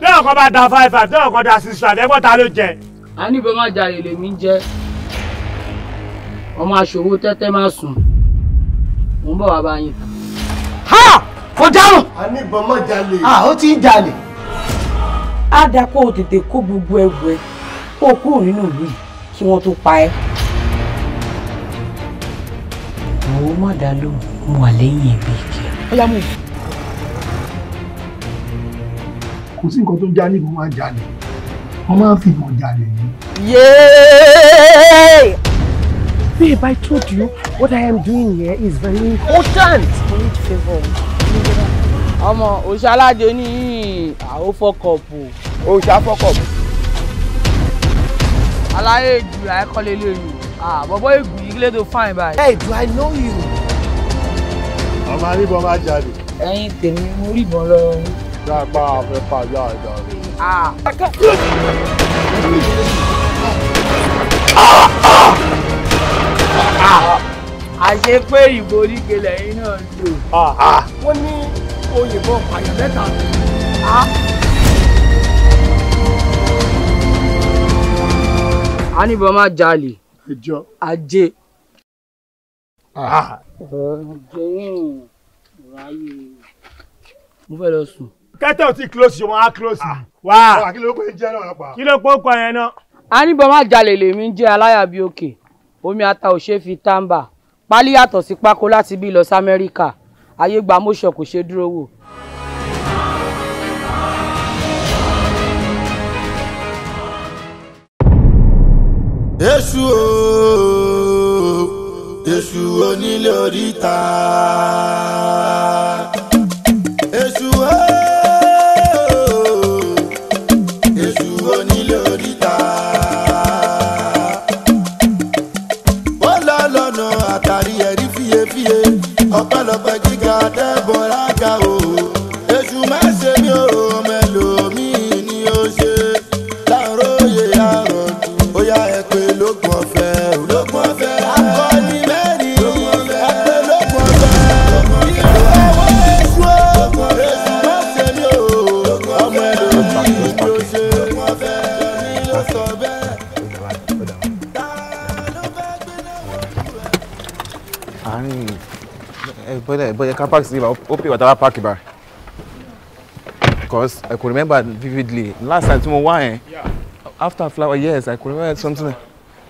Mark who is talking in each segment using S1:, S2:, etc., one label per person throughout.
S1: tí ọkọ bá da five five tí ọkọ da six five ẹgbọ́n ta ló jẹ. a ní bó má jalè lèmi jẹ ọmọ aṣòwò tẹ́tẹ́ má sùn mo ń bọ̀ wá bá yín. ha kò dáhùn. a ní bó má jalè. a ah, ó ti ń jalè. á dáa kó o tètè kó gbogbo ẹrù ẹ kó o kúrò nínú ìlú yìí kí wọ́n tó pa ẹ́. àwọn ọmọ dá lóhùn mo wà lẹ́yìn ẹ̀bí kí. ó yá mú un. kò sí nǹkan tó ń já níbi wọn jalè wọn máa ń fi ìmọ̀ jalè yìí. yéé. babe i told you what i am doing here is very important. we need favour. ọmọ òṣàládé ní àwọn fọkọọpù òṣà fọkọọpù. aláyé ìgbìyà ẹ Ah, lóyún àbọ̀bọ̀ ìgbìyà ilé tó fine báyìí. hey do i know you.
S2: ọmọ aríbọn máa jalè. ẹyin tèmi mo rí ìbọn lọ́wọ́ lágbára fẹ́ fàyà ẹ̀dá rẹ̀.
S1: àṣé pé ìbò oríkè lẹ́yìn náà lò. Ah, ah. ah, wọ́n ní oyinbo pààyàn mẹ́ta. àníbọ̀ máa jalè. ẹjọ́ ajé. ọ̀jẹ̀
S3: yẹn ráyè.
S1: mo fẹ́ lọ sùn kẹ́tẹ́ ò tí close ṣùgbọ́n á close. Ah. wá kí ló pé jẹ́ náà pa. kí ló pé ó kọ yẹn náà. a ní bọ́ má jalè lèmi omi ata ò ṣe fi tàǹbà
S4: pálí yàtọ̀ sí pákó láti bí lọ sí amẹ́ríkà ayé gba mọ́ṣọ̀ kò ṣe dúró wò.
S5: èṣù o èṣù onílé oríta.
S6: mo fẹ́ ni ó sọ park sí ibà ó park ibà because I could remember vividly last time tí mo wá yẹn after flower yes I could remember something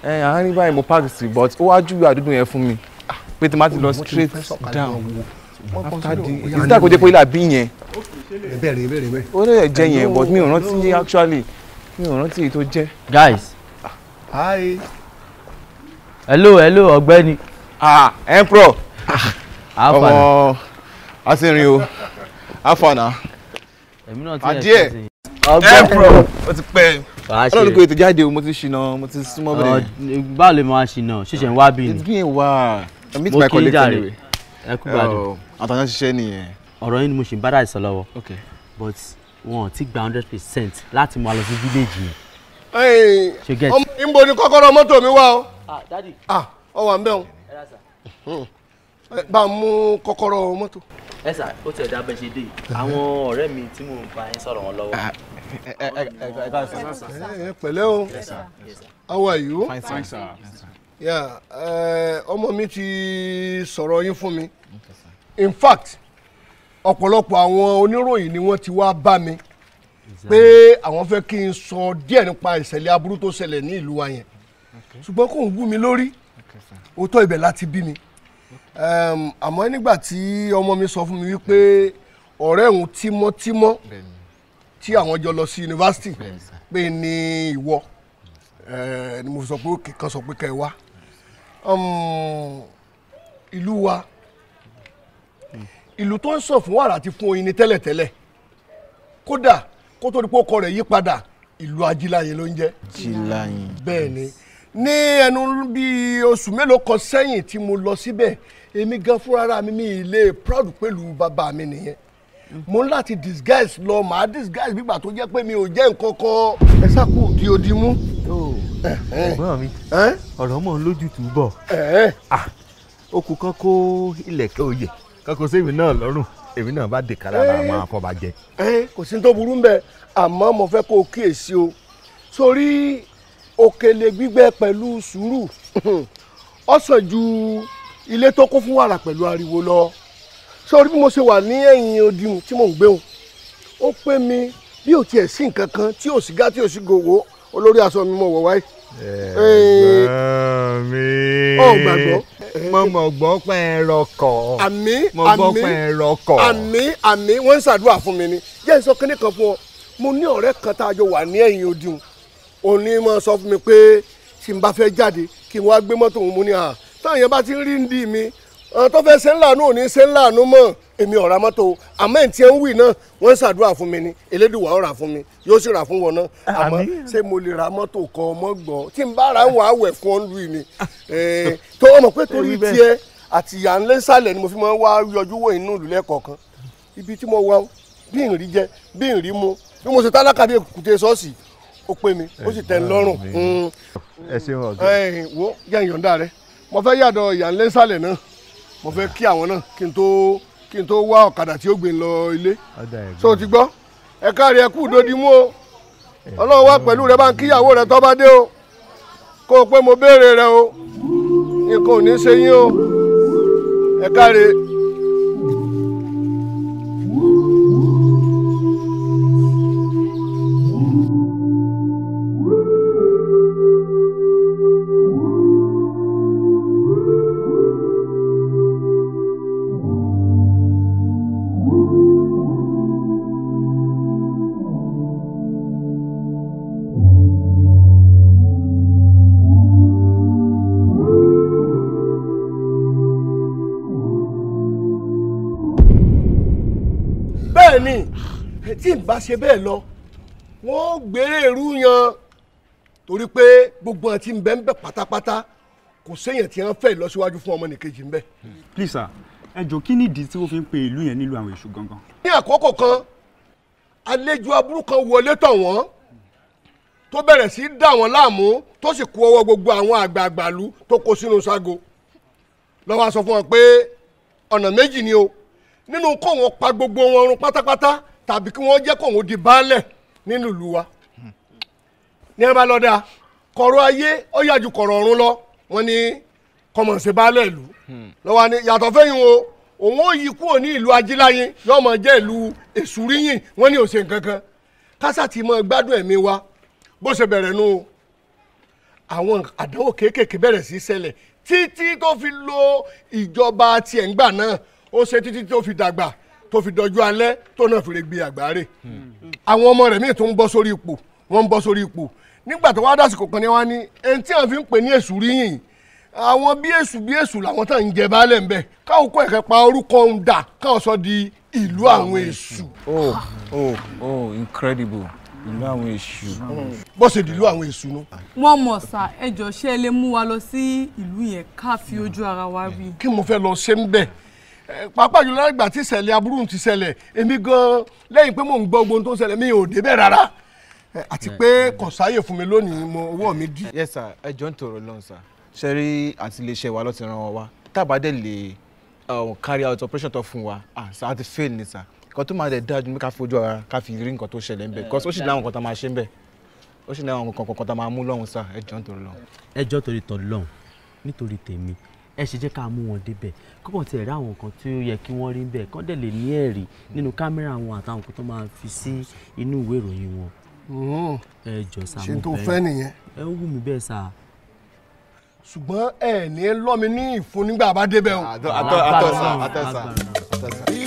S6: I àárín báyìí mo park sí but what wá júwe àdúgbò yẹn fún mi pé tí ma ti lọ straight down
S7: after the ìsítà kò dé pé ilà
S6: very, very. ó lè jẹ yẹn but me, not rántí actually mi ò rántí èyí tó jẹ́. guys. hi. hello hello ọ̀gbẹ́ni. ah Empro. afana. ọmọ asinrin o afana. èmi náà ti ẹ̀ ṣe ti. ọ̀gbẹ́ni emperor o ti pẹ́ ọlọ́run kò ètò jáde o mo ti ṣìnà mo ti súnmọ́ bẹ́ẹ̀. báwo lè máa ṣìnà ṣẹ̀ṣẹ̀ ń wá bí ni. it's been a meet my colleague anyway. ẹ kú gbádùn. àtàwọn ṣiṣẹ́ nìyẹn. ọ̀rọ̀ yín ni mo ṣì ń bá dà ìsọ lọ́wọ́.
S1: okay. but wọn ò tí gba hundred percent láti mú wa lọ sí village
S8: yẹn. ọmọ ìbò ni kọ́kọ́rọ́ mọ́tò mi wá o. ah ọ wà ń bẹ̀ wọn. bá a mú kọ́kọ́rọ́ mọ́tò.
S3: ẹ sà ó ti ẹ̀dá bẹ́ẹ̀ ṣe dé àwọn ọ̀rẹ́ mi tí mò ń bá yín sọ̀rọ̀ wọn lọ́wọ́.
S8: pẹ̀lẹ́ o
S6: how are you. fine thanks sir.
S8: ọmọ mi ti sọ̀rọ̀ yín fún mi in fact ọ̀pọ̀lọpọ̀ àwọn oníròyìn ni wọ́n ti wá bá mi pé àwọn fẹ́ kí n sọ díẹ̀ nípa ìṣẹ̀lẹ̀ aburú tó ṣẹlẹ̀ ní ìlú wa yẹn ṣùgbọ́n kò ń wú mi lórí òótọ́ ibẹ̀ láti bí mi àmọ́ nígbà tí ọmọ mi sọ fún mi wípé ọ̀rẹ́ òun tímọ́tímọ́ tí àwọn jọ lọ sí yunifásitì pé ní ìwọ eh, ni mo sọ pé kan sọ pé kẹ́ wá ìlú wa ìlú tó ń sọ fún wàrà àti fún oyin ni tẹ́lẹ̀tẹ́lẹ̀ kódà kó tó di pé ó kọ rẹ̀ yí padà ìlú ajíláyé ló ń jẹ́.
S6: ajíláyé.
S8: bẹ́ẹ̀ ni ní ẹnu bíi oṣù mélòó kan sẹ́yìn tí mo lọ síbẹ̀ èmi gan fúnra mi mi ilé proud pẹ̀lú bàbá mi nìyẹn mo ń láti disguise lọ màá disguise gbígbà tó jẹ́ pé mi ò jẹ́ nǹkan kan ẹ sáku di odi mú. Oh. ẹ̀gbọ́n mi ọ̀rọ̀ mọ̀ ń lójú túbọ̀ ah, kan kó ilẹ̀kẹ̀ oyè kọ́kọ́ sí èmi náà lọ́rùn èmi náà bá dèkà lára eh. àwọn afọba jẹ. Eh, kò sí tó burú mbẹ àmọ́ mo fẹ́ kó o kíyèsí o sórí òkèlè gbígbẹ pẹ̀lú sùúrù ó sàn ju ilé tó kún fún wàrà pẹ̀lú ariwo lọ sórí bí mo ṣe wà ní ẹ̀yìn odi tí mò ń gbé wọn ó pé mi bí ò tiẹ̀ sí nǹkan kan tí ò sí gá tí ò sí gòwó olórí aṣọ mi mo wọ̀ wáyé. ẹ̀gbọ́n
S3: eh. mi.
S8: ọ̀ gbàgbọ́ mo mọ̀ gbọ́ pé ẹ rọkọ̀. àmì àmì àmì àmì wọ́n ń ṣàdúrà fún mi ni jẹ́ ìsọ kínní kan fún ọ mo ní ọ̀rẹ́ kan tá a jọ wà ní ẹ̀yìn odiun òun ni mo sọ fún mi pé tí n bá fẹ́ jáde kí n wá gbé mọ́tò òun mo ní à táwọn yẹn bá ti ń rí ń dì mí àwọn tó fẹ́ ṣe ń lànú òní ṣe ń lànú mọ̀ èmi ọ̀rá mọ́tò àmọ́ ẹ̀ tí ẹ ń wì náà wọ́n ń ṣàdúrà fún mi ni elédùwà ọ̀rà fún mi yóò sì rà fún wọn náà àmọ́ ṣé mo lè ra mọ́tò kan ọmọ gbọ́ tí n bá ra ń wà á wẹ̀ fún ọ́n lù mí tó ọmọ pé torí tiẹ̀ àti ìyá ńlẹ́sàlẹ̀ ni mo fi máa ń wá yọjú wò inú ìlú lẹ́kọ̀ọ̀kan ibi tí mo wá bí n rí jẹ bí n rí mu bí mo ṣe tálákà bí èkúté ṣọ́ọ̀ṣì ó pé mi ó sì tẹ́ ń lọ́rùn. Mm. ẹ ṣeun ọ̀gá. wo jẹ́ ìyọ̀ǹda rẹ mo fẹ́ yàdọ̀ ìyá ńlẹ́sàlẹ̀ náà mo fẹ́ kí àwọn náà kí n tó kí n tó wá ọ̀kadà tí ó gbé lọ ilé so ti gbọ́ ẹ káàrí ẹ kú dodi mú o ọlọ́run wá pẹ̀lú rẹ bá ń kíyàwó rẹ tó bá dé o kó o pé mo béèrè rẹ o nǹkan ò ní ṣe yín o ẹ káàrí. bá ṣe bẹ́ẹ̀ lọ wọ́n gbé èrú yan torí pé gbogbo àti ń bẹ ń bẹ pátápátá kò séèyàn tí wọ́n fẹ́ ìlọsíwájú fún ọmọnìkejì ń bẹ.
S1: please sir ẹ jọ kí ni ìdí tí wọ́n fi ń pe ìlú yẹn nílùú àwọn èṣù gangan.
S8: ní àkókò kan àlejò aburú kan wọlé tọ̀ wọ́n tó bẹ̀rẹ̀ sí í dà wọ́n láàmú tó sì kó ọwọ́ gbogbo àwọn àgbààgbàlú tó kó sínú sago lọ́wọ́ a sọ fún wọn pé ọ̀nà méjì ni o nínú kó wọn pa gbogbo wọn run pátápátá tàbí kí wọ́n jẹ́ kóun di baálẹ̀ nínú ìlú wa ní ẹ bá lọ dáa kọ̀rọ̀ ayé ó yàjú kọ̀rọ̀ ọ̀run lọ wọ́n ní kọmọ̀ọ́sẹ̀ baálẹ̀ ìlú hmm. lọ́wọ́ ni yàtọ̀ fẹ́yìn o òun ò yí kúrò ní ìlú ajíláyé yóò mọ jẹ́ ìlú èsúríyìn wọ́n ní òsè kankan kásá ti mọ gbádùn ẹ̀mí wa bó ṣe bẹ̀rẹ̀ nu o àwọn àdánwò kéékèèké bẹ̀rẹ̀ sí ṣẹlẹ̀ títí tó fi lo ìjọba tiẹ̀ ńgbà náà ó ṣe títí tó fi dàgbà tó fi dọjú alẹ́ tó náà fi lè gbé àgbáre àwọn ọmọ rẹ̀ míì tó ń bọ́ sórí ipò wọ́n ń bọ́ sórí ipò nígbà tó wá dásìkò kan ní wá ní ẹni tí àwọn fi ń pè ní èṣù rí yìnyín àwọn bí èṣù bí èṣù làwọn tàn ń jẹ baálẹ̀ ńbẹ káwọn kó ẹ̀kẹ́ pa orúkọ ń dà káwọn sọ di ìlú àwọn èṣù.
S6: oh oh oh incredible ìlú àwọn èṣù. bó ṣe dìlú àwọn èṣù nu.
S8: wọ́n mọ̀ sá ẹjọ́ ṣé ẹ lè mú wa lọ sí ìlú yẹn ká fi ojú ara wa rí. kí mo fẹ́ lọ ṣe ń bẹ̀ pàápàá jùlọ láti gbà tí ìṣẹ̀lẹ̀ aburú ti ṣẹlẹ̀ èmi gan lẹ́yìn
S6: pé mò ń gbọ́ ohun tó ń ṣẹlẹ̀ mi ò débẹ̀ rárá àti pé kò sáàyè fún mi lónìí mo ọwọ́ mi dì. yes sir ẹ jọ ń tọrọ lọ́n sir ṣe rí àti iléeṣẹ́ wa lọ́ti ran wa tábàdé lè um, carry out operation tó fún wa ah sir àti fail ni sir nǹkan tó máa dẹ̀ dájú ní ká fojú ara ká fi rí nǹkan tó ṣẹlẹ̀ ń bẹ̀ because ó láwọn nǹkan tá máa ṣe ń bẹ̀ ó sì láwọn nǹkan kan tá máa mú lọ́hùn sir ẹ jọ ń tọrọ lọ́hùn.
S1: ẹ jọ torí tọ lọ́hùn ẹ ṣe jẹ́ ká mú wọn débẹ̀ kọ́kọ́ tiẹ̀ rí àwọn nǹkan tí ó yẹ kí wọ́n rí ń bẹ̀ kọ́ dẹ̀ lè ní ẹ̀rí nínú kámẹ́rà wọn àtàwọn nǹkan tó
S8: máa fi sí inú ìwé ìròyìn wọn. Hmm. ẹ jọ sá mo fẹ́ ṣe tó fẹ́ nìyẹn. ẹ ń wù mí bẹ́ẹ̀ sá. ṣùgbọ́n ẹ ní lọ́mi ní ìfun nígbà bá débẹ̀ o.
S6: àtọ̀ àtọ̀ sá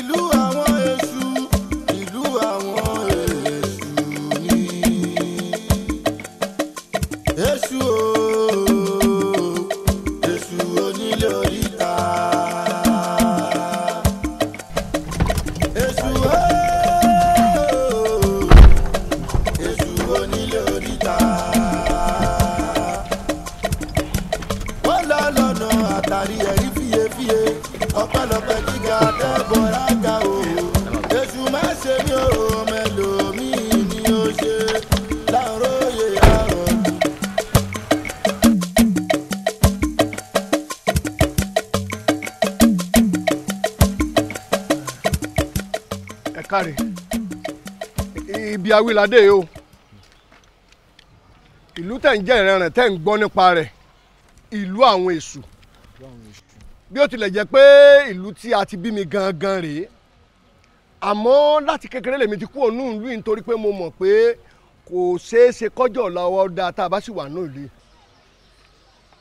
S8: káre ibi awilade yìí o ìlú tẹ̀ ń jẹ́ ìrẹ̀rẹ̀ tẹ̀ ń gbọ́ nípa rẹ̀ ìlú àwọn èṣù bí ó tilẹ̀ jẹ́ pé ìlú tí a ti bí mi gangan rèé àmọ́ láti kékeré lèmi ti kú ònú ìlú yìí nítorí pé mo mọ̀ pé kò ṣeé ṣe kọ́jọ́ ọ̀la ọwọ́ da tá a bá sì wà ní ìlú yìí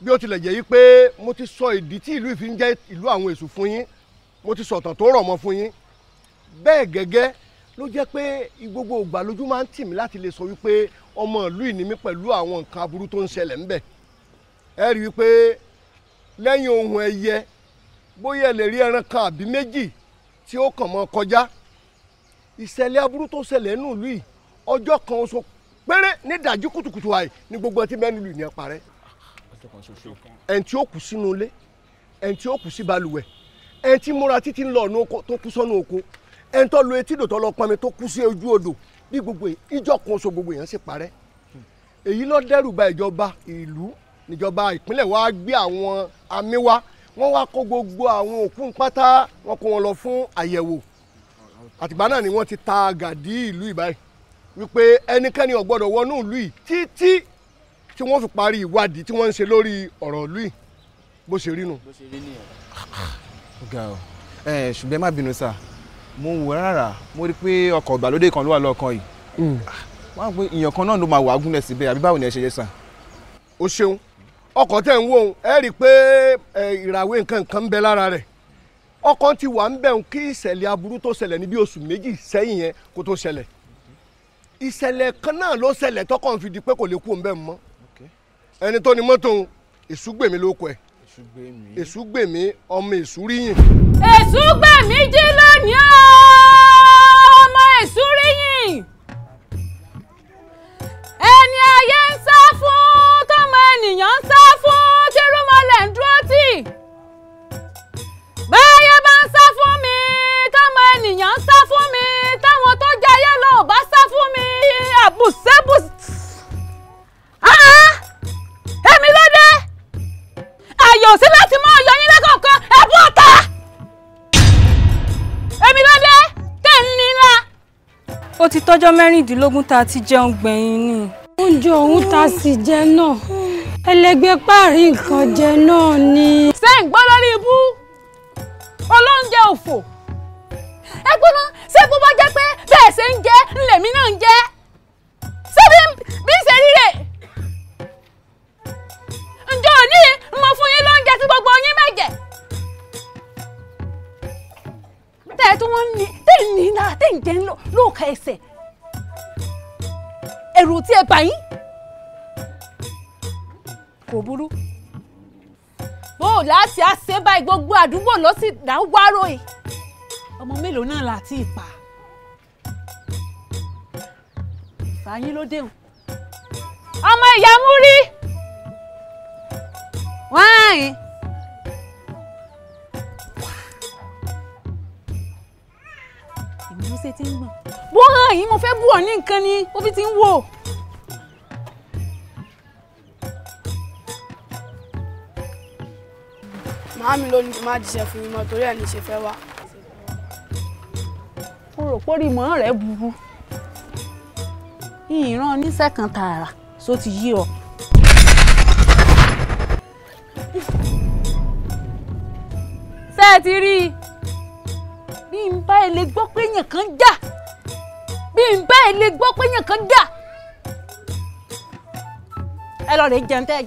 S8: bí ó tilẹ̀ jẹ́ yí pé mo ti sọ ìdí tí ìlú yìí fi ń jẹ́ ìlú àwọn èṣù fún yín mo ti sọ̀tàn tó rọ̀ mọ́ fún yín bẹ́ẹ̀ gẹ́gẹ́ ló jẹ́ pé gbogbo ìgbà lójú máa ń tì mí láti lè sọ wípé ọmọ ìlú ìní mi pẹ̀lú àwọn nǹkan aburú tó ń ṣẹlẹ̀ ńbẹ̀ ẹ rí i pé lẹ́yìn ohun ẹyẹ bóyá ẹ lè rí ẹran kan àbí méjì tí ó kàn mọ́ kọjá ìṣẹ̀lẹ̀ aburú tó ṣẹlẹ̀ nù lù yìí ọjọ́ kan oṣù péré ní ìdájí kùtùkùtù àì ní gbogbo ẹtí mẹ́nu lù ní ẹ parẹ́ ẹni tí ó kù sínú ilé ẹni tí ó kù sí balùwẹ̀ ẹni tí múra títí ń lọ tó kú sọ́nù oko ẹni tó lo etí dòtọ́ lọ pọnmi tó kú sí ojú odò bí gbogbo ìjọ kan so gbogbo èèyàn sì parẹ́ èyí ló dẹ́rù ba ìjọba ìlú níjọba ìpínlẹ̀ wa gbé àwọn àmì wa wọ́n wá kó gbogbo àwọn òkú pátá wọn kó wọn lọ fún àyẹ̀wò àtìgbà náà ni wọ́n ti ta gàdí ìlú ìbáyìí wípé ẹnikẹ́ni ò gbọ́dọ̀ wọnú ìlú yìí títí tí wọ́n fi parí ìwádìí tí wọ́n ń ṣe lórí ọ̀rọ̀ ìlú yìí bó ṣe rí nu.
S6: ṣùgbọ́n ẹ má bínú sáà mo wò rárá mo rí i pé ọkọ̀ ìgbàlódé kan ló wà lọ́ọ̀kan yìí hmm. wọ́n á pé ìyàn kan náà ló máa wà á gúnlẹ̀ síbẹ̀ àbí báwo ni ẹ ṣe yẹ sàn. o ṣeun ọkọ̀ tẹ̀ ń wò ó ẹ rí i pé ìràwé nǹkan nǹkan ń bẹ lára
S8: rẹ̀ ọkọ̀ ti wà ń bẹ̀ kí ìṣẹ̀lẹ̀ aburú tó ṣẹlẹ̀ ní bí oṣù méjì sẹ́yìn yẹn kó tó ṣẹlẹ̀ ìṣẹ̀lẹ̀ kan náà ló ṣẹlẹ̀ tọkàn fi di pé kò lè kú òun bẹ́ẹ̀ mọ́ ẹni tó ni mọ́tò èṣù ló kọ ẹ̀ èṣù ọmọ èṣù
S4: èṣù gbẹ̀mí jí lónìí ọmọ èṣù ríyìn ẹni ayé ń sá fún tọmọ ènìyàn ń sá fún tìrúmọlẹ̀ ń dúró tì báyé bá ń sá fún mi tọmọ ènìyàn ń sá fún mi táwọn tó jayé lọ ò bá sá fún mi àbùsẹ́bùsẹ́. èmi sí láti mọ ọyọ yín lẹ́kọ̀ọ̀kan ẹ̀bùn ọ̀tá. ó ti tọ́jọ́ mẹ́rìndínlógún tá a ti jẹun gbẹ̀yìn ni. oúnjẹ ọ̀hún tá a sì jẹ náà ẹlẹgbẹ́ páàrí nǹkan jẹ náà ni. ṣé ń gbọ́ lórí ibú olóúnjẹ òfò ẹ gbóná ṣé bó bá jẹ́ pé bẹ́ẹ̀ ṣe ń jẹ ńlẹ̀mí náà ń jẹ ṣé bí ń ṣe ríre ǹjọ́ òní mo fún yín lóúnjẹ tí gbogbo yín mẹ́jẹ̀. tẹ́ ẹ tí wọ́n ní tẹ́ ẹ ní náà tẹ́ ẹ ń jẹ́ lóòka ẹsẹ̀ ẹ̀rù tí ẹ gbà yín kò burú bó o láti àṣẹ báyìí gbogbo àdúgbò ló sì dá ń wárò yìí ọmọ mélòó náà láti ìpà ìfàyín ló déhùn ṣe ti ń gbọ̀n. bó hàn yín mo fẹ́ bù ọ́ ní nǹkan ni ó fi ti ń wò. màámi ló ní má jíṣẹ́ fún mi mọ́ torí ẹ̀ ní ṣe fẹ́ wá. mo rò pórí mọ́ rẹ̀ burú ìran oníṣẹ́ tààrà só ti yí ọ. ṣé ẹ ti rí i bá ẹ lè gbọ́ pé èèyàn kan jà bí n bá ẹ lè gbọ́ pé èèyàn kan jà ẹ lọ rè jẹun tẹ́ ẹ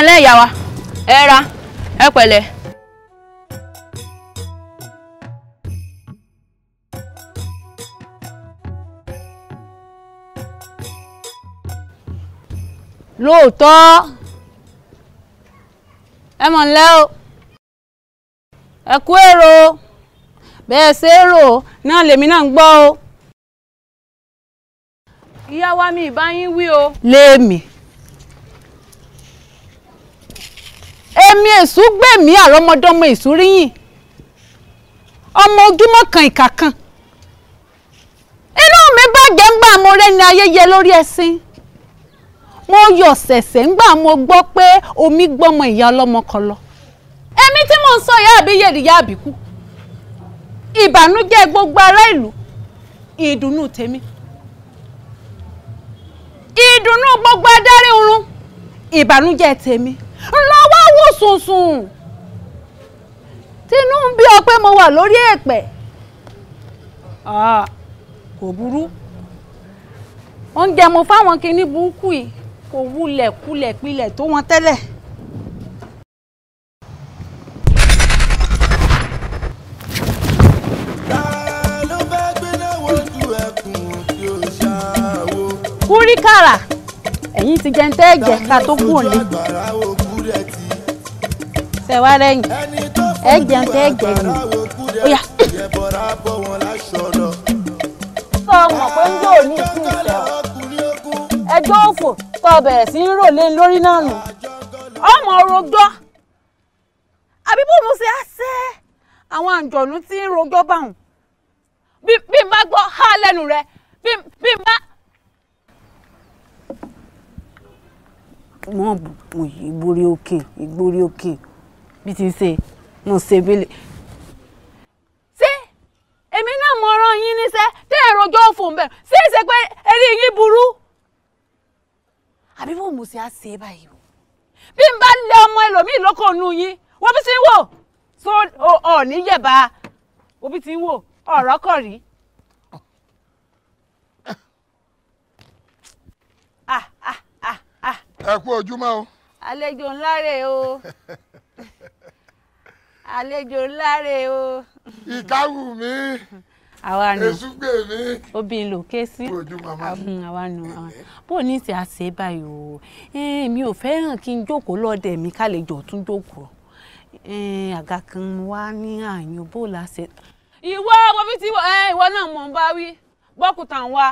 S4: ǹlẹ́ ìyá wa ẹ ra ẹ pẹ̀lẹ́. lóòótọ́ ẹ mọ̀ ńlẹ́ o ẹ kú èrò bẹ́ẹ̀ ṣe é náà lèmi náà ń gbọ́ o. ìyá wa mi ìbá yín wí o. léèmì. èmi èṣù gbẹ̀mí àrọ́mọdọ́mọ èṣù ríyìn ọmọ ojúmọ́ kan ìkà kan inú mi bàjẹ́ ń gbà mo rẹ́ni ayẹyẹ lórí ẹṣin. E wọ́n yọ̀ ṣẹ̀ṣẹ̀ ńgbà mo gbọ́ pé omi gbọ́mọ ìyá ọlọ́mọ kan lọ. èmi tí mò ń sọ ìyá àbí yèrè ìyá àbí kú ìbànújẹ́ gbogbo ará ìlú ìdùnnú tèmi ìdùnnú gbogbo adarí oorun ìbànújẹ́ tèmi lọ́wọ́ wò sùnsùn tinú ń bí ọ pé mo wà lórí èèpẹ̀ kò burú oúnjẹ mo fáwọn kinní burúkú yìí kò wulẹ̀ kulẹ̀ pilẹ̀ tó wọn tẹ́lẹ̀. kúríkàrà ẹ̀yin ti jẹun tẹ́ ẹ̀jẹ̀ ká tó kú òní. sẹ̀wá rẹ̀yìn ẹ̀ jẹun tẹ́ ẹ̀jẹ̀ ni sọ ọmọ pé ń yóò ní ìsìn ìṣẹ̀wọ̀. ẹjọ́ òfò tó si sí rò lé lórí náà nù ọmọ àbí bóun ṣe á ṣe àwọn àǹjọ̀nú tí ń rojọ́ báwọn bí n gbọ́ há lẹ́nu rẹ bí n bá. wọn bù ìgbórí òkè ìgbórí òkè bí ti ṣe mo ṣe bẹ́lẹ̀. èmi náà mọ̀ yín níṣẹ́ tẹ́ ẹ̀rọ ọjọ́ òfò ń ìṣe pé àbí bó mo ṣe á ṣe é báyìí o bí n bá lé ọmọ ẹlòmíì lóko nu yín wọ́n bí ti ń wò tó ọ̀ọ́nì yẹ̀bá wọ́n bí ti ń wò ọ̀rọ̀ kọ̀ rí.
S2: Ah, ah, ah, ẹ kú ojúmọ́ o.
S4: àlejò ńlá rèé o àlejò ńlá rèé o. ìkáwù mi. àwa nù obìnrin ló ké sí àwa nù bó ní ti àṣẹ báyìí o mi ò fẹ́ràn kí n jókòó lọ́dẹ̀ mi kálejò tún jókòó àga kan wá ní àyàn bó o ìwọ ìwọ náà mọ̀ ń bá wí bọ́kùtà ń wá.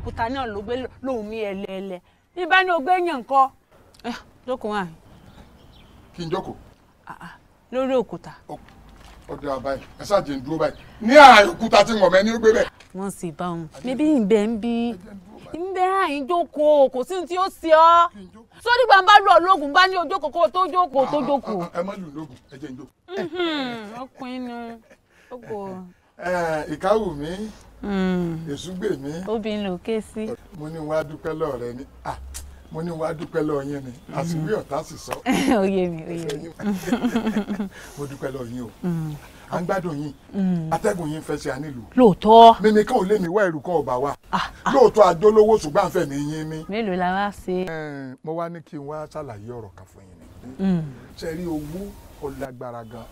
S4: òkúta náà ló gbé lòun mi ẹlẹ́ẹ̀lẹ́ bí bá o gbé yàn
S2: jókòó wá. kí n jókòó. Ah, ah, lórí òkúta ọdẹ àbáyé ẹ ṣáàjì ń dúró báyìí ní àyòkúta tí wọn ó gbé bẹ. wọn sì bá wọn mẹbí
S4: ìbẹ ń bí ìbẹ àyín jókòó kò sí tí ó ọ sórí gbàǹbá bá ní ojókòó kó tó jókòó ah,
S2: ah, ah, mm-hmm, ọkọ. ìkáwù mi mm. gbè mí. obìnrin ké sí. mo ní wàá dúpẹ́ lọ yín ni àsìwé ọ̀tá sì sọ. oyè mi oyè mi. mo dúpẹ́ lọ yín o mm. à ń gbádùn yín mm. atẹ́gùn yín fẹ́ ṣe à nílùú. lóòótọ́. mímí kan ò lè mí wá ẹ̀rù kan ò bá wa. Ah, ah. lóòótọ́ àjọlówó ṣùgbọ́n àǹfẹ́ mi yín ni. mélòó la wá ṣe. mo wá ní kí n wá ṣàlàyé ọ̀rọ̀ kan fún yín ni. Mm. ṣe rí owó ó lágbára gan.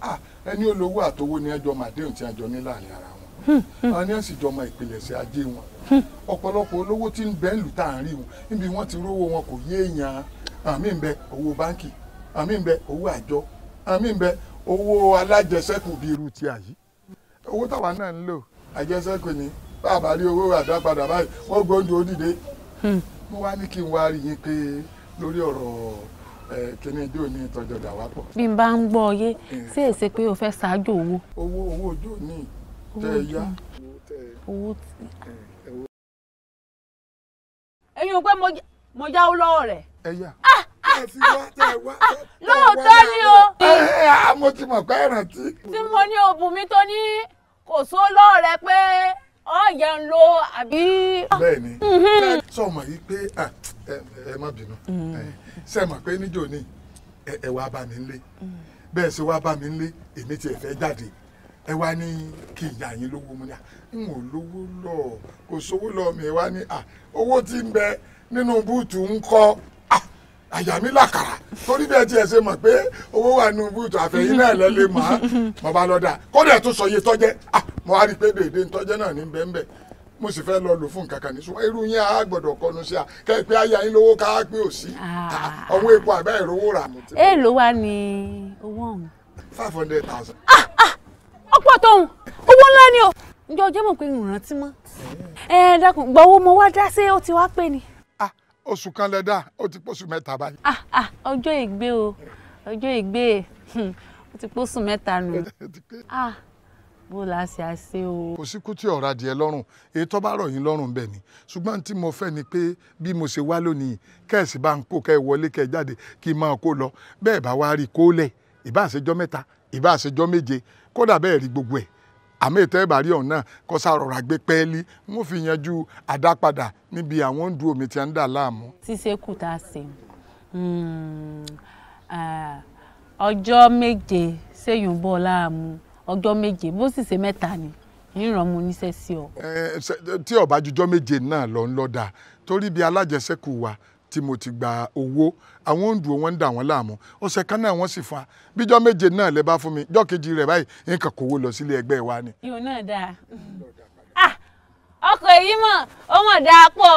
S2: Ah, ẹni olówó àtowó ni ẹjọ́ màdéhùn tí a jọ ní láàrin ara a ní àsìjọ ọmọ ìpìlẹ̀ṣẹ̀ ajé wọn ọ̀pọ̀lọpọ̀ olówó tí ń bẹ́ ìlú tá à ń rí wọn níbi wọ́n ti rówó wọn kò yé èèyàn àmì ń bẹ owó báńkì àmì ń bẹ owó àjọ àmì ń bẹ owó alájẹsẹ́kù bíi irú ti àyí owó táwa náà ń lò àjẹsẹ́kù ni bàbá rí owó àdápadà báyìí wọ́n gbóúnjẹ òdìdé mo wá ní kí n wá rí yín pé lórí ọ̀rọ̀ kíní ijó ní ìtọ́jọ́ dà wá pọ̀.
S4: bí n bá ń gbọ́ ọ yé sí èsè pé o fẹ́ ṣáájú owó.
S2: owó owó ojú ò ní tẹ ẹ yá
S4: owó tẹ ẹyin o pé mo yáwó lọ́wọ́ rẹ̀. ẹ yá ah, ah, lóòótọ́ ni o.
S2: mo ti mọ̀ pé ìrántí.
S4: tí mo ní òbùn mi tó ní kò só lọ́ọ̀ rẹ pé ọ̀yẹ̀ ń lo àbí.
S2: bẹ́ẹ̀ni mhm. sọmọ yìí pé ẹ má bínú mm. ṣe mọ̀ pé níjọ́ ni ẹ wá bá mi ń lé mm. bẹ́ẹ̀ ṣe wá bá mi ń èmi tiẹ̀ fẹ́ jáde ẹ wá ní kí ìyá yín lówó mu ní à lówó lọ kò sówó lọ mi ẹ wá ní owó tí ń bẹ nínú búùtù ń kọ àyà mi làkàrà torí tí ẹ ṣe mọ pé owó wà nínú búùtù àfẹ̀yìn náà lẹ́lẹ́ mọ́ á mọ̀ bá lọ́dà tó sọ iye mọ wá rí i pé náà ní mo sì fẹ́ lọ lò fún nǹkan kan ní sùn irú á gbọ́dọ̀ a kẹ́ ẹ pé aya yín lówó ká pé ò sí ọ̀hún epo àbẹ́ ìrówó rà. ọ̀pọ̀ tóun owó ńlá ni o ǹjọ́ ọjọ́ mọ̀ pé n rántí mọ́ ẹ ẹ dákun gbọ́ owó mo wá dá sí ó ti wá pè ní. Ah, oṣù kan lẹ dá ó ti pọ̀ṣù mẹ́ta báyìí.
S4: Ah, ah, ọjọ́ ìgbé o ọjọ́ ìgbé hmm, ó ti pọ̀ṣù mẹ́ta nù
S2: bó la ṣe àṣe o. kò sí kútì ọ̀rọ̀ adìẹ lọ́rùn èyí tó bá rọ̀ yín lọ́rùn bẹ́ẹ̀ ni ṣùgbọ́n tí mo fẹ́ ni pé bí mo ṣe wá lónìí kẹ́ẹ̀sì bá ń kó kẹ́ ẹ wọlé kẹ́ ẹ jáde kí n máa kó lọ bẹ́ẹ̀ bá wá rí kó lẹ̀ ìbá àṣejọ́ mẹ́ta ìbá àṣejọ́ méje kódà bẹ́ẹ̀ rí gbogbo ẹ̀ àmọ́ ètò ẹ̀ bá rí ọ̀hún náà kó sàrọ̀rọ̀ àgbẹ̀ pẹ́ẹ́lí wọ́n fi yanjú àdápadà níbi àwọn ń omi tí a ń dà láàmú.
S4: ṣíṣe kù tá a ṣe ọjọ́ méje ṣéyùn bọ́ láàmú ọjọ́ méje bó sì ṣe mẹ́ta ni ìran mo níṣẹ́ sí ọ.
S2: tí ó méje náà lọ ń lọ́dà torí bí alájẹsẹ́kù wa tí mo ti gba owó àwọn òǹdù wọn ń dà wọ́n láàmú ọ̀sẹ̀ kan náà wọ́n sì fa bíjọ́ méje náà lẹ bá fún mi jọ́ kejì rẹ̀ báyìí nǹkan kówó lọ sílé ẹgbẹ́ wa ni.
S4: ìhùn náà dáa ah, ọkọ̀ èyí mọ̀ ó mọ̀ dáa pọ̀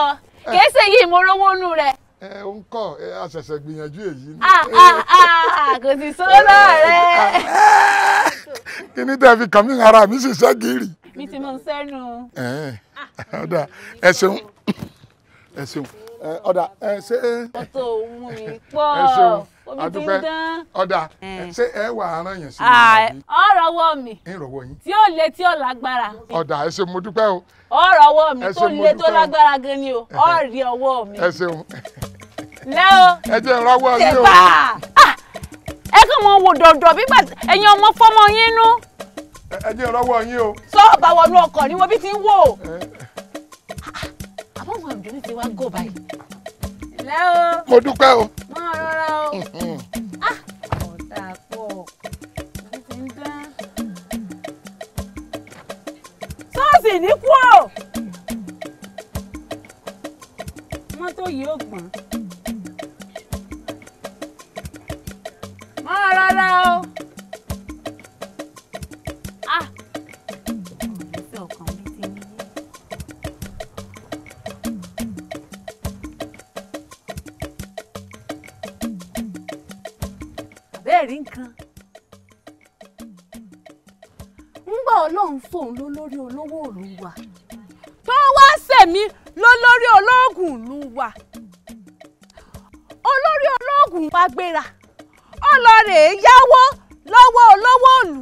S4: kìí ṣe yìí mo rówó nù rẹ̀.
S2: ẹ o ń kọ a ṣẹ̀ṣẹ̀ gbìyànjú èyí. Ah, ah, kò sì sọ́lá rẹ̀. kí ni tẹ́ fi kàn mí ara mi sì ṣe gírì. mi ti mọ sẹ́nu. ẹ ṣeun ẹ ṣeun ọ̀dà ẹ ṣe. ọ̀tọ̀ òun mi
S4: pọ̀ omi ti ń dán. ọ̀dà
S2: ṣé ẹ wà aràn yẹn sí mi.
S4: ọ̀rọ̀wọ́ mi tí ó le tí ó lágbára.
S2: ọ̀dà ẹ ṣe mo dúpẹ́ o.
S4: ọ̀rọ̀wọ́ mi tó le tó lágbára gan ni o ọ̀rì ọwọ́ mi. ẹ ṣeun. lẹ́ o.
S2: ẹ jẹ́ ìrànwọ́ mi o. Ah!
S4: ẹ kàn mọ wò dọ̀dọ̀ bígbà ẹ̀yin ọmọ fọmọ yín nú. ẹ jẹ́ ìrànwọ́ yín o. sọ́ọ̀bà wọnú ọkọ̀ ni wo bí ti wò àbáwọn obìnrin ti wá gò báyìí.
S2: ǹlẹ́ o. mo dúpẹ́ o. mọ rọra o. ọ̀tá pọ̀
S4: ti ní kú o. mọ́tò yìí ò gbọ́n. mọ rọra o. nǹkan. ńgbà ọlọ́run fòun lólórí olówó òru wa tó wá sẹ̀mí lólórí olóògùn ìlú wa olórí olóògùn wa gbéra ọlọ́rẹ̀ yáwó lọ́wọ́ olówó òlù.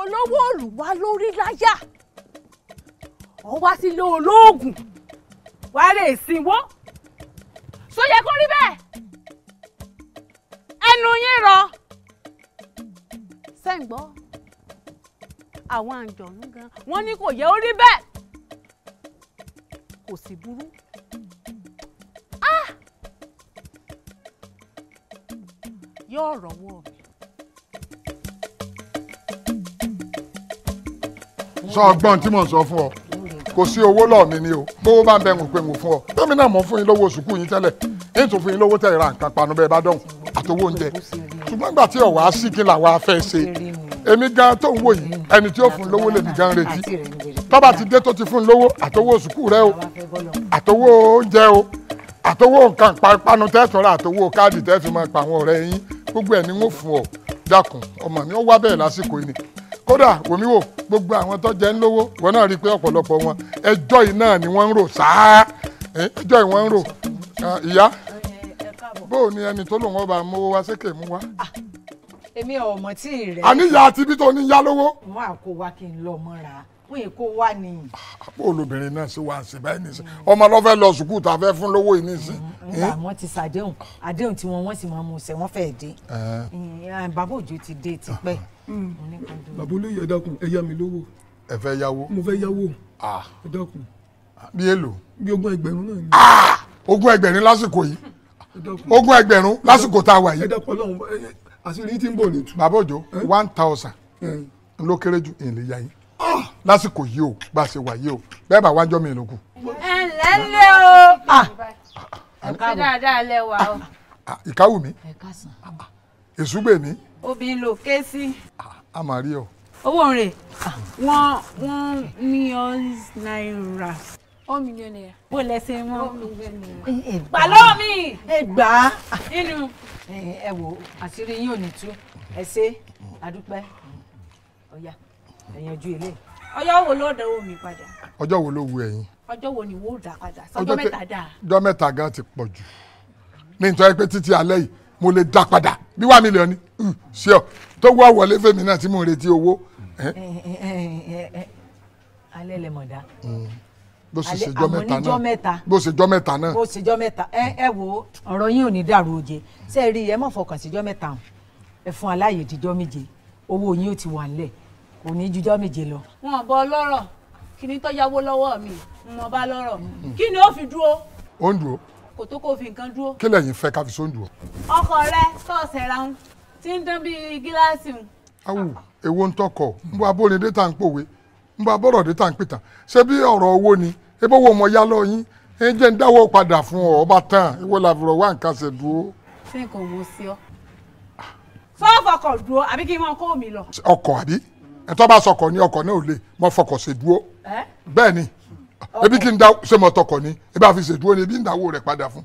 S4: olówó òlù wa lórí láyà ọ sílé olóògùn wàá lè sinwó yẹ kó rí bẹ́ẹ̀ ẹnu yín rọ sẹ́ǹgbọ́ àwọn àjọ̀nú gan wọ́n ní kò yẹ ó rí bẹ́ẹ̀ kò sì burú. Ah! yóò rọ̀wọ́ mi.
S2: sọ ọgbọ́n tí mò ń sọ fún ọ kò sí owó lọ́ọ̀ mi ni o bówó bá ń bẹ̀ ń pè ń fún ọ tẹ́mi náà mọ̀ fún yín lọ́wọ́ sùkúù yín tẹ́lẹ̀ èyí tó fún yín lówó tẹ̀ ra nǹkan panu bẹ́ẹ̀ bá dọ̀hùn àtowó oúnjẹ ṣùgbọ́n gbà tí ọ̀wá sí kí làwa fẹ́ ṣe èmi gan tó ń wò yìí ẹni tí ó fún lówó lèmi gan retí tọ́ba ti dé tó ti fún lówó àtowó sùkú rẹ o àtowó oúnjẹ o àtowó nǹkan panu tẹ́sán rà àtowó káàdì tẹ́sán máa pa àwọn ọ̀rẹ́ yín gbogbo ẹ̀ ni wọ́n fún ọ dákun ọmọ mi ó wá bẹ́ẹ̀ lásìkò yìí kódà wòmí wò gbogbo àwọn tó jẹ ń lówó wọn náà rí i pé ọ̀pọ̀lọpọ̀ wọn ẹjọ́ yìí náà ni wọ́n ń rò sáá ẹjọ́ yìí wọ́n ń rò ìyá bóò ni ẹni tó lòun ọba mowó wá sékè mú wá. Ah,
S4: èmi ọmọ tí ì rẹ. àníyàn àti
S2: ibi tó ní yá lówó.
S4: wọn à kó wa kí n lọ mọ́ra
S2: fún èkó wà nìyí. àpò olóbìnrin náà ṣe wá ṣe báyìí nìyí ọmọ lọ fẹ́ lọ sùkúù tá a fẹ́ fún lówó yìí nìyí. nígbà wọn ti ṣàdéhùn àdéhùn tí wọn wọn sì
S4: máa mú ṣe wọn fẹ́ẹ́ dé
S2: eh.
S4: Eh, ah, bàbá òjò ti dé tipẹ́. Ah. Mm, bàbá olóyè
S2: ẹ dákun ẹ yá mi lówó. ẹ fẹ́ yáwó. mo fẹ́ yáwó ẹ dákun. bí èlò. bí ogún ẹgbẹ̀rún náà ni. ogún ẹgbẹ̀rún lásìkò yìí
S8: ogún ẹgbẹ̀rún lásìkò tá a wà yìí.
S2: àṣírí tí ń bò ní tu. bàbá òjò one thousand ló kéré ju èlé ya yín ah! lásìkò yìí o bá a ṣe wà yìí o bẹ́ẹ̀ bá wájọ́ mi lókun.
S8: ẹ
S4: ǹlẹ́ ń lé o. Ah! ẹ̀ka dáadáa lẹ wà o.
S2: Ah! ìkáwù mi èsúgbè mi.
S4: obìnrin ló ké sí. a máa rí ọ. owó rẹ̀ wọ́n wọ́n mílíọ̀nù náírà one million naira. bó lẹ ṣe mọ eh, eh, gbà lọ́wọ́ mi. ẹ eh, gbà á. inú. ẹ wò àṣírí yín ò ní tú ẹ ṣe àdúpẹ́ ọ̀yà ẹ̀yìn ojú ilé. ọjọ́ wo ló dánwò mi padà.
S2: ọjọ́ wo ló wu ẹ̀yin.
S4: ọjọ́ wo ni wò ó dà padà sọjọ́ mẹ́ta dà.
S2: ọjọ́ mẹ́ta gan ti pọ̀ jù ní nítorí pé títí alẹ́ yìí mo lè dá padà bí wàá mílíọ̀nù ni hmm, ṣé ọ tó wá wọlé fèmí náà tí mo retí owó.
S4: alẹ́ lẹ mọ̀ dá
S2: hmm bó ṣe ṣe jọ mẹ́ta náà bó ṣe jọ mẹ́ta náà. bó
S4: ṣe jọ mẹ́ta ẹ ẹ wo ọ̀rọ̀ yín ò ní dàrú oje ṣe é rí ẹ mọ̀ fọkàn síjọ́ mẹ́ta hàn ẹ fún aláàyè díjọ́ méje owó yín ò ti wà nílẹ̀
S2: kò ní jíjọ́ méje lọ.
S4: wọn bọ lọ́rọ̀ kí ni tó yáwó lọ́wọ́ mi wọn bá lọ́rọ̀ mm. kí ni ó fi dúró. ó ń dúró. kò tó kó fi nǹkan dúró. kí
S2: lẹ́yìn fẹ́ ká fi sóńdù ọ.
S4: ọkọ rẹ tọ̀sẹ̀ ra ń ti ń dán bíi gíláàsì
S2: awo èwo ń tọkọ ń bọ abóredé tá à ń pòwe ń bọ abọ́rọ̀dé tá à ń pìtàn ṣé bí ọ̀rọ̀ owó ni ebó wo mọ̀ yá lọ yín ẹ jẹ́ ń dáwọ́ padà fún ọ ọba tán ìwọ làbúrò wà nǹkan ṣe dúró.
S4: ṣé nǹkan wo sí ọ. sọ́ọ̀fù ọkọ̀ dúró àbí kí n máa kó mi lọ.
S2: ọkọ̀ àbí ẹ tó bá sọkọ̀ ní ọkọ̀ náà ò lè mọ fọkọ̀ ṣe dúró. bẹ́ẹ̀ ni ebi kí n dá ṣe mọ̀ tọkọ̀ ni ebi àfi ṣe dúró ni ebi ń dáwọ́ rẹ̀ padà fún.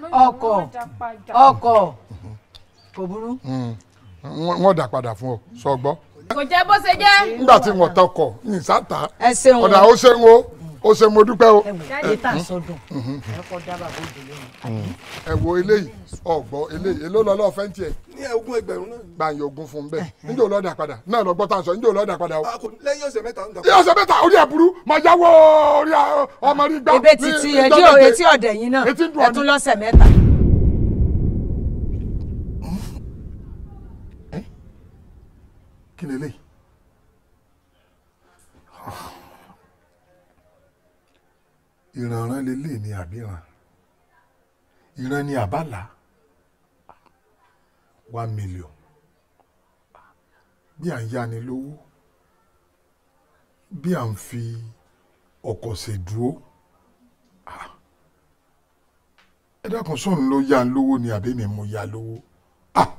S4: ọkọ̀ ọkọ̀
S2: kò burú. Hmm. wọ́n dà padà fún ọ sọ gbọ́
S4: kò jẹ́ bó ṣe jẹ́. nígbà tí wọ́n
S2: tọkọ̀ ní ìsáta ọ̀dà ó ṣe ń wo ó ṣe mo dúpẹ́ o. ẹ mm-hmm. wo eléyìí ọgbọ eléyìí èló lọ lọ fẹ́ ń tiẹ̀. ní ogún ẹgbẹ̀rún náà. gbàǹyà ogún fún bẹ́ẹ̀ njẹ́ olóòdà padà náà lọ gbọ́ tá à ń sọ njẹ́ olóòdà padà o.
S5: lẹ́yìn ọ̀sẹ̀ mẹ́ta ń dà. lẹ́yìn ọ̀sẹ̀
S2: mẹ́ta orí ẹ̀ burú mọ̀ jáwọ́ orí ọmọ rí gbà. ebe titi etí ọ̀dẹ̀ yín náà ẹ tún lọ́sẹ̀ mẹ́ta. kí lè léyìí. ìrànràn lélẹ̀ ni àbíràn ìran ni àbálà one million bí à ń yáni lówó bí à ń fi ọkọ̀ ṣèdúró ẹ dákun sọ́run ló yá lówó ni àbí mi mo yá lówó ah!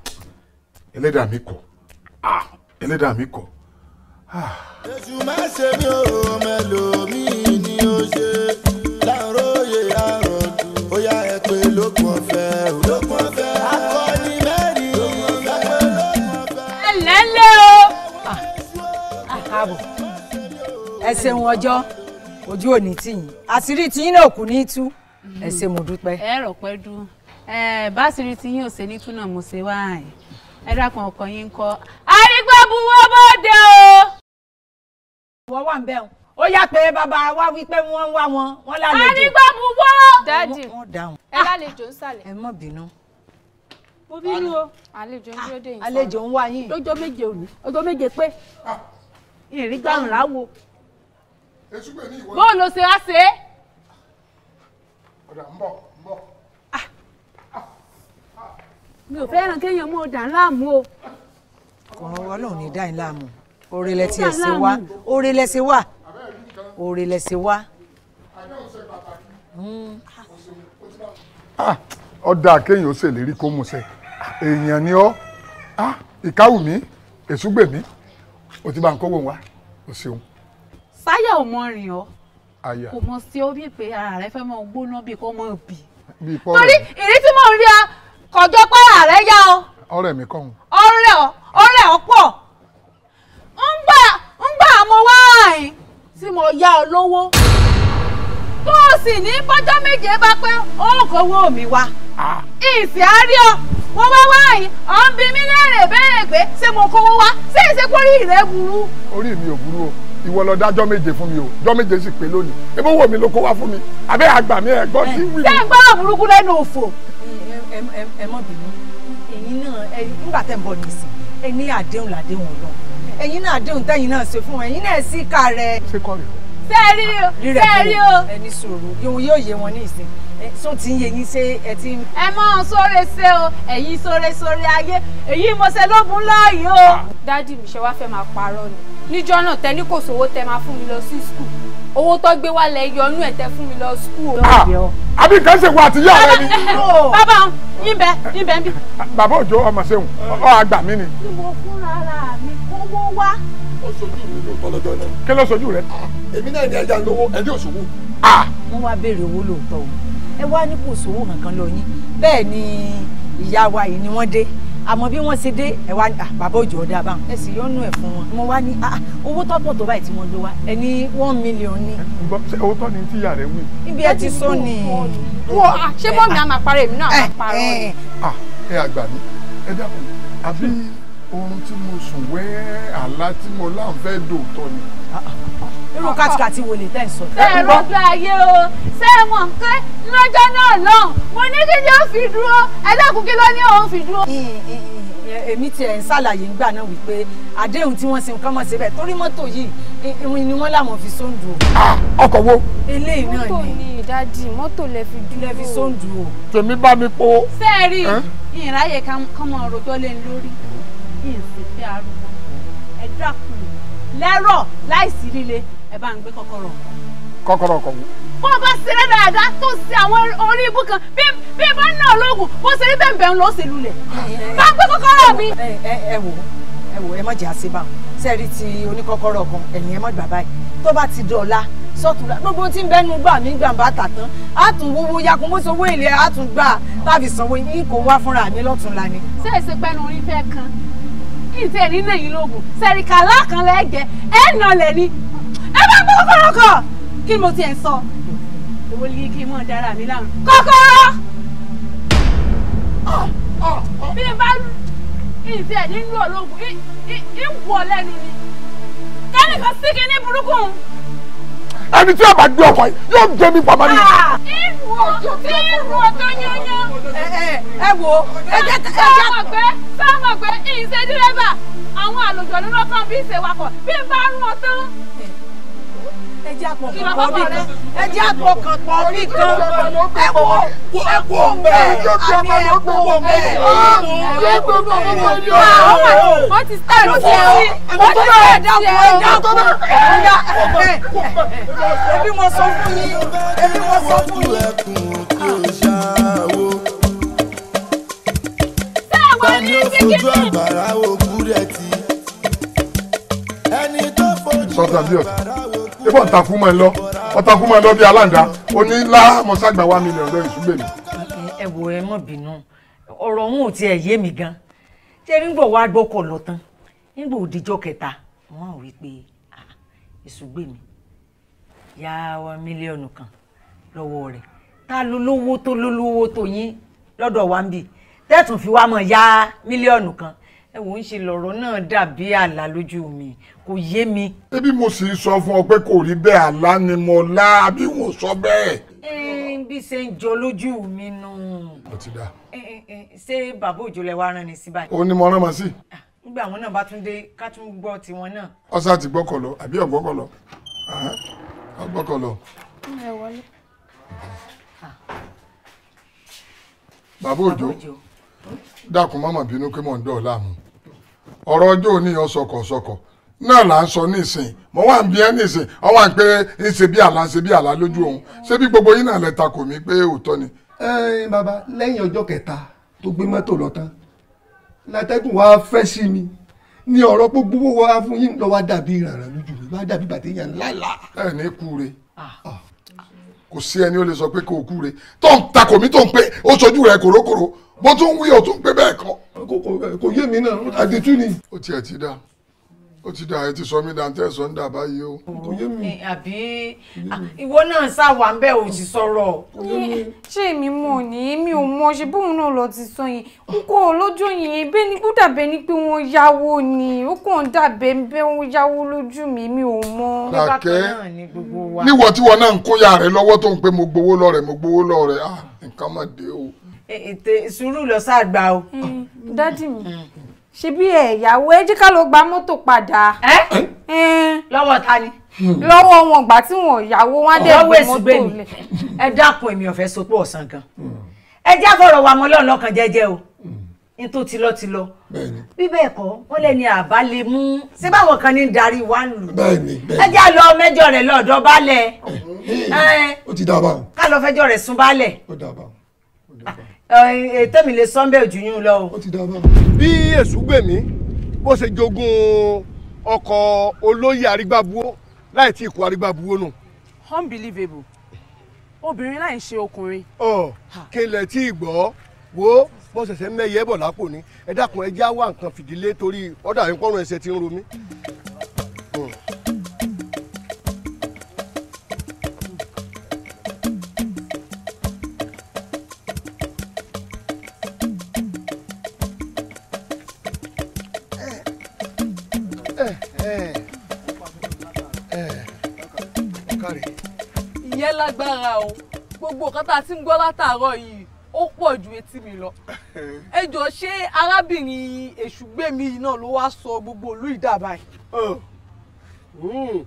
S2: ẹlẹ́dàá mi kọ̀. Ah! ẹlẹ́dàá mi kọ̀.
S5: èṣù má ṣe mí o mẹ́lòmíì ni ó ṣe láàróyè
S7: àròjù ó yá ẹ pé lókun ọ̀fẹ́ lókun ọ̀fẹ́ akọni
S4: mẹ́rin lọ́pẹ́ lókun ọ̀fẹ́. ẹlẹ́ o ah, ah, àbọ̀ ẹ ṣeun ọjọ́ ojú òní tìyìn àṣírí tìyìn náà kù ní tú ẹ mo dúpẹ́. ẹ rọ̀ pẹ́ dùn báṣírí tìyìn ò ṣe ní túnà mo ṣe wáàyè ẹ dákun ọkọ yín kọ́ igbó buwọ́ bóde o. wọ́n wà ń bẹ̀ wọn ó yá pé bàbá wa wípé wọ́n wá wọn wọ́n lálejò. a ní gbà buwọ́. dáàdì ẹ lálejò ń sàlẹ̀. ẹ má bínú. mo bínú o àlejò ń dúró dé yìí. àlejò ń wá yín. lọ́jọ́ méje òní ọjọ́ méje pé ìrìn ah. gbàrún láwo. bóun ló ṣe wá ṣe é.
S2: ọ̀dà ń bọ̀ ń bọ̀. Ah.
S4: Ah. mi ò fẹ́ràn kéèyàn mú ọ̀dà ńlá mú o ọ̀rọ̀ wa náà ní dáhìn láàmú
S2: oore lẹ tiẹ̀ ṣe wá
S4: oore lẹ ṣe wá
S2: oore lẹ ṣe wá. ọ̀dà ah, kéèyàn ó ṣèlérí kó musẹ̀ èèyàn ni ọ́ ah, ìkáwù mi èṣùgbè mi ò ti bá ń kówó wa ò ṣeun.
S4: sáyà ò mọ rìn ọ kò mọ sí ọ bíi pé ara rẹ fẹ́ mọ gbóná bíi kò mọ bì torí ìrísí mò ń rí ọ kọjọ pé ara rẹ yá ọ. ọ̀rẹ́ mi kọ́ ọ. ọ̀rẹ́ ọ ọ̀rẹ́ ẹ̀ ọ̀pọ̀ ń gbà ń gbà mo wá àìn tí mo yá ọ lówó bó o sì ní bọ́jọ́ méje bá pé ó kówó mi wá ìsì àárí ọ wọ́n wá wá àìn ọ̀ ń bi mí léèrè béèrè pé ṣé mo kówó wá
S2: ṣé èsè pórí rẹ̀ burú. orí mi ò burú o ìwọ lọ dájọ́ méje fún mi o jọ́ méje sì pé lónìí ebó wò mí ló kó wá fún mi àbẹ́ àgbà mi ẹ̀ gbọ́ sí wí. ṣé ń gbọ́dọ̀ burúkú lẹ́nu òfò.
S7: ẹ ẹ
S4: ẹ mọ̀ bínú èyí náà ẹ nígbà tẹ̀ ń bọ̀ nìsín ẹni àdéhùn làdéhùn ọlọ́run ẹ̀yin náà àdéhùn tẹ̀yin náà ṣe fún ẹ̀yin náà sì kà rẹ. ṣé kọ́ rẹ̀ o. fẹ́ẹ́ rí o fẹ́ẹ́ rí o. ẹni sòrò ìhun yóò yé wọn ní ìsìn so ti ń yé ṣe ẹ ti. ẹ mọ sóore ṣe o ẹ̀yin sóore sóore ayé èyí mo ṣe lóògùn lọ́ọ̀yì dádì mi ṣe wá fẹ́ máa parọ́ ni níjọ́ náà tẹ ní kò sówó tẹ máa fún mi lọ sí skul owó tó gbé wálẹ̀ yọnú ẹ̀ tẹ fún mi lọ skul. Ah,
S2: ah. àbí nǹkan ṣe wo àtìyá rẹ ni.
S4: bàbá yínbẹ eh,
S2: oh. yínbẹ bí. bàbá òjò ọmọ ṣeun ọ àgbà mi ni.
S4: ìwọ fúnra ara mi kówó wá. ó sojú mi ló
S2: tọ́ lọ́jọ́ náà. kí ló sojú rẹ. Ah, èmi náà ní ẹja lówó ẹni òṣòwò. wọ́n wá béèrè owó lóòótọ́ o ẹ wá ní sówó kankan lọ yín bẹ́ẹ̀ ni
S4: ìyá wa yìí ni wọ́n dé àmọ́ bí wọ́n ṣe dé ẹ wá ah, bàbá òjò ọ̀dà bá ẹ sì yọ́nú ẹ̀ fún wọn mo wá ní ah, ah, owó tọ́pọ̀ tó báyìí tí wọ́n lò wá ẹ ní one million ní.
S2: owó tọ́ ni tíyà rẹ̀ wí. ibi ẹ ti sọ ni.
S4: wo ṣé bọ́ọ̀mù àmà parẹ́ èmi náà àmà parẹ́. Eh, eh,
S2: eh. ẹ àgbà mi ẹ dákun àbí oorun tí mo sùn wẹ́ẹ́ àlá tí mo láǹfẹ́ dòótọ́ ni
S4: irú kàtìkàtì
S2: wo lè tẹ̀ sọ. ṣé ẹ
S4: ayé o ṣé ẹ mọ̀ pé lọ́jọ́ náà lọ́hùn mo ní kí ni ó fi dúró ẹ ló ní òun fi dúró. èmi tiẹ̀ ń ṣàlàyé ńgbà náà wípé àdéhùn tí wọ́n ṣe nǹkan mọ̀ síbẹ̀ torí mọ́tò yìí irun ni wọ́n làwọn fi sóńdù o. Ah, ọkọ̀ wo. eléyìí náà ni mọ́tò ni ìdajì mọ́tò lẹ fi dúró. lẹ fi sóńdù
S2: o. tèmi bá mi po.
S4: sẹ́ẹ̀rì ìráyè kan mọ̀ rojọ́ lé lórí ìsìnkú arúgbó ẹ̀dá kù lẹ́rọ̀ láìsí líle ẹ bá ń gbé kọ́kọ́rọ́ ọkọ̀. kọ́kọ́rọ́ ọkọ̀ wo. bó o bá ṣeré dáadáa tó ṣe àwọn orí ibú kan bí bá ń ná ológun bó ṣe rí bẹ́ẹ̀ bẹ́ẹ̀ ń lọ sí lulẹ̀.
S7: bá ń gbé kọ́kọ́rọ́
S4: mi. ẹ wò ẹ wò ẹ má jẹ́ àṣebà sẹ́ẹ̀rí ti oníkọ́kọ́rọ́ kan ẹ̀yìn ẹ má gbà báyìí tó bá ti dọ̀la sọ́tùlá gbogbo tí ń bẹ́nu gbà mí gbàǹbá tà tán á tún wúwo yakun bó sowó ilé á tún gbà tàbí sanwó yín kò wá fúnra mi lọ́tùnla ni. ṣé èsì pẹ́ẹ́nu orí fẹ́ kan ìfẹ́ ní nàìjíríà lóògùn sẹ̀ríkà lákànlẹ̀ ẹ̀jẹ̀ ẹ̀ nà lẹ̀ ni kọ́kọ́rọ́ kí ni mo tiẹ̀ sọ owó lé kí n mọ̀ dára mi láwọn kọ́kọ́rọ́ bí n bá ìfẹ́ nínú ológun ìwọ lẹ́nu ni kẹ́nìkan sí kí ní burúkú.
S2: ẹni tí a bá gbé ọkọ yìí
S1: yóò jẹ mi pàmò ní. Ah!
S4: ìwọ tí ìwọ tó yányán. ẹ wo ẹ jẹ ẹ jẹ. sáà mọ̀ pé sáà mọ̀ pé ìṣe dírẹ́bà àwọn àlòjọ̀ ló lọ́kàn bí ìṣèwakọ̀ bí n bá rún ọ tán ẹjẹ́ àpọ̀kànpọ̀ bí kan
S1: ẹjẹ́ àpọ̀kànpọ̀ bí kan ẹ̀wọ̀ ẹ̀kọ́ bẹ́ẹ̀ àbí ẹ̀kọ́ bẹ́ẹ̀ ẹ̀kọ́ bẹ́ẹ̀ ó ti tẹ̀ ló ti rí ó
S7: ti tẹ̀ dákun
S4: ẹ̀ dákun ẹ̀dá ẹbí mo sọ fún yín ẹbí mo sọ fún yín.
S5: Tani ó fojú àgbàrá wo kúrẹ́tì.
S4: Ẹni tó
S2: fojú àgbàrá ebo ọ̀tàkùn mọ̀ ẹ lọ ọ̀tàkùn mọ̀ ẹ lọ bí aláǹdá onílá mọ̀ságbà wà mílíọ̀nù lọ́yìn ṣùgbọ́n mi.
S4: ẹ wo ẹ mọ̀ bínú ọ̀rọ̀ òun ò tiẹ̀ yé mi gan ṣé nígbà wàá gbọ́kọ̀ lọ tán nígbà òdìjọ́ kẹta wọn ò rí i pé ìṣùgbọ́n mi yá mílíọ̀nù kan lọ́wọ́ rẹ̀ ta ló lówó tó lólówó tó yín lọ́dọ̀ wa ń bì tẹ́tùn fi wá mọ̀ yá mílíọ̀nù kan ẹ wò ń ṣe lọ̀rọ̀ náà dàbí àlá lójú
S2: mi kò yé mi. ebi mo sì sọ fún ọ pé kò rí bẹ́ẹ̀ àlá ni mo lá bí mo sọ bẹ́ẹ̀.
S4: ẹ bí ṣe ń jọ lójú mi nù. ó ti dá. ṣé bàbá òjò lẹ wá rán ni sí báyìí. ó ní mo rán ma sí. nígbà àwọn náà bá tún dé ká tún gbọ́ tiwọn náà.
S2: ọ̀sà ti gbọ́kọ̀ lọ àbí ọ̀gbọ́kọ̀ lọ ọ̀gbọ́kọ̀ lọ.
S4: ẹ
S1: wọlé.
S2: bàbá òjò dákun má mà bínú pé mò ń dọ̀ láàmú ọ̀rọ̀ ọjọ́ òní ọ̀sọ̀kọ̀ọ̀sọ̀kọ̀ náà là ń sọ nísìn mo wà ń bí ẹ nísìn ọ wà ń pé ń ṣe bí àlá ń ṣe bí àlá lójú òun ṣé bí gbogbo yín náà lẹ ta kò mí pé òótọ́ ni. ẹ bàbá lẹ́yìn ọjọ́ kẹta tó
S8: gbé mọ́tò lọ tán látẹ́gùn wa fẹ́ sí mi ní ọ̀rọ̀ gbogbo wa fún yín lọ́wọ́ dàbí ìrànràn lójú mi wá dàbí bàtẹ́ yẹn ńláńlá. ẹ ní kú re ah. Ah.
S2: kò sí ẹni ó lè sọ pé kò kú re tó ń ta kò mí tó ń pé ó sojú rẹ kòrókòrò bó tún wí ó tún pé bẹ́ẹ̀ kan. kò yé mi náà àdìtú ni. ó ti dáa ó ti dà ẹ ti sọ mí dantẹ sọ ń dà báyìí o. kò mi. àbí ìwọ náà sá wà ń bẹ ò ti sọ̀rọ̀.
S4: ṣé èmi mọ̀ ni èmi ò mọ̀ ṣe bóun náà lọ ti sọ yìí n kò lójú yìí bẹ́ẹ̀ ni kó dàbẹ́ ni pé wọ́n yáwó ni ó kàn dàbẹ́ bẹ́ wọ́n yáwó lójú mi èmi ò mọ̀. làkẹ́
S2: níwọ̀ tí wọn náà ń kóyà rẹ lọ́wọ́ tó ń pé mo gbowó lọ rẹ mo gbowó lọ rẹ ah nǹkan mà dé o.
S4: ètè sùúrù lọ sáà gbà o. Mm, dádì mi. Mm ṣe bí ẹ̀yàwó ẹ jẹ́ ká lọ gba mọ́tò padà. lọ́wọ́ ta ni. Hmm. lọ́wọ́ wọn gbà tí wọn yàwó wọn á dẹ̀ gbé mọ́tò lẹ̀. ẹ dákun èmi ọ̀fẹ́ sopọ̀ ọ̀sán gan. Hmm. ẹ jẹ́ àfọ̀rọ̀ wa mọ́ lọ́nà ọkàn jẹ́jẹ́ o hmm. ní tó ti lọ ti lọ. bí bẹ́ẹ̀ kọ́ wọ́n lẹ́ ní àbá lè mú ṣé báwọn kan ní darí wa ń lù. ẹ jẹ́ àlọ́ mẹ́jọ rẹ̀ lọ́dọ̀ balẹ̀. Eh, eh,
S2: ó ti dábàá.
S1: ká lọ fẹjọ́ rẹ̀ sùn balẹ̀. ó dábàá. Eh, eh, tẹ́mi lè sọ́ńbẹ̀
S8: jù yín lọ. ó ti dá a bá. bí èṣù gbè mí bó ṣe jogún ọkọ̀ olóyè arígbábuwó láì tí ikú arígbábuwó nù. unbelievable obìnrin láì ṣe ọkùnrin. ọ kí n lè tí ì gbọ́ wo mo ṣẹ̀ṣẹ̀ mẹ́yẹ bọ̀ lápò ni ẹ dákun ẹ já wá nǹkan fìdílé torí ọ̀dà yín kọ́run ẹsẹ̀ ti ń ro mí.
S4: lágbára o gbogbo nǹkan tá a ti ń gbọ́ látàárọ̀ yìí ó pọ̀ ju etí mi lọ ẹ jọ ṣé
S8: arábìnrin èṣùgbẹ́mi yìí náà ló wá sọ gbogbo ìlú ìdàbà yìí. Hmm,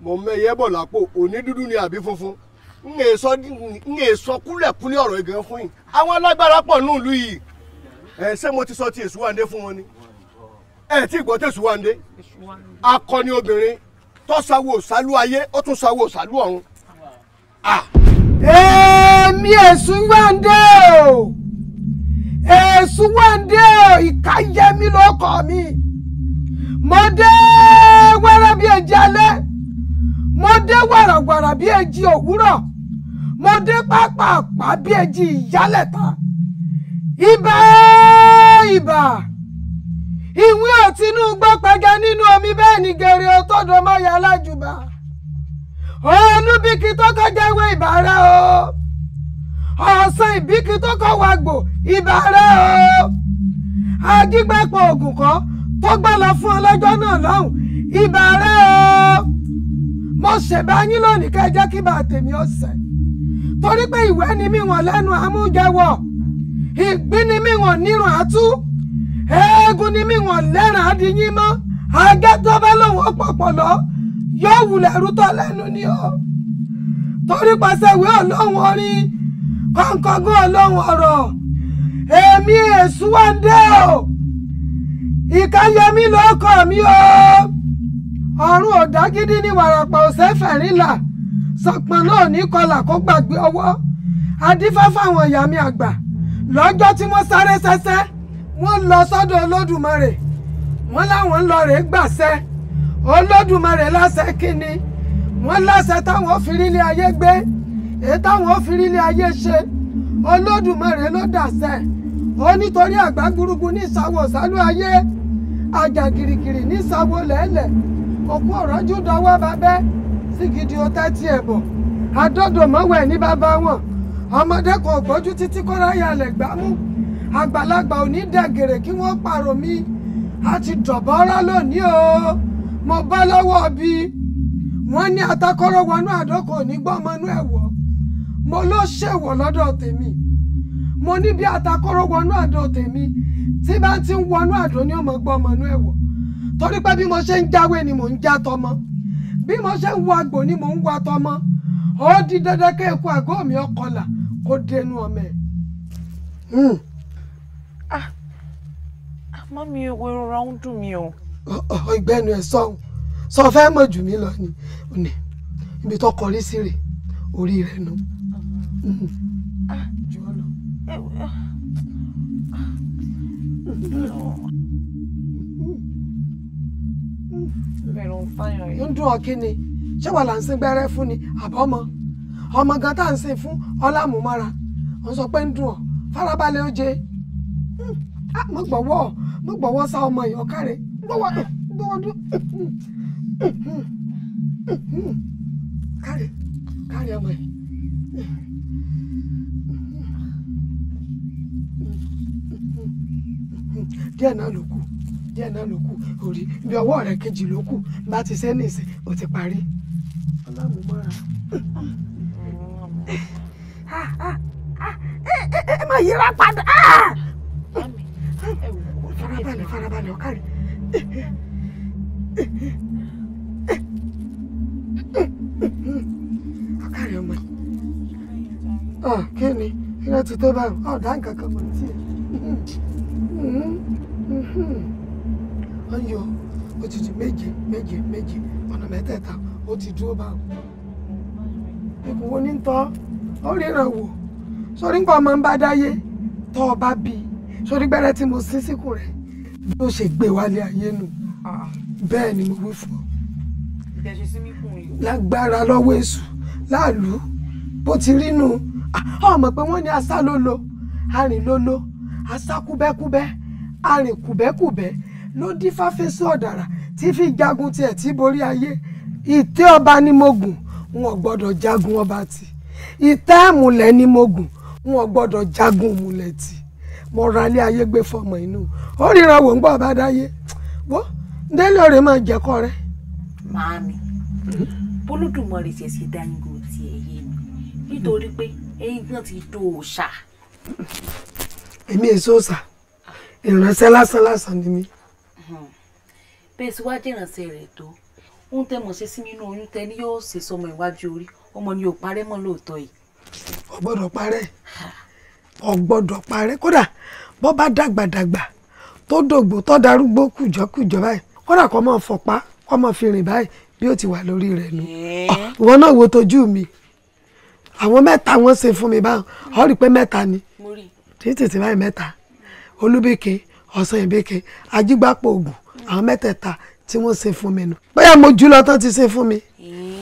S8: mo mẹyẹ bọ̀ lápò òní dúdú ni àbí funfun n lè sọ kúlẹ̀kúlẹ̀ ọ̀rọ̀ ìgàn fún yìí àwọn alágbára pọ̀ ní ìlú yìí ẹ ṣé mo ti sọ ti èṣùwàndé fún wọn ni ẹ tí ì gbọ́ tí èṣùwàndé akọni obìnrin tó sálú ayé ó tún sáwó sálú ọ̀run èmi èsùn wá ń dé o
S1: èsùn wá o ìka yẹ mí lóko mi mo dé wẹ́rẹ́ bí ẹjẹ́ alẹ́ mo dé wàràwàrà bí ẹjì òwúrọ̀ mo dé pápápá bí ẹjì ìyálẹ̀ta ibà ibà ìwé òtínú gbọ́ pẹ́gẹ́ nínú omi bẹ́ẹ̀ ni gèrè ọtọ́dọ̀ máa yà lájùbà olúbíkí tó kọ́ jáwé ìbàrẹ́ o ọ̀sán ìbíkí tó kọ́ wàgbò ìbàrẹ́ o ajígbàpọ̀ ògùn kan tó gbà lọ fún ọlọ́jọ́ náà lọ́hùn ìbàrẹ́ o mo ṣẹ̀bá yín lónìí ká jẹ́ kí bàá tèmi ọ̀sẹ̀ torí pé ìwé ni mí wọ̀n lẹ́nu amújẹwọ̀ ìgbín ni mí wọ̀n nírun àtú eégún ni mí wọ̀n lẹ́ràn adìyín mọ́ agẹ́tọ́ bá lòun ó pọ̀pọ̀ lọ́ọ́ yóò wulẹ̀ rútọ́ lẹ́nu ni o torí pàṣẹ ìwé ọlọ́run orin kọ̀ǹkọ̀ǹgàn ọlọ́run ọ̀rọ̀ èmi èṣù wà ń dé o ìkáyẹmí ló kọ̀ mí o ọ̀run ọ̀dágídí ní wàràpà òṣèfẹ̀rìnlà sọ̀pọ̀n náà ní kọlà kó gbàgbé ọwọ́ adífá fáwọn ìyá mi àgbà lọ́jọ́ tí wọ́n sáré sẹ́sẹ́ wọ́n lọ sọ́dọ̀ olódùmarè wọ́n láwọn ń lọ rèé gbàṣẹ́ olódùmarè láṣẹ kínni wọ́n láṣẹ táwọn fìrílẹ ayé gbé èyí táwọn fìrílẹ ayé ṣe olódùmarè ló dàṣẹ ó nítorí àgbágbúrúgbú ní ìsàwọ̀ sálú ayé àjà gìrìgìrì ní ìsàwọ̀ lẹ́lẹ̀ òkú ọ̀rọ̀jú dọwọ́ babẹ́ sígìdì ó tẹ́tí ẹ̀ bọ̀ adọ́dọ̀mọ́wẹ̀ ní bàbá wọn ọmọdé kò gbójú títí kọ́ra yalẹ̀ gbámú àgbàlagbà ò ní dẹ̀gẹ̀rẹ̀ kí wọ́n pààrọ̀ mi a ti dọ̀bọ́rọ́ lónìí o mo bá lọ́wọ́ bí wọ́n ní atakọ́rọ́ wọnú àdókò nígbọ́mọnú ẹ̀wọ́ mo ló ṣèwọ̀ lọ́dọ̀ tèmi mo ní bí atakọ́rọ́ wọnú àdó tèmi tí bá ti ń wọnú àdó ní ọmọ gbọ́mọnú ẹ̀wọ́ torí pé bí mo ṣe ń jáwé ni mò ń já tọmọ bí mo ṣe ń wọ àgbò ni mò ń wọ tọmọ ó di dandan kí eku àgọ́ mi ọkọlà kó dénú ọmọ ẹ̀. àmọ́ mi rọra ń dùn mí o ìgbẹ́nu ẹ̀ sọ́hun sọ fẹ́ mọ̀ jù mí lọ ni òní ibi tó kọrí sí rè orí rẹ̀ nu. Ah, ah, ah, ń dún ọ kí ni ṣé wà là ń sin gbẹ́rẹ́ fún ni àbọ̀mọ ọmọ gan tá à ń sin fún ọlámùmọ́ra ó sọ pé ń dún ọ farabalẹ̀ ó jẹ mọ̀gbọ̀wọ́ hmm, mọ̀gbọ̀wọ́ sá ọmọ ìyọkàrẹ́ bọ́wọ́dún bọ́wọ́dún kárí kárí ọmọ yìí. díẹ̀ náà ló kù díẹ̀ náà ló kù orí bí ọwọ́ rẹ̀ kejì ló kù bá ti ṣe ní ìsìn ò ti parí. ọlámùmọ́ra ẹ má yíra padà.
S7: farabalẹ̀ farabalẹ̀ ọ̀kàrí
S1: ọkàrẹ ọmọ ọ kí ni iná ti tó báyìí ọ̀dà nǹkan kan mọ̀ tí ẹ ń yọ òtútù méje méje méje ọ̀nà mẹ́tẹ̀ẹ̀ta ó ti dúró báyìí ikùn wo ní tọ́ ó ríran wò sórí nǹkan ọmọ ń bá dáyé tọ́ ọ bá bí sórí gbẹ́rẹ́ tí mo sí síkùn rẹ̀ bí ó ṣe gbé wálé ayé nù ah. bẹ́ẹ̀ ni mo wí fún ọ lágbára lọ́wọ́ èṣù láàlú bó ti rí nù ah, ọmọ pé wọ́n ní asálólo arìnlólo asákúbẹ́kúbẹ́ arìnkùbẹ́kùbẹ́ ló dífá fèsì ọ̀dàrà tí fi jagun tiẹ̀ tí borí ayé ìtẹ́ ọba ni mo gùn wọn gbọ́dọ̀ jagun ọba tì ìtẹ́ àmùlẹ̀ ni mo gùn wọn gbọ́dọ̀ jagun òmùlẹ̀ tì mo ra ilé ayé gbé fọmọ inú ó ríran wò ń gbọ́ ọba dáyé wọ́ délé ọ̀rẹ́ máa jẹ́kọ́ rẹ.
S4: màámi bólúdùmọ̀rì ṣẹ̀ṣẹ̀ dáyìngò ti ẹ̀yẹ mi nítorí pé ẹ̀yin náà ti tó òòṣà.
S1: èmi èso òòṣà
S4: ìránṣẹ́ lásán lásán ni mí. bẹ́ẹ̀ sì wá jẹ́ ìránṣẹ́ rẹ̀ tó ń tẹ́ mọ̀ ṣe sí nínú oyún tẹ ni yóò ṣe sọmọ ìwájú orí ọmọ ni ò parẹ́ mọ́ lóòótọ́
S1: yìí. ọ̀gbọ́dọ̀ parẹ́ ọ̀gbọ́dọ̀ parẹ́ kódà bọ́ bá dàgbàdàgbà tó dògbò tó darúgbó kùjọ́kùjọ́ báyìí kódà kó máa fọ̀pá kó máa fi rìn báyìí bí ó ti wà lórí rẹ̀ nù. Eh. Ah, ìwọ náà wo tójú mi àwọn mẹ́ta wọ́n ṣe fún mi báwọn ọ rí i pé mẹ́ta ni títí báyìí mẹ́ta olúbíkẹ́ ọ̀sán ìbíkẹ́ ajígbápò ògùn àwọn mẹ́tẹ̀ẹ̀ta tí wọ́n ṣe fún mi nù. bóyá mo jù lọ tán ti ṣe fún mi eh.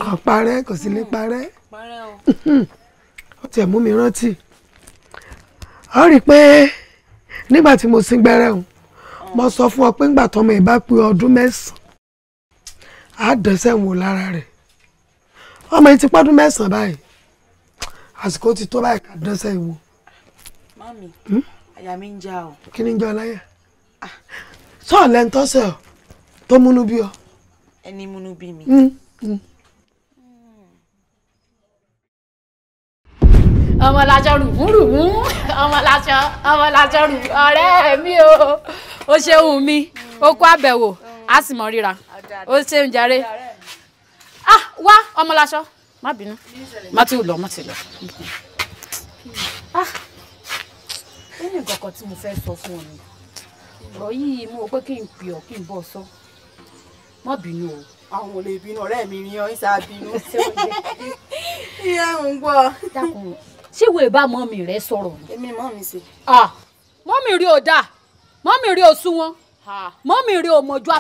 S1: kò parẹ́ kò sì lè hmm. parẹ́ ó tiẹ̀ mú mi rántí ó rí i pé nígbà tí mo sin gbẹ́rẹ́ òun mo sọ fún ọ pé ńgbà tọmọ ẹ̀ bá pé ọdún mẹ́sàn-án á dẹ̀sẹ̀ wò lára rẹ̀ ọmọ yìí ti pọ́dún mẹ́sàn-án báyìí àsìkò ti tó báyìí ká dẹ̀sẹ̀ wò. mami hmm?
S4: àyà mi ń já o.
S1: kí ni ń jẹ ọ láyà ah. sọ ọ lẹ́ńtọ́sẹ̀ ọ tó múnú bí ọ.
S4: ẹni múnú bí mi. Hmm, hmm. ọmọ làjọ rùbúrùbún ọmọ làjọ ọmọ làjọ rù ọ̀rẹ́ mi o ó ṣeun mi ó kó àbẹ̀wò á sì mọ ríra ó ṣeun jàre ah wá ọmọ làjọ má bínú má ti lọ má ti lọ. ó ah. ní nǹkan tí mo fẹ́ sọ fún ọ ni ọ̀rọ̀ yìí mú o pé kí n pè ọ́ kí n bọ́ sọ má bínú o. àwọn ò lè bínú ọ̀rẹ́ mi rí ọ ń bínú. ìyá ń gbọ́ ṣé ìwé bá mọ́mì rẹ sọ̀rọ̀ ni. èmi mọ́mì sí. mọ́mì rí o dáa mọ́mì rí o sún wọn mọ́mì rí o mọ̀jú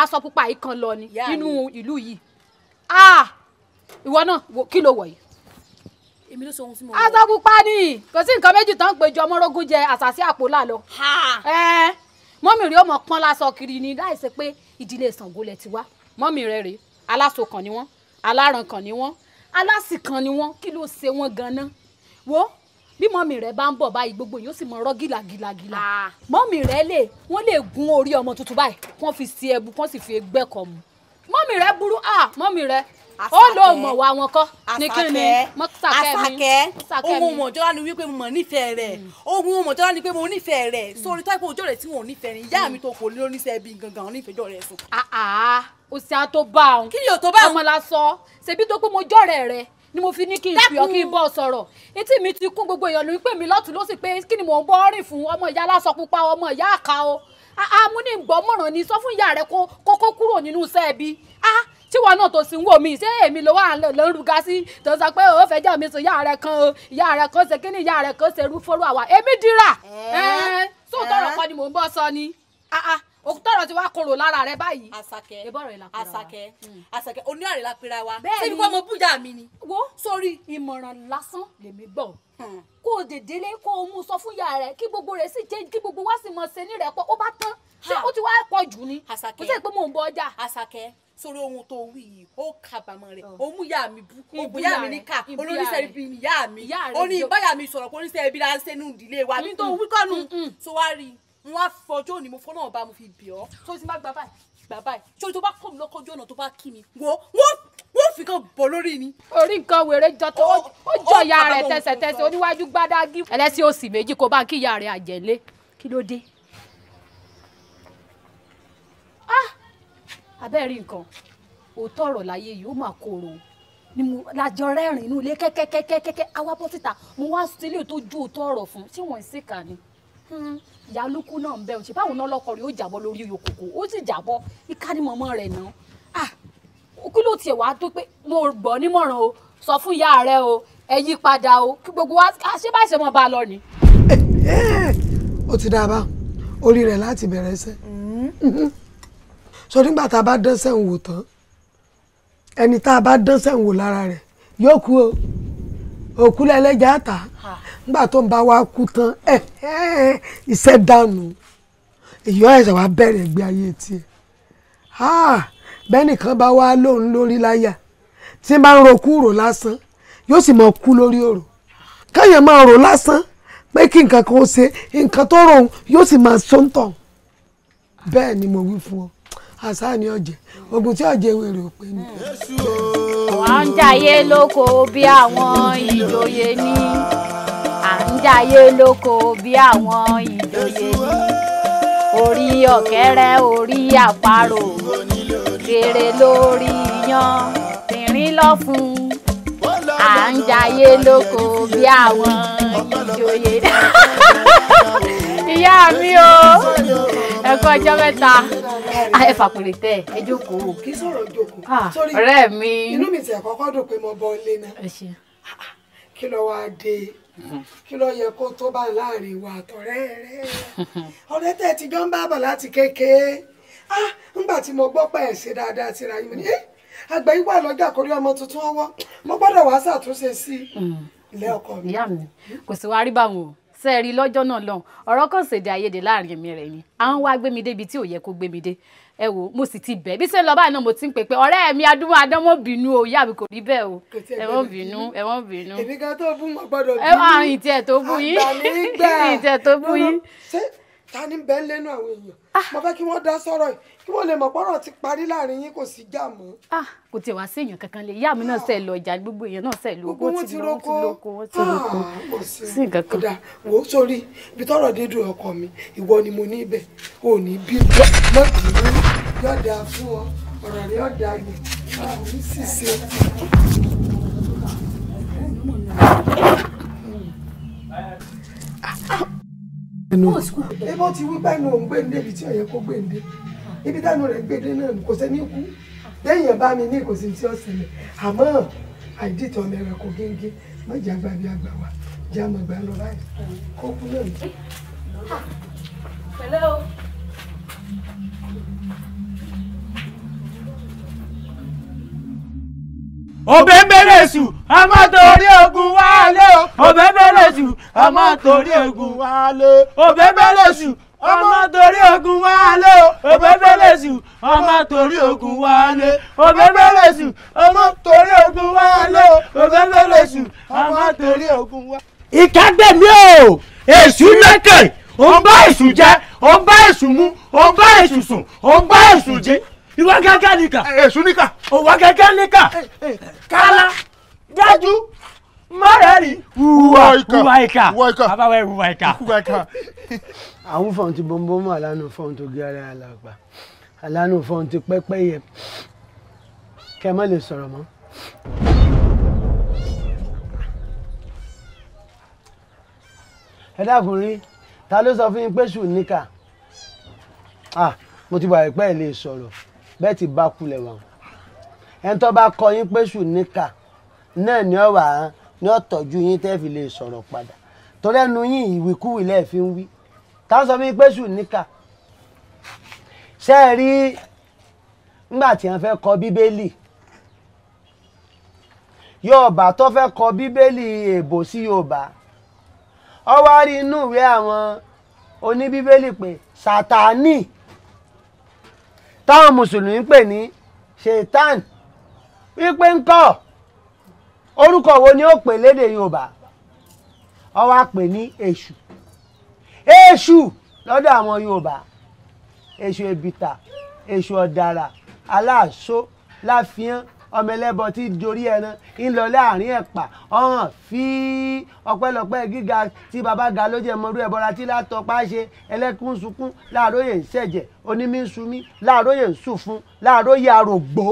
S4: aṣọ pupa yìí kan lọ ni nínú ìlú yìí ìwọ náà kí ló wọ̀ yìí. èmi ló sọ ohun tí mo wọ. aṣọ pupa ni kò sí nǹkan méjì tó ń péjọ mọ́rógún jẹ àṣàṣì àpò lálọ. mọ́mì rí o mọ̀ pọ́n lásọ kiri ni láìsí pé ìdílé Ṣàngó lẹ ti wá mọ́mì rẹ rèé aláṣọ kan ni wọ́n aláràn kan ni wọ́n alásìkan ni wọ́n kí ló ṣe wọ́n gan-an wo bí mọ́mì rẹ̀ bá ń bọ̀ báyìí gbogbo yóò sì mọ ọ̀rọ̀ gìlàgìlàgìlà ah. mọ́mì rẹ̀ lè wọ́n lè gún orí ọmọ tuntun báyìí wọ́n fi sí ẹbu wọ́n sì fi gbẹ́ kọ́ mu mọ́mì rẹ̀ burú ah mọ́mì rẹ̀ ó lò mọ̀ wá wọn kọ́ ní kí ni Àṣàkẹ́ ohun mọ̀jọ́lá ni wípé mo mọ̀ nífẹ̀ẹ́ rẹ̀ hmm. ohun mọ̀jọ́lá ni pé mo nífẹ̀ẹ́ rẹ̀ hmm. sórí tó ẹ̀ pé ojú rẹ̀ tí wọn ò nífẹ̀ẹ́ ni ìyá hmm. mi tó kò lé oníṣẹ́ bíi gangan onífẹ̀ẹ́jọ́ rẹ̀ sùn. àà òsì àtọ́bà ọ̀hún kí ni òtọ́bà ọmọ la sọ ṣèbí tó pé mo jọ́rẹ̀ rẹ̀ ni mo fi ní kí n fi ọ kí n bọ sọ̀rọ̀ etí mi ti kún gbogbo èèyàn ló ń pè mí lọ́tún ló sì pé kí ni mò ń bọ́ rìn fún ọmọ ìyá aláṣọ pupa ọmọ ìyá àká o a mú ní gbọ́mọ̀ràn ni sọ fún ìyá rẹ kó kókó kúrò nínú iṣẹ́ ẹbí a tí wọn náà tó sì ń wò mí ṣé èmi ló wà ló ń ruga sí tó sọ pé ó fẹjọ́ mi sùn ìyá rẹ kan o ìyá rẹ kan ṣe kí ni ìyá rẹ kan ṣe rú fóró àwa èmi dira ẹ sóòtọ́ ọ̀rọ̀ kan ni mò ń bọ́ sọ ni òkútọ̀rọ̀ ti wá korò lára rẹ báyìí. àṣàkẹ́ àṣàkẹ́ àṣàkẹ́ oníyàrá la pera wa. bẹ́ẹ̀ ni ṣé kò mọ bújà mi ni. wo sórí ìmọ̀ràn lásán lèmi gbọ́ hmm. kó o dè délé kó o mú sọ fún ìyá rẹ kí gbogbo rẹ sì jẹ kí gbogbo wa sì mọ ṣe ní rẹ pọ ó bá tán ṣé ó ti wá pọ̀ jù ni kò sí pé mò ń bọ ọjà. àṣàkẹ́ sórí ohun tó wí yìí ó kábàámọ̀ rẹ̀ oh. ó mú ìyá mi bú ó bú ìyá mi níkà olóríṣẹ́ ibi ìyá mi ó ní ìbáyà mi sọ̀rọ̀ pé oníṣẹ́ ibi la ń ṣe nù ìdílé wa mi hmm. tó wí kọ́nu tó hmm, wá rí n wá fọjọ́ ni mo fọlọ́run bá mo fi bì ọ́ tó ti má gba báyìí gba báyìí tó tó bá kọ́ mi lọ́kọ́jọ́ ọ̀nà tó bá kí mi wo wọ́n wọ́n fi kan bọ̀ lórí ni. orí nǹkan wèrè jọ tó ó jọ ìyá rẹ̀ tẹsẹ̀tẹsẹ̀ oníwájú gbádágí. ẹlẹ́sìn òsì méjì kó bá ń kí ìyá rẹ̀ àjẹ́lé kí ló dé. Ah! abẹ́ rí nǹkan òótọ́ ọ̀rọ̀ láyé yìí ó mà kóró ni mo lajọ rẹ́rìn inú ilé kẹ́kẹ́kẹ́kẹ́kẹ́ awá bọ́ síta mo wá sílé tó ju òótọ́ ọ̀rọ̀ fún ṣé wọ́n ń ṣèkà ni. Hmm ìyálùkù náà ń bẹ òṣè báwo náà lọkọ rẹ ó jábọ́ lórí yòókùkù ó sì jábọ́ ìka ni mọmọ rẹ náà ah kí ló tiẹ̀ wàá tó pé mo gbọ́ nímọ̀ràn o sọ fún ìyá rẹ o ẹ yí padà o kí gbogbo wa ṣé bá ṣe mọ bá a lọ ni.
S1: ó ti dáa bá orí rẹ̀ láti bẹ̀rẹ̀ ṣẹ́ sọ nígbà tá a bá dán sẹ́wọ̀n wò tán ẹni tá a bá dán sẹ́wọ̀n wò lára rẹ̀ yóò kú o òkú lẹ́lẹ́jà ta nígbà tó ń bá wa kú tán eh, eh, iṣẹ́ dànù ìyọ́ ẹ̀ṣẹ̀ wa bẹ̀rẹ̀ gbé ayé tiẹ̀ bẹ́nìkan bá wá lóun lórí láyà tí n bá ń rokú rò lásán yóò sì máa kú lórí ọ̀rọ̀ káyọ̀ máa rò lásán pé kí nǹkan kan ó ṣe nǹkan tó rò yóò sì máa sóńtàn bẹ́ẹ̀ ni mo wí fún ọ àṣà ni ọ̀jẹ̀ ogun tí ọ̀jẹ̀ wèrè ò pé ni. à ń jayé
S4: lóko bí àwọn ìjòyè ni à ń jayé lóko bí àwọn ìjòyè ni orí ọ̀kẹ́rẹ́ orí àparò kéré lórí yan tìrín lọ́fun à ń jayé lóko bí àwọn ìjòyè ni. ìyá mi o ẹ̀kọ́ ọjọ́ mẹ́ta ah, ẹ fàpèrè tẹ ẹ jókòó. kì í sọ̀rọ̀
S1: jókòó. Ah, sórí ọ̀rẹ́ mi. inú mi ti àkọ́kọ́ dùn pé mo bọ ilé náà. kí ló wáá dé kí ló yẹ kó tó bá láàrin ìwà àtọ̀rẹ́ rẹ̀ ọ̀rẹ́ tẹ̀ tí jọ ń bá bọ̀ láti kékeré ah, ńgbà tí mo gbọ́ pẹ̀ ṣe dáadáa síra yín mo ní eh, àgbà yín wà lọ́jà kórí ọmọ tuntun ọwọ́ mo gbọ́dọ̀ wá ṣàtúnṣe sí mm. ilé ọkọ mi
S4: kò sí wá rí báwọn o sẹ́ẹ̀rí lọ́jọ́ náà lọ́hùn ọ̀rọ̀ kan ṣèdè àìyedè láàrin èmi rẹ̀ ni àwọn wá gbé mi débi tí ò yẹ kó gbé mi dé ẹ wò mo sì ti bẹ̀ bí sẹ́ lọ́ba náà mo ti ń pè pé ọ̀rẹ́ mi adúmọ̀ adánmọ́ bínú o yàbí kò rí bẹ́ẹ̀ o ẹ wọ́n bínú ẹ wọ́n bínú. èmi kan
S1: tó bú wọn gbọ́dọ̀ bínú àrùn ìtì ẹ̀ tó bú yín àgbà mi gbà ta ni bẹ́ẹ̀ lẹ́nu àwọn èèyàn Ah. mo fẹ́ kí wọ́n dá sọ́rọ̀ yìí kí wọ́n lè mọ̀ pọ́rọ̀ ti parí láàrin yín kò sí jà mọ́. Ah,
S4: kò tiẹ̀ wá sí èèyàn kankan lè ìyá mi náà sẹ̀ lọ ìjà gbogbo èèyàn náà sẹ̀ lóko wọ́n ti lóko
S7: wọ́n ti
S1: lóko ah, sí nǹkan kan. kódà wò ó sórí ibi tọ́rọ̀ dé dùn ọkọ mi ìwọ ni mo ní ibẹ̀ ò ní bí lọ́ọ̀dì yóò dáa fún ọ ọ̀rọ̀ rẹ̀ yóò dáa gbè láàrin Ah! ebó ti wí báyìí ló ń ibi tí ó kó gbé ibi táwọn rẹ̀ gbé náà kò sẹ́ni kú téèyàn bá mi ní kò tí ó ṣẹlẹ̀ àmọ́ àìdìtọ̀ ọmọ ẹ̀rọ kò gẹ́gẹ́ mọ̀jà gba bí àgbà wa jẹ́ àmọ̀gbà lọ báyìí kó kú náà. pẹ̀lẹ́ o. òbẹ́bẹ́rẹ́sù ọmọ torí ogun wálé o òbẹ́bẹ́rẹ́sù ọmọ torí ogun wálé o òbẹ́bẹ́rẹ́sù ọmọ torí ogun wálé o òbẹ́bẹ́rẹ́sù ọmọ torí ogun wálé o òbẹ́bẹ́rẹ́sù ọmọ torí ogun wálé o òbẹ́bẹ́rẹ́sù ọmọ torí ogun wálé. ìkágbẹ́mi o èṣù lẹ́kẹ̀ ò ń bá èṣù jẹ ò ń bá èṣù mu ò ń bá èṣù sùn ò ń bá èṣù jí ìwọ gángan nìkan. èṣù nìkan òwò kẹ̀kẹ́ níkà kálá dájú mọ́rẹ́rì wúwa wúwa ìkà bàbá wẹ̀ wúwa ìkà. àwọn fọ́n ti bọ́nbọ́n mọ́ àlànà fọ́n tó gé ara àlàgbà àlànà fọ́n ti pẹ́pẹ́ yẹ kẹ́ má lè sọ̀rọ̀ mọ́. ẹ dákùnrin ta ló sọ fún yín pé ṣù níkà mo ti wà pẹ́ ẹ̀ lè sọ̀rọ̀ bẹ́ẹ̀ ti bá kulẹ̀ wà. ẹni tó bá kọ yín pé ṣùníkà náà ni ọ wà á ní ọ̀tọ̀jú yín tẹ́ fi lè sọ̀rọ̀ padà torí ẹnu yín ìwíkúwì fi wí táwọn sọ fún yín pé ṣùníkà ṣe é kọ bíbélì yorùbá tó fẹ́ kọ bíbélì èbò sí yorùbá ọ wá rí inú ìwé àwọn oníbíbélì pé sátánì táwọn mùsùlùmí pè ní wípé ńkọ́ orúkọ wo ni ó pè lédè Yorùbá ó wá pè ní èṣù èṣù lọ́dọ̀ àwọn Yorùbá èṣù ebìtà èṣù ọ̀dàrà aláàṣọ láfihàn ọmọ ẹlẹ́bọ tí dorí ẹran ń lọ láàrin ẹ̀pà ọ̀hàn fi ọpẹ́lọpẹ́ gíga tí baba ga ló jẹ́ mọ́rú ẹ̀bọra tí látọpá ṣe ẹlẹ́kùn sunkún láàróyè ń ṣẹ̀jẹ̀ onímí ń sunmí láàróyè ń sùn fún láàróyè àrògbó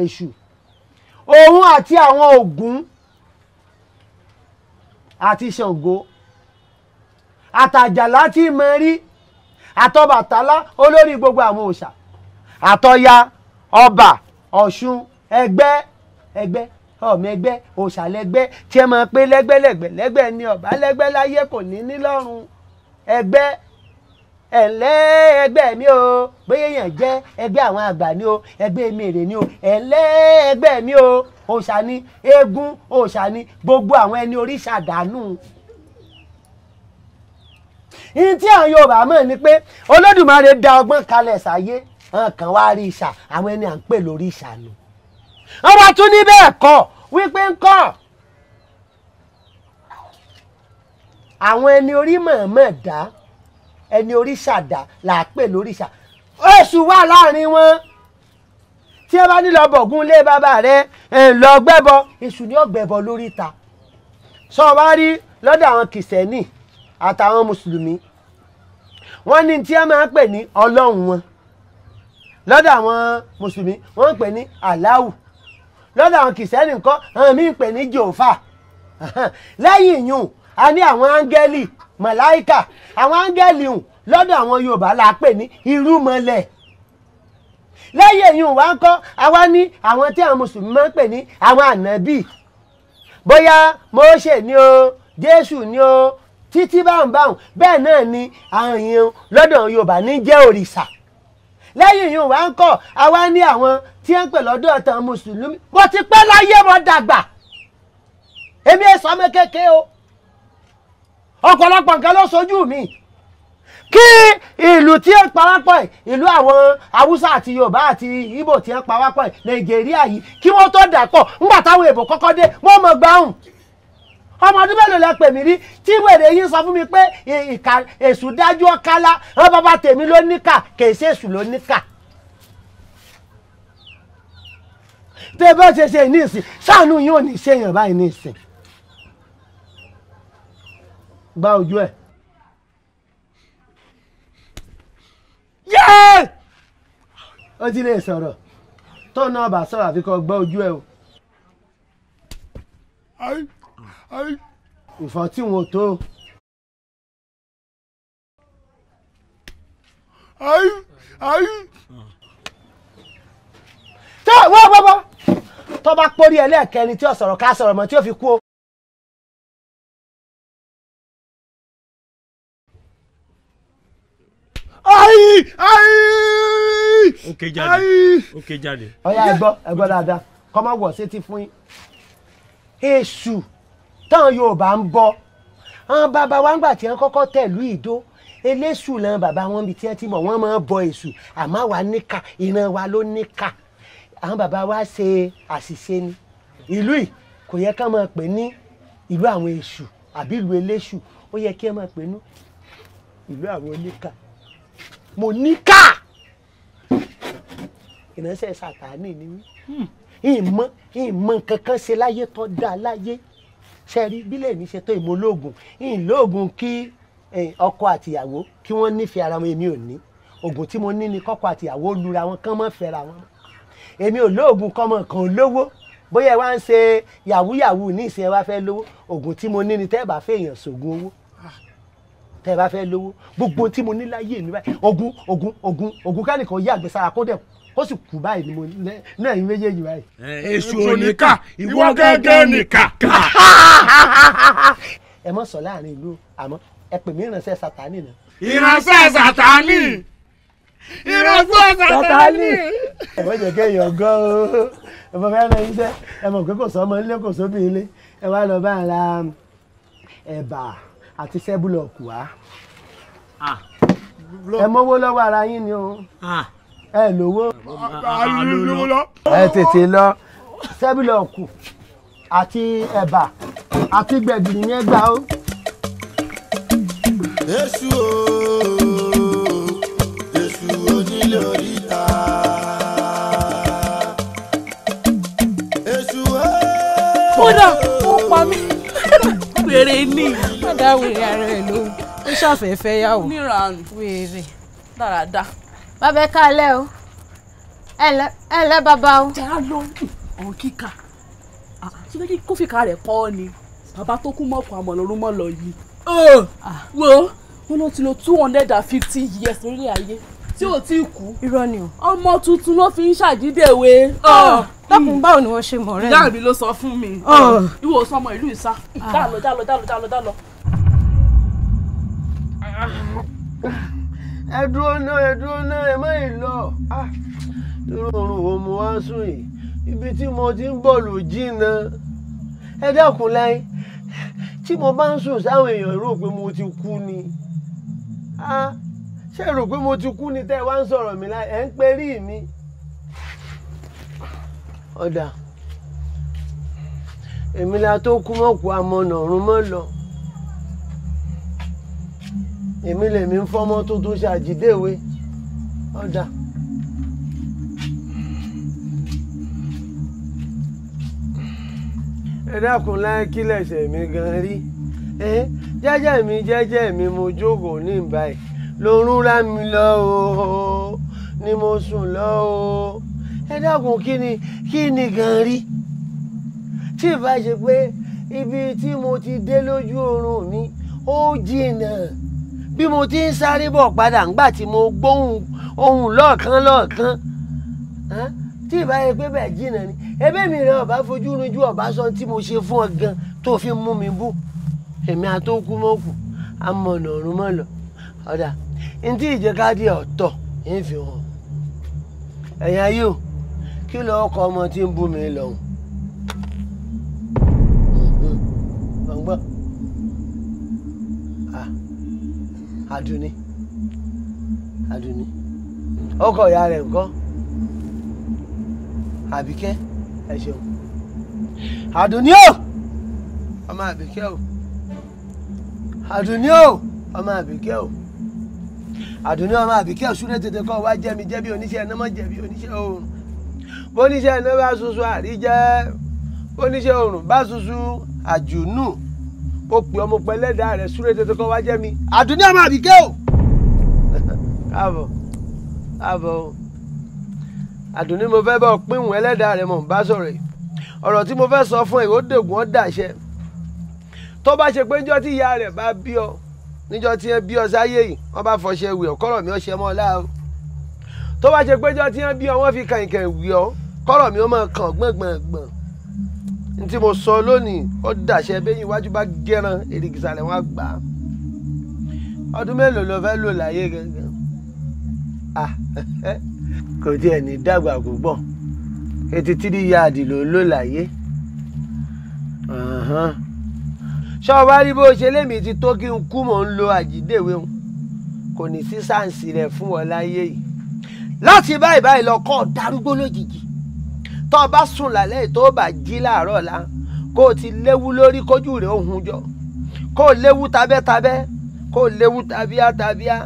S1: èṣù òun àti àwọn Ògún àti Ṣàngó àtàjàlá tí mo rí àtọbàtálá olórí gbogbo àwọn òòṣà àtọya ọba Ọ̀ṣun ẹgbẹ́ ẹgbẹ́ ọmọ ẹgbẹ́ òòṣà lẹ́gbẹ́ tí ẹ máa pé lẹ́gbẹ́ lẹ́gbẹ́ lẹ́gbẹ́ ni ọba lẹ́gbẹ́ láyé kò ní nílọ́run ẹgbẹ́ ẹ ǹlẹ́ ẹgbẹ́ mi o bóyá èèyàn jẹ́ ẹgbẹ́ àwọn àgbà ni o ẹgbẹ́ mi èrè ni o ẹ ǹlẹ́ ẹgbẹ́ mi o òòṣà ni eégún òòṣà ni gbogbo àwọn ẹni òrìṣà dànù. ihun tí àwọn Yorùbá mọ̀ ni pé Olódùmarè da ọgbọ́n kalẹ̀ sáyé hàn kàn wá rí ìṣà àwọn ẹni à ń pè lórí ìṣà nù. wọ́n wá tún ní bẹ́ẹ̀ kọ́ wípé ń kọ́ àwọn ẹni orí mọ̀ọ́mọ̀ dá ẹni oríṣà dá là á pè lóríṣà oṣù wà láàrin wọn tí ẹ bá nílò bọ̀gún lé bàbá rẹ ẹ lọ gbẹ́bọ èṣù ni ó gbẹ́bọ lórí ta sọ wá rí lọ́dọ̀ àwọn kìsẹ́nì àtàwọn mùsùlùmí wọ́n ní tí ẹ máa ń pè ní ọlọ́run wọn lọ́dọ̀ àwọn mùsùlùmí wọ́n ń pè ní aláwù lọ́dọ̀ àwọn kìsẹ́nì ńkọ́ àwọn míì ń pè ní jòfà lẹ́yìn ìyún a ní àwọn áńgẹ́lì màláìkà àwọn áńgẹ́lì hùn lọ́dọ̀ àwọn Yorùbá la pè ní irúmọlẹ̀ lẹ́yìn èyí wá ń kọ́ àwa ní àwọn tí àwọn mùsùlùmí máa ń pè ní àwọn ànábì bóyá Mósè ni o Jésù ni o títí báwọn báwọn bẹ́ẹ̀ náà ni àwọn èèyàn lọ́dọ̀ Yorùbá ní jẹ́ òrìṣà lẹ́yìn yìí wá ń kọ́ àwa ní àwọn tí wọ́n ń pè lọ́dọ̀ ọ̀tàn mùsùlùmí mo ti pẹ́ láyé mo dàgbà èmi ẹ̀ sọ́mọ kékeré o ọ̀pọ̀lọpọ̀ nǹkan ló sojú mi kí ìlú tí ẹ parapọ̀ ẹ̀ ìlú àwọn haúsá àti yorùbá àti ìgbò tí ẹ parapọ̀ ẹ̀ nàìjíríà yìí kí wọ́n tó dàpọ̀ ńgbà táwọn èèbò kọ́kọ́ dé wọ́n mọ̀ gbáhùn ọmọ ọdún mélòó lẹ pè mí rí tí wèrè yín sọ fún mi pé ìka èṣù dájú ọ̀kálá wọn bàbá tèmi ló níkà kèé sí ló níkà. tẹ́ bá ṣe ṣe ní ìsìn sáànù yóò ní ṣèyàn báyìí ní ìsìn gba ojú ẹ̀. yéé ó ti lè sọ̀rọ̀ tó náà bá sọ̀rọ̀ àfi kọ́ gbọ́ ojú ẹ̀ o. ìfọ̀ tí wọn ò tó. tó wọ́n bọ́ bọ́ tó bá pórí ẹlẹ́ẹ̀kẹrin tí ó sọ̀rọ̀ ká sọ̀rọ̀ mọ́ tí ó fi kú o. ayi ayi. ok jáde ok jáde. ọ̀ya ẹ̀gbọ́ ẹ̀gbọ́ dáadáa kọ́mọ wọ̀ sétí fún yín. èṣù táwọn Yorùbá ń bọ àwọn bàbá wa ń gbà tí wọ́n kọ́kọ́ tẹ̀lú ìdó eléṣù làwọn bàbá wọn bí tí wọ́n ti bọ̀ wọ́n máa ń bọ èṣù àmọ́ wa níkà ìran wa ló níkà àwọn bàbá wa ṣe àṣìṣe ni ìlú yìí kò yẹ ká máa pè ní ìlú àwọn èṣù àbí ìlú eléṣù ó yẹ kí ẹ máa pè ní ìlú àwọn oníkà mo ní káà ìránṣẹ́ sàtáánì ni mí hmm. ìmọ̀ ìmọ̀ kankan ṣe láyé tó dáa láyé ṣẹ́rí bílẹ̀ mi ṣe tó ìmọ̀ olóògùn ìlóògùn kí ọkọ àtìyàwó kí wọ́n nífẹ̀ẹ́ ara wọn èmi ò ní oògùn tí mo ní ni kọ́kọ àtìyàwó lura wọn kán mọ́ fẹ́ra wọn èmi ò lóògùn kọ́mọ kan lówó bóyá ẹ wá ń ṣe yàwúyàwú ní ìsìn ẹ wá fẹ́ lówó oògùn tí mo ní ni tẹ́ẹ̀ bá fẹ́ èèyàn ṣògùn owó tẹ́ ẹ bá fẹ́ lówó gbogbo tí mo ní láyé mi báyìí ogun ogun ogun ogun kánìkan yá àgbẹ̀sára kó dẹ̀ ó sì kú báyìí ni mo náà yín méjèèjì báyìí. Eh, èṣù oníkà ìwọ gẹ́gẹ́ nìkà. ẹ mọ̀ sọ láàrin ìlú àmọ́ ẹ pè mí ìránṣẹ́ sátánì náà. ìránṣẹ́ sátánì
S7: ìránṣẹ́ sátánì.
S1: ẹ mọ̀ jẹ́ kéèyàn gan o ẹ mọ̀ fẹ́ẹ́ rẹ iṣẹ́ ẹ mọ̀ pé kò sọ ọmọ ilé kò sóbì ilé ẹ wá lọ bá ara ẹ̀bà àti sẹ́búlọ̀kù wá ah. ẹ mọ́wó lọ́wọ́ ara yín ni o ah. ẹ lówó ẹ tètè lọ sẹ́búlọ̀kù àti ẹ̀bà àti gbẹ̀gìrì yẹn gbà ó. èṣù ooo èṣù onílé oríta. kódà ó pa mí
S4: wèrè ni. má dá wèrè ara ẹ lóhùn ó ṣàfẹ́fẹ́ yà wò. níranù wèrè. dáradá. bàbá ẹ káalẹ́ o ẹ lẹ́ bàbá o. jẹ́ àlọ́ ọ̀hún kíkà ṣé kí kófìkà rẹ̀ kọ́ ọ ni bàbá tó kú mọ́kù àmọ̀ lọ́rùn mọ́ lọ yìí. wo wọn ló ti lò two hundred and fifty years lórí ayé tí ò tí kú. irọ́ ni o. ọmọ tuntun ló fi ń ṣàjídèwe. Ah, ah. dákun báwo ni wọ́n ṣe mọ̀ rẹ́. ìyá mi ló sọ fún mi. Ah. ìwọ sọmọ ìlú ìsá.
S1: dálọ dálọ dálọ dálọ dálọ. ẹ dúró náà ẹ dúró náà ẹ má yìí lọ. irú oorun wo mo wá sùn yìí ibi tí mo ti ń bọ̀ ló jìnnà. ẹ dákun láyé tí mo bá ń sùn sáwọn èèyàn rò pé mo ti kú ni ṣé ẹ rò pé mo ti kú ni tẹ́ ẹ wá ń sọ̀rọ̀ mi láì ẹ̀ ń pè rí mi. ọ̀dà èmi la tó kú mọ́kù amọ̀nà ọ̀run mọ́ lọ èmi lèmi ń fọ́mọ́ tó ṣàjídéwe ọ̀dà. ẹ dákun láyé kí lẹ̀ṣẹ̀ mi gan rí jẹ́jẹ́ mi jẹ́jẹ́ mi mo jókòó ní ìbáyìí lòrùn la mi lọ o ni mo sùn lọ o ẹ dákun kí ni kí ni gan rí tí ìbá ṣe pé ibi tí mo ti dé lójú oorun mi ó jìnnà bí mo ti ń sáré bọ̀ padà ńgbà tí mo gbóhùn ohùn lọ́ọ̀kan lọ́ọ̀kan tí ìbá yẹ pé bẹ́ẹ̀ jìnnà ni ẹbẹ́ mi rẹ ọba fojú rinjú ọba sọ tí mo ṣe fún ọ gan tó fi mú mi bú èmi àtọkù mọ́kù amọ̀nà ọ̀run mọ́ lọ ọ̀dà. ntí ìjẹkadì ọtọ ń fi hàn ẹ̀yà kí ló ọkọ ọmọ tí ń bú mi lọ́hùn. ọ̀gbọ́n àdùnní ah, àdùnní ọkọ ìyá rẹ̀ ńkọ́ àbíkẹ́ ẹ ṣeun àdùnní o ọmọ àbíkẹ́ o àdùnní ọmọ àbíkẹ́ àdùnní ọmọ àbíkẹ́ òṣùrẹ́ tètè kọ́ wá jẹ́mi jẹ́bi oníṣẹ́ iná mọ́ jẹ̀bi oníṣẹ́ oòrùn bóníṣẹ́ iná bá sunsun àríjẹ́ bóníṣẹ́ oòrùn bá sunsun àjùnú ó pè ọmọ pẹlẹ́dà rẹ̀ ṣúrẹ́ tètè kọ́ wá jẹ́mi àdùnní ọmọ àbíkẹ́ o káàbọ̀ káàbọ̀ o àdùnní mo fẹ́ bá ọ pínwó ẹlẹ́dà rẹ̀ mọ̀ bá sọ̀rọ̀ ọ̀rọ̀ tí mo fẹ́ sọ fún ẹ̀ ó dègùn ọ́ dàṣẹ tó bá ṣe pé ńjọ́ tí ìyá rẹ̀ bá bí ọ níjọ́ tí wọ́n bí ọ sáyé yìí wọ́n bá fọṣẹ wì ọ́ kọ́rọ̀ mi ọṣẹ mọ́ láà o tó bá ṣe péjọ́ tí wọ́n bí ọ wọ́n fi kàǹkàn wì ọ́ kọ́rọ̀ mi ó máa kàn gbọ̀ngbọ̀ngbọ̀n ní tí mo sọ lónìí ó dàṣẹ bẹ́yìn iwájú bá gẹ́ran èrìgìsàlẹ̀ wọn gbà á ọdún mélòó ló fẹ́ lò láyé gangan kò tiẹ̀ ní dàgbà púpọ̀ eighty three yard ló lò láyé. Uh-huh ṣọ́ wá rí bó ṣe lémi ti tó kí n kú mò ń lo àjídèwé òun kò ní sí sáǹsì rẹ̀ fún wọn láyé yìí láti báyìí báyìí lọkọ darúgbó lójijì tó o bá sùn lálẹ́ tó o bá jí láàárọ̀ ọ̀la kó o ti léwu lórí kójú rẹ̀ òhun jọ kó o léwu tabẹ́tabẹ́ kó o léwu tabíátabíá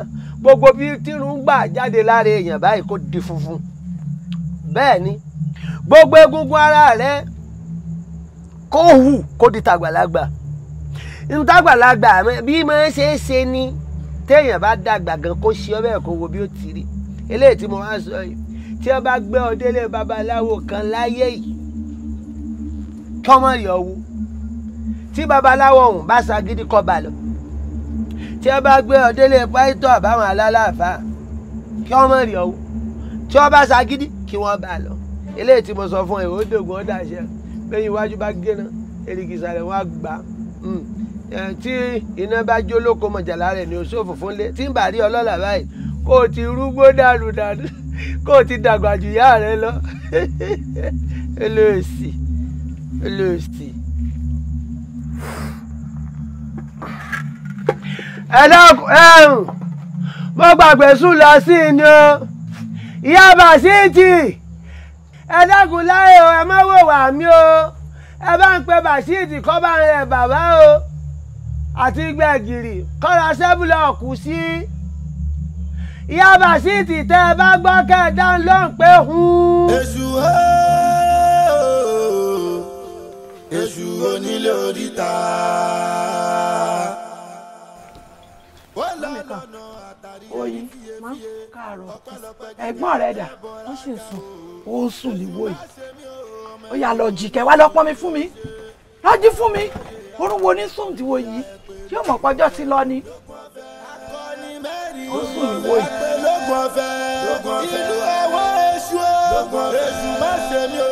S1: gbogbo bí tírun gbà jáde lára èèyàn báyìí kó di funfun bẹ́ẹ̀ ni gbogbo egungun ara rẹ̀ kó hù kó di tàgbàlagbà irun tágbàlagbà bí mo ṣe é ṣe ni téèyàn bá dàgbà gan kó ṣe ọ bẹ́ẹ̀ kó wo bí ó ti rí eléyìí tí mo wá sọ yìí tí wọ́n bá gbé ọ délé babaláwo kan láyé yìí kọ́mọ yọ̀ wú tí babaláwo ọ̀hún bá ṣagídí kọ́ balọ̀ tí wọ́n bá gbé ọ délé pásítọ̀ àbáwọn alálàáfà kí wọ́n mọ̀ rí tí wọ́n bá kí wọ́n bá lọ eléyìí tí mo sọ fún ẹ ó dògùn ó dàṣẹ bẹ́ẹ̀ iwájú bá gé náà erigi ìsàlẹ̀ wọn gbà hmm tí iná bá jó lóko mọ̀jàlá rẹ̀ ní oṣù òfófó ńlẹ̀ tí ń bà rí ọlọ́lá báyìí kó o ti rúgbó dànù dànù kó o ti dàgbà jù yá rẹ lọ olóòsì olóòsì. ẹ dákun ẹrùn mo gbàgbé sùn lọ sí i ni o ìyá bàṣíìtì ẹ dákun láyé o ẹ má wò wá mí o ẹ bá ń pe bàṣíìtì kọ́ bá ń rẹ bàbá o àti gbẹ̀gìrì kọ́ra sẹ́bùlọ̀kù sí ìyá bàṣítì tẹ́ ẹ bá gbọ́ kẹ́ ẹ dán lóhùn pé hun. èṣù
S5: ooo èṣù onílé oríta. oyin
S1: káàárọ̀ ẹ̀gbọ́n rẹ̀ dà wọ́n sì ń sùn ó ń sùn níwò yìí ó yá lọ jì kẹ́ wá lọ pọ́n mi fún mi lọ jí fún mi orúwo ní sùn tí wo yìí yóò mọ̀ pọ́jọ́ ti lọ ni. ó sùn ìwọ yìí. lọ́gbọ̀n fẹ́ ìlú ẹ̀wọ́ èṣù ó èṣù
S5: má ṣe mí o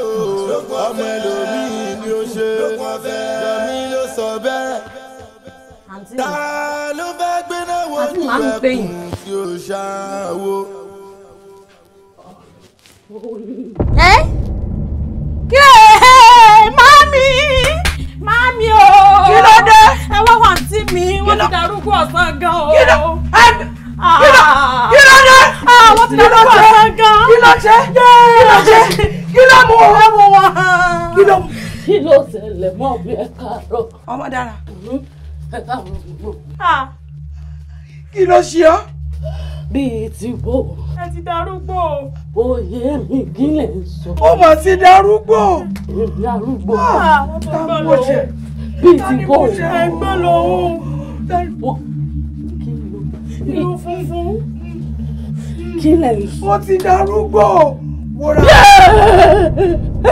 S5: ọmọ ẹlòmíì ni ó ṣe yọmí ló sọ bẹ́ẹ̀. ta ló fẹ́ gbéná wo ní ẹkùn tí ó ṣàwó. ẹ
S4: kí ẹ mami mami o lọ́wọ́ àǹtí mi wọ́n ti darúgbó ọ̀sán gan o. kí ló kí ló dé. wọ́n ti darúgbó ọ̀sán gan. kí ló ṣe kí ló ṣe kí ló mú wọn mú wọn. kí ló kí ló ṣẹlẹ̀ mọ́ bí ẹ káàárọ̀. ọmọ dára. Hmm? ẹ ah. ṣe ọ́
S1: bíi ti bò. ẹ ti darúgbó. òye mi kí sọ. ó mà ti darúgbó. èmi arúgbó. àwọn tó ń bọ̀
S7: bíi ti bò ó. ẹgbẹ́ lòun. ìlú funfun.
S1: kí lè rí. wọ́n ti darúgbó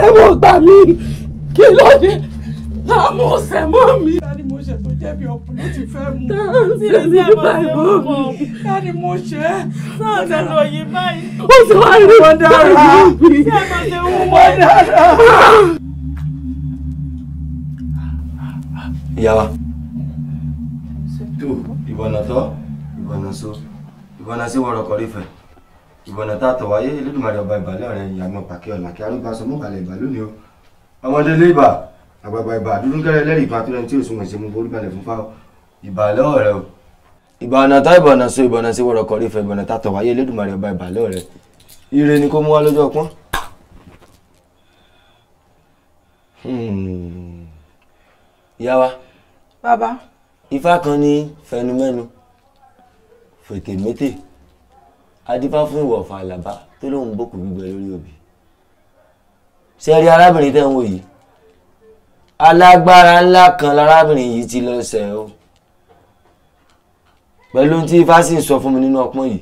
S1: ẹ wò gbà mí kí ló dé àmúṣe mọ́ mi. Tani mo ṣe tó jẹ́bi ọkùnrin ti fẹ́ mu. Tani ṣe ti bá ìbọn mi. mo ṣe. Sáàtì lọ yí báyìí. Ó ti wá rí wọn dára. Sáàtì lọ yí
S7: wọn dára.
S3: ìyá wa tó ìbọ̀nà tọ́ ìbọ̀nà so ìbọ̀nà sí wọ̀rọ̀ kọ́rí fẹ̀ ìbọ̀nà tá a tọ̀ wáyé Elédùmarè ọba ìbàlẹ̀ ọ̀rẹ́ ìyàmú pàkẹ́ ọ̀là kí arúgbó aṣọ mọ́bàlẹ̀ ìbà lónìí o ọmọdé lé ibà àgbàgbà ìbà dúdú kẹrẹ lẹ́rìí ìbà tó lẹ́ni tí òṣùwọ̀n ṣe mú borí balẹ̀ fún fáwọn ìbàlẹ̀ ọ̀rẹ́ o ìbọ̀nà tá ìbọ̀nà so ìbọ̀nà sí wọ̀rọ̀ kọ́rí fẹ̀ ìbọ̀nà tá a tọ̀ wáyé Elédùmarè ọba ìbàlẹ̀ ọ̀rẹ́ ire ni kó mú wá lójú ọpọ́n. ìyá hmm bàbá. ifá kan ní fẹnumẹ́nu fètè mété adífá fún ìwọ̀fà àlàbá tó lóun bókù gbígbẹ lórí òbí ṣe rí arábìnrin tẹ́ ń wò yìí alágbára ńlá kan lárábìnrin yìí ti lọ sẹ̀ o pẹ̀lú tí ifá sì sọ fún mi nínú ọpọ́n yìí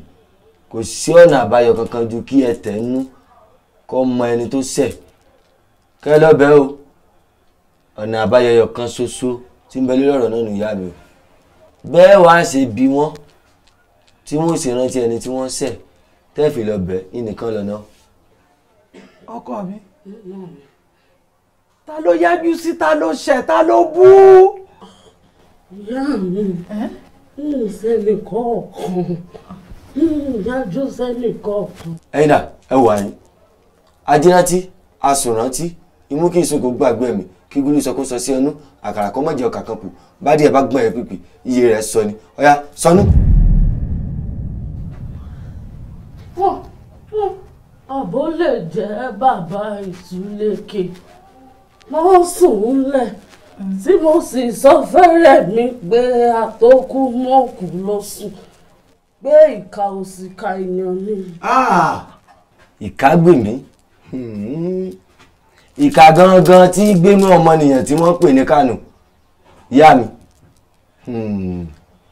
S3: kò sí ọ̀nà àbáyọ kankan ju kí ẹ tẹ̀ nú kọ́ mọ ẹni tó ṣẹ̀ kẹ́ lọ́bẹ̀ẹ́ o ọ̀nà àbáyọ kan ṣoṣo tí ń bẹ lórí ọ̀rọ̀ náà nù ìyá mi o bẹ́ẹ̀ wàá ṣe bí wọ́n tí wọ́n ṣe rántí ẹni tí wọ́n ṣẹ̀ tẹ́ẹ̀fì lọ bẹ̀ ìnìkan lọ́nà.
S1: ọkọ mi ta ló yájú sí ta ló ṣẹ̀ ta ló bú. ìyá mi ìṣẹ̀lẹ̀ kọ̀ọ̀kan
S4: ìyájú sẹ́lẹ̀ kọ̀ọ̀kan.
S3: ẹ̀yin náà ẹ wà yín adírántí asùnrántí imú kí ìsúnkò gbàgbé mi kí gúlú sọkún sọ sí ẹnu àkàrà kọ́ mọ̀jẹ̀ ọ̀kà kan kù bá díẹ̀ bá gbọ́n ẹ̀ pípì iye rẹ̀ sọ ni ọ̀yà sọnù.
S4: àbó lè jẹ́ bàbá ìtúlékè mo sùn lẹ̀ tí mo sì sọ fẹ́rẹ̀ mi pé àtọkù mọ́ọ̀kù ló sùn pé ìka òsì ka ni.
S3: Ah, ìka gbèmí ìka gangan tí gbénú ọmọnìyàn tí wọ́n pè ní kánò ìyá mi hmm.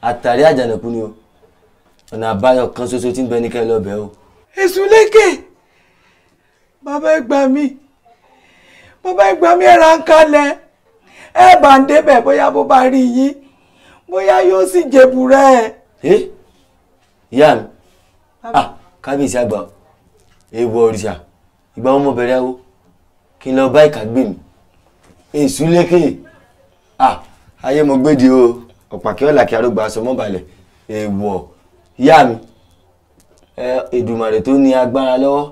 S3: àtàrí àjànàkú ni o ọ̀nà àbáyọ kan ṣoṣo tí ń bẹ ní lọ́bẹ̀ o.
S1: èsùn lékè bàbá ẹ gbà mí bàbá ẹ gbà mí ẹ ra ń kalẹ̀ ẹ bá ń débẹ̀ bóyá bó bá rí yín bóyá yóò sì jẹ̀bù rẹ̀.
S3: ẹ ìyá mi ah, kábíyèsí àgbà ewu òrìṣà ìgbà wọn mọ bẹ̀rẹ̀ awo kí n lọ bá ìkàgbé mi èṣù lékè ayé mo gbéde o ọ̀pàkẹ́ ọ̀là kí arógbá aṣọ mọ́ balẹ̀ èèwọ̀ yá mi Èdùmàrè tó ní agbára lọ́wọ́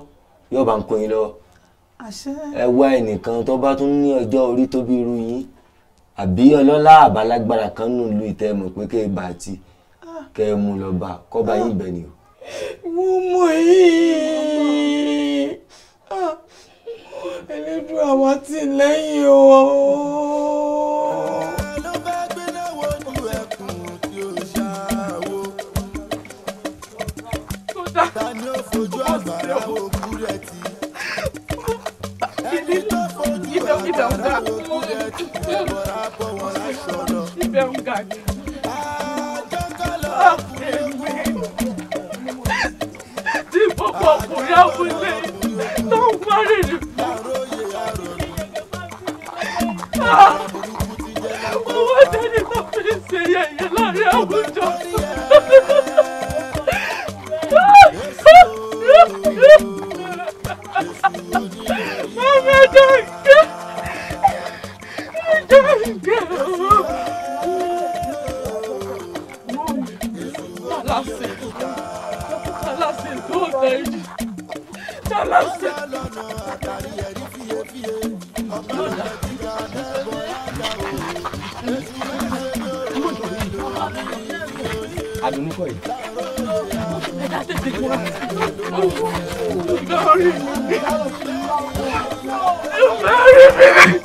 S3: yóò bá ń kó yín lọ́wọ́ ẹ wá ẹnìkan tó bá tún ní ọjọ́ orí tó bí irú yín àbí ọlọ́lá àbálágbára kan nù lù ìtẹ́ mọ̀ pé kẹ́ ẹ bá ti kẹ́ ẹ mú lọ bá kọ́ bá yín bẹ̀ ni o.
S1: mọ̀ yìí ẹlẹ́dùn àwọn tí lẹ́yìn o.
S5: ta ni ó fojú àgbàrá wo kúrẹ́
S4: tó
S7: Yeah. Sorry. You married me.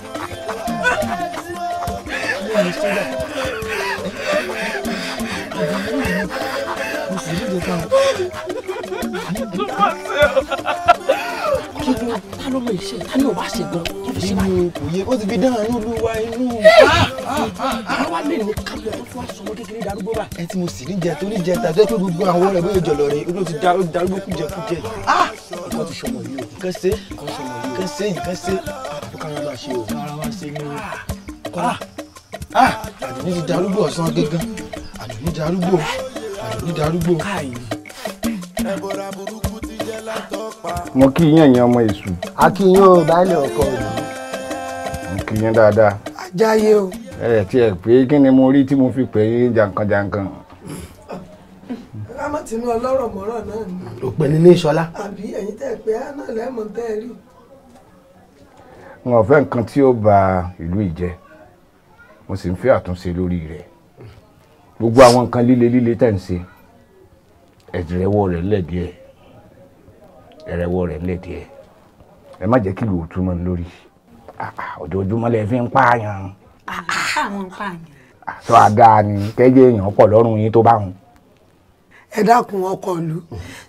S7: kí
S1: ló ta ló mọ iṣẹ́ ta ni o wá ṣe gan tó fi ṣe báyìí. inú kò yẹ ó ti fi dáhùn ní olúwa inú. àwa lè ní lọ ẹ fún mo sì ní jẹ torí jẹ tàbí pé gbogbo àwọn ọ̀rẹ́ bóyá jọlọ rẹ inú ti darúgbó kú jẹ kú jẹ. ọmọ ah! ti sọmọ yìí o. nǹkan ṣe nǹkan ṣe nǹkan ṣe. kára wa ṣe o kára wa ṣe ni o. kọ́lá ah! ah! àdùnní ti darúgbó ọ̀sán gángan àdùnní darúgbó àdùnní darúgbó.
S8: mo kí yín ẹ̀yin ọmọ èṣù.
S1: a kí yín o baálé ọkọ rẹ̀.
S8: mo kí yín dáadáa.
S1: ajáyé o
S8: ẹ ti ẹ pé kí ni mo rí tí mo fi pè é jankan-jankan.
S1: rámọ̀tínú ọlọ́rọ̀ mọ́rọ̀ náà ni. òpè ní ní ìṣọlá. àbí ẹ̀yin tẹ́ ẹ pé á náà lẹ́mọ̀ tẹ́ ẹ rí.
S6: n ò fẹ́ nǹkan tí ó ba ìlú ìjẹ́ mo sì ń fẹ́ àtúnṣe lórí rẹ̀ gbogbo àwọn nǹkan líle líle tẹ̀ ń ṣe ẹ̀dẹ̀rẹ̀wọ̀ rẹ̀ lẹ̀dí ẹ̀ ẹ̀rẹ̀wọ̀ rẹ̀ lẹ̀dí ẹ̀ ẹ má jẹ́ kí ìlú
S1: òtún mọ́ lórí ojoojúmọ́ lẹ fi ń pààyàn àwọn pààyàn.
S6: àtọ́ àga ni kẹ́jẹ́ èèyàn pọ̀ lọ́rùn yín tó bá wọn.
S1: ẹ dákun ọkọ lu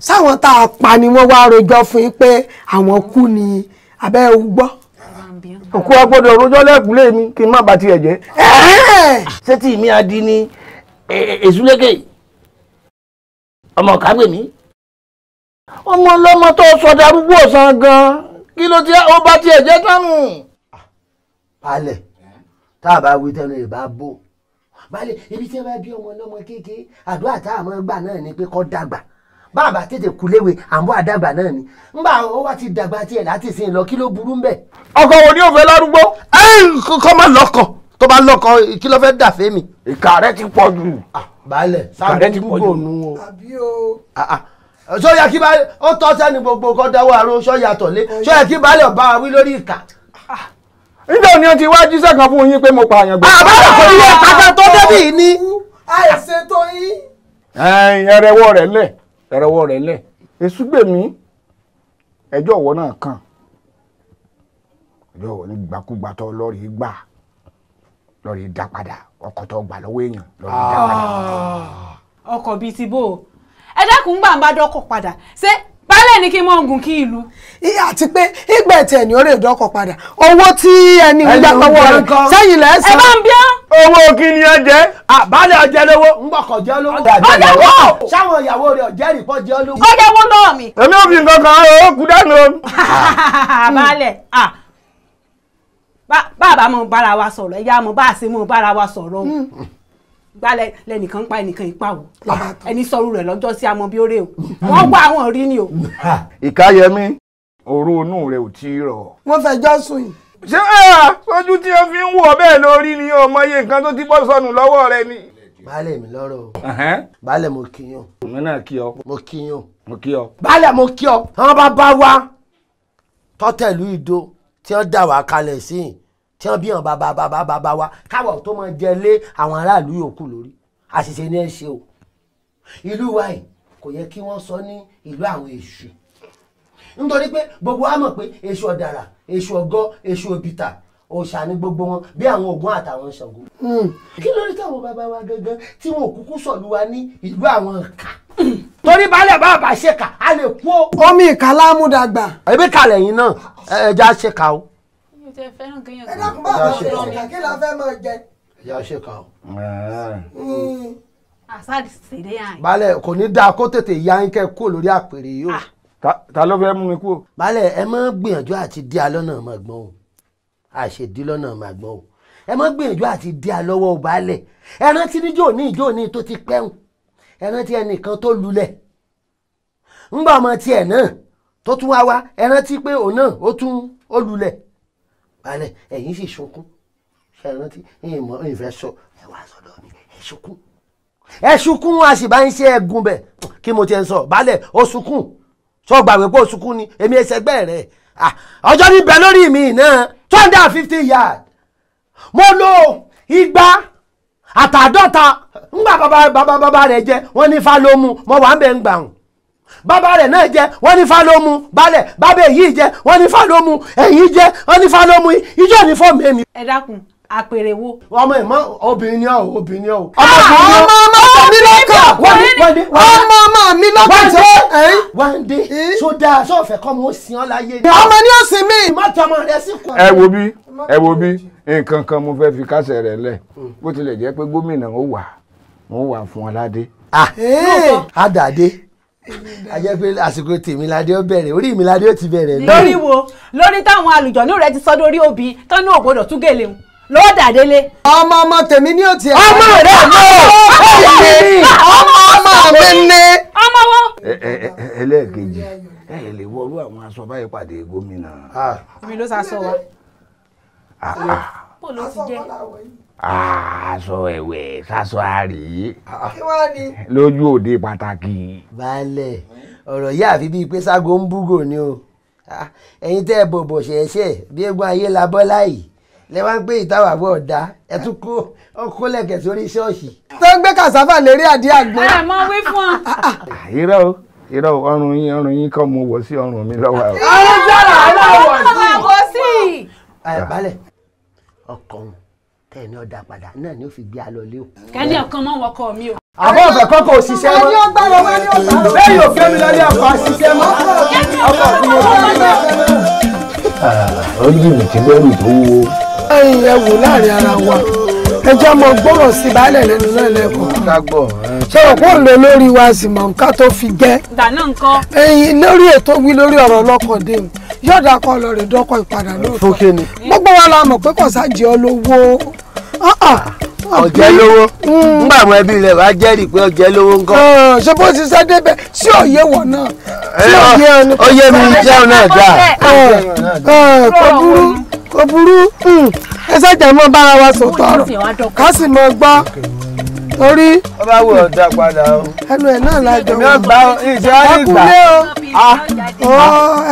S1: sáwọn tá a pa ni wọ́n wáá rojọ́ fún yín pé àwọn kú ni abẹ́ ò gbọ́. òkú agbọ́dọ̀ rojọ́ lẹ́kùnlé mi kí n má ba tiẹ̀ jẹ́. ṣé tí mi adi ni èsúlégè ọmọ kàgbé mi ọmọ ọlọ́mọ tó sọdá arúgbó ọ̀sán gan-an kí ló ti ó bá tiẹ̀ jẹ́ tánù. balẹ̀. Ah, tá a bá wí tẹnu ìbá bò balẹ̀ ibi tí wọ́n bá bí ọmọ ọlọ́mọ kékeré àdúrà tá a máa gbà náà ni pé kó dàgbà bàbá tètè kúléwe àbọ̀ àdàgbà náà ni ngbà ó wá ti dàgbà tiẹ̀ láti sìn lọ kí ló burú mbẹ̀. ọkọ wo ni òfin lárúgbó ẹ kọ́ máa lọ́kọ̀ tó bá lọ́kọ̀ kí ló fẹ́ dà fẹ́mi. ìkà rẹ ti pọ̀ jù. balẹ̀ sáré ti pọ̀ jù. àbí o sọ́yà kí balẹ̀ ó tọ́ sẹ́ni gbogbo kọ́ dáwọ́ àrùn sọ́yà tọ̀lé sọ́yà kí balẹ̀ bá wí
S8: lórí ìkà níjọ́ ni ó ti wá jíṣẹ́ kan fún yín pé mo pààyàn gbọ́. àbára kò ní ẹ̀ka tó débì ni.
S1: àìsè tó yín.
S8: ẹrẹwọ rẹ lẹ ẹrẹwọ rẹ lẹ èṣù gbèmí ẹjọ́ ọ̀wọ́ náà kàn ẹjọ́ ọ̀wọ́ ní gbàkúgbà tó lọ́ọ̀rì gbà lọ́ọ̀rì dá padà ọkọ̀ tó gbà lọ́wọ́ èèyàn lọ́ọ̀rì dá padà. Ah,
S4: ọkọ̀ bíi ti bó ẹ dákun gbàǹbá dọ́kọ̀ padà ṣé bẹ́ẹ̀ ni kí n mọ ogun kí ìlú. àti pé ìgbà ẹ̀tẹ̀ ẹ̀ ní orí
S1: ìdọ́kọ̀ padà owó tí ẹni ń gbà lọ́wọ́ rẹ̀ sẹ́yìn lẹ́sàn. ẹ bá ń bíọ́. owó kí ni ẹ jẹ́. àbálẹ̀ ọjẹ́ lówó ń gbọ̀kọ̀ jẹ́ lówó. ọjẹ́ wọ. sáwọn ìyàwó rẹ̀ ọ̀jẹ́ rìpọ̀ jẹ́ lówó. ọjẹ́ wọ lọ́ọ̀ mi. èmi ò fi nǹkan kan ó kú dànù. àbálẹ̀
S4: bàbá mo bára wa sọ̀rọ̀ ẹ̀yà mo bá a ṣe mo bára wa sọ̀rọ̀ hmm gbalẹ lẹnìkan pa ẹnìkan ìpa o ah. ẹni sọ̀rọ̀ rẹ̀ lọ́jọ́ sí amọ bí ó rè o
S1: wọ́n wá àwọn rí ni o. ìkáyẹmí òru inú rẹ ò tí ì rọ. wọ́n fẹjọ́ sùn yìí. ṣé ah, sójú tí wọ́n fi ń wọ̀ bẹ́ẹ̀ lórí ni ọmọ iye nǹkan tó ti bọ́ sọnù lọ́wọ́ rẹ ni. baálẹ̀ mi lọ́rọ̀ o baálẹ̀ mo kí yàn. èmi náà kí ọ. mo kí yàn. mo kí ọ. baálẹ̀ mo kí ọ. àwọn bàbá wa tọ́tẹ̀lú ìdó tí wọ́n dà wá kalẹ̀ sí tí wọ́n bí hàn bàbá bàbá bàbá wa káwọ̀ tó máa jẹ lé àwọn aráàlú yòókù lórí àṣìṣe ni ẹ ṣe o ìlú wa yìí kò yẹ kí wọ́n sọ ní ìlú àwọn èṣù nítorí pé gbogbo wa mọ̀ pé èṣù ọ̀dàrà èṣù ọ̀gọ́ èṣù òbítà òòṣà ni gbogbo wọn bí àwọn Ògún àtàwọn Ṣàngó. Hmm. kí ló táwọn bàbá wa gangan tí wọn ò kúkú sọ̀lú wa ní ìlú àwọn ìka. torí baálé bá bàbá ṣèkà a lè kú. omi ìka lámúdàgbà. ẹbí kalẹ̀ yín náà ẹja ṣèkà o
S4: ibi tẹ fẹ́ràn kéèyàn kan. ẹ dákun bá àwọn ọmọ ìjà kí la fẹ́ máa jẹ. ìyá hmm. ṣe kà ó. àṣàdì ṣèdè yàn.
S1: balẹ̀ kò ní dáa kó tètè ya yín kẹ́ kú lórí àpèrè yìí o. Ah. ta ló fẹ́ mú mi kú o. balẹ̀ ẹ má gbìyànjú àti dí alọ́nà máa gbọ́n o àṣèdí lọ́nà máa gbọ́n o ẹ má gbìyànjú àti dí alọ́wọ́ o balẹ̀ ẹ rántí níjó ní ìjó ní tó ti pẹ́hùn ẹ rántí ẹnìkan tó lulẹ̀ ńgbà ọmọ tiẹ̀ náà tó tún wá wá ẹ rántí pé òun náà ó tún ó lulẹ̀ balẹ̀ ẹ̀yin sì sunkún ṣe é rántí ẹ̀yin mọ ẹ̀yin fẹ́ sọ ẹ wá sọ́dọ̀ mi ẹ sunkún ẹ sunkún a sì bá ń ṣe ẹgún bẹ kí mo ti ń sọ balẹ̀ ó sunkún sọ gbàgbé pé ó sunkún ni èmi ẹsẹ̀ gbẹ́ rẹ̀ ọjọ́ níbẹ̀ lórí mi náà two hundred and fifty yard mo lo igba àtàdọ́ta ńgbà bàbá bàbá rẹ̀ jẹ́ wọ́n ní fa ló mu mo wà ń bẹ̀ ń gbà hùn bàbá rẹ̀ náà jẹ́ wọ́n ní fálómù balẹ̀ bàbá èyí jẹ́ wọ́n ní fálómù ẹ̀yìn jẹ́ wọ́n ní fálómù ìjọ ní fọ́ọ̀mù èmi. ẹ dákun àpèrè wo. ọmọ ìmọ obìnrin ni ọ
S8: obìnrin ni ah, ọ. ọmọ ọmọ mi lọkọ ọmọ ọmọ mi lọkọ jẹ.
S1: one day so dáa so fẹ kọ́ mo sin ọ láyé. ọmọ ni ó sin mi. má tọmọ rẹ sí kọ. ẹ wo bí
S6: ẹ wo bí nǹkan kan mo fẹ́ fi kásẹ̀ rẹ̀ lẹ̀ hmm. bó tilẹ̀ jẹ́
S8: pé gómìnà ó wà ó wà fún Aládé. àdàdé. Ah, eh?
S1: ajẹ́ pé àsìkò tèmi ládé ó bẹ̀rẹ̀ orí mi ládé ó ti bẹ̀rẹ̀ náà. lórí
S4: wo lórí táwọn àlùjọ̀nú rẹ ti sọ lórí òbí tán ní ògbódò tún gèlè ń lọ́wọ́ dàdélé. ọmọ ọmọ tèmi ni ó ti ẹ̀. ọmọ rẹ ní ọmọ ọmọ mi ní. ọmọ
S8: wo. ẹlẹ́ẹ̀kejì ẹ
S1: ẹ lè wọlú àwọn
S8: aṣọ báyìí pàdé gómìnà. Ah. mi ló sá
S4: sọ wa. bó
S1: ah, ah. ló ti jẹ́
S8: aṣọ ẹ̀wẹ̀ ṣaṣọ àárẹ̀. Ah, kí wàá ní. lójú òde pàtàkì. baálẹ̀
S1: ọ̀rọ̀ yìí àfi bíi pé ságo ń búgò ni o ah, ẹ̀yin tẹ́ ẹ bọ̀bọ̀ ṣẹ̀ṣẹ̀ bí eégún ayé la bọ́ láyìí lẹ́wọ́n gbé ìtawà bọ̀ ọ̀dà ẹ tún kó ọkọ lẹ̀kẹ̀
S6: sórí ṣọ́ọ̀ṣì.
S1: tó ń gbé kàsáfà lérí àdí àgbọn. ẹ ah, mọ wí fún ọ.
S6: irọ́ o irọ́ o ọrùn yín ọrùn yín kọ́ mo wọ̀ sí ọrùn mi lọ́wọ́ o.
S1: ọrùn jọ̀rọ̀ ọrùn wọ̀ sí. ọkọ̀ ọ̀hún tẹ̀ni ọ̀dà padà náà ni ó fi gbé a lọ lé o. kẹ́lí
S4: ọ̀kan mọ́ wọkọ mi o. àbọ̀ ọ̀fẹ́ kọ́kọ́ òṣìṣẹ́ mọ́. bẹ́ẹ̀ yóò fẹ́ mi lọ́lé ọkọ̀ àṣìṣẹ́ mọ́.
S1: ọkọ̀ mi ò fẹ́
S5: mi. ó ń jìnnà tí bẹ́ẹ̀rù tó wúwo.
S1: ẹ̀yin ẹ wò láàrin ara wa ẹ mọ gbọ́rọ̀ sí baálẹ̀ lẹ́nu náà lẹ́kọ̀ọ́. ṣé òkú òǹdó lórí wa sì mọ̀ nǹkan tó fi jẹ́. ìgbà náà ń kọ́. ẹ̀yin lórí ètò wí lórí ọ̀rọ̀ ọlọ́kọ̀dé mi yóò dà kọ́ lọ rè dọ́kọ̀ ìpadà lóòótọ́ gbogbo wa la mọ̀ pé kọ̀sá jẹ́ ọ lówó ọ̀jẹ́ lówó nígbà àwọn ẹbí rẹ̀ wá jẹ́rìí pé ọ̀jẹ́ lówó ńkọ́. ṣé bó ti sẹ́ débẹ̀ sí òye wọ̀ náà sí òye ọ̀nà. òye mi jẹun náà dáa. kò burú kò burú ẹ ṣàjẹ́ mọ́ bára wa sòtọ́ ọ̀rọ̀ ká sì mọ́ gbọ́ torí. wọ́n bá wù ọ́ dá padà o. ẹnu ẹ̀ náà la jọ wọ́n. ìgbà ìṣe wọn ní ìgbà.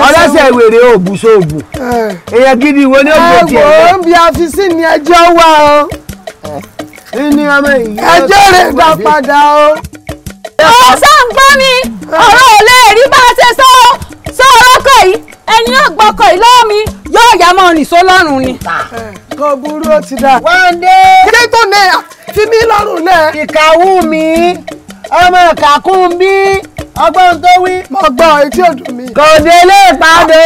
S1: ọlọ́sẹ̀
S8: wèrè òògùn sóògùn. Eh. èèyàn gidi wo ni òògùn tiẹ̀ lọ. ẹ̀wọ̀n
S1: bí a fi sí ni ẹjọ́ wà o. Eh. nínú ọmọ yìí. ẹjọ́ rẹ̀ dá padà o. ọ̀rọ̀ sàǹgbọ́n mi eh. ọ̀rọ̀ ò
S4: lè rí bá a ṣe sọ sọ ọlọ́kọ̀ yìí ẹni náà gbọ́kọ̀ yìí mi sọ́ọ̀yà
S1: máa rìn sọ́lọ́run ni. Ah, kò burú ó ti dà. wáńdé. ṣé tó fi mí mi ọmọ kàkún bí ọgbọ́n tó wí. mo gbọ́ mi. kò ìpàdé.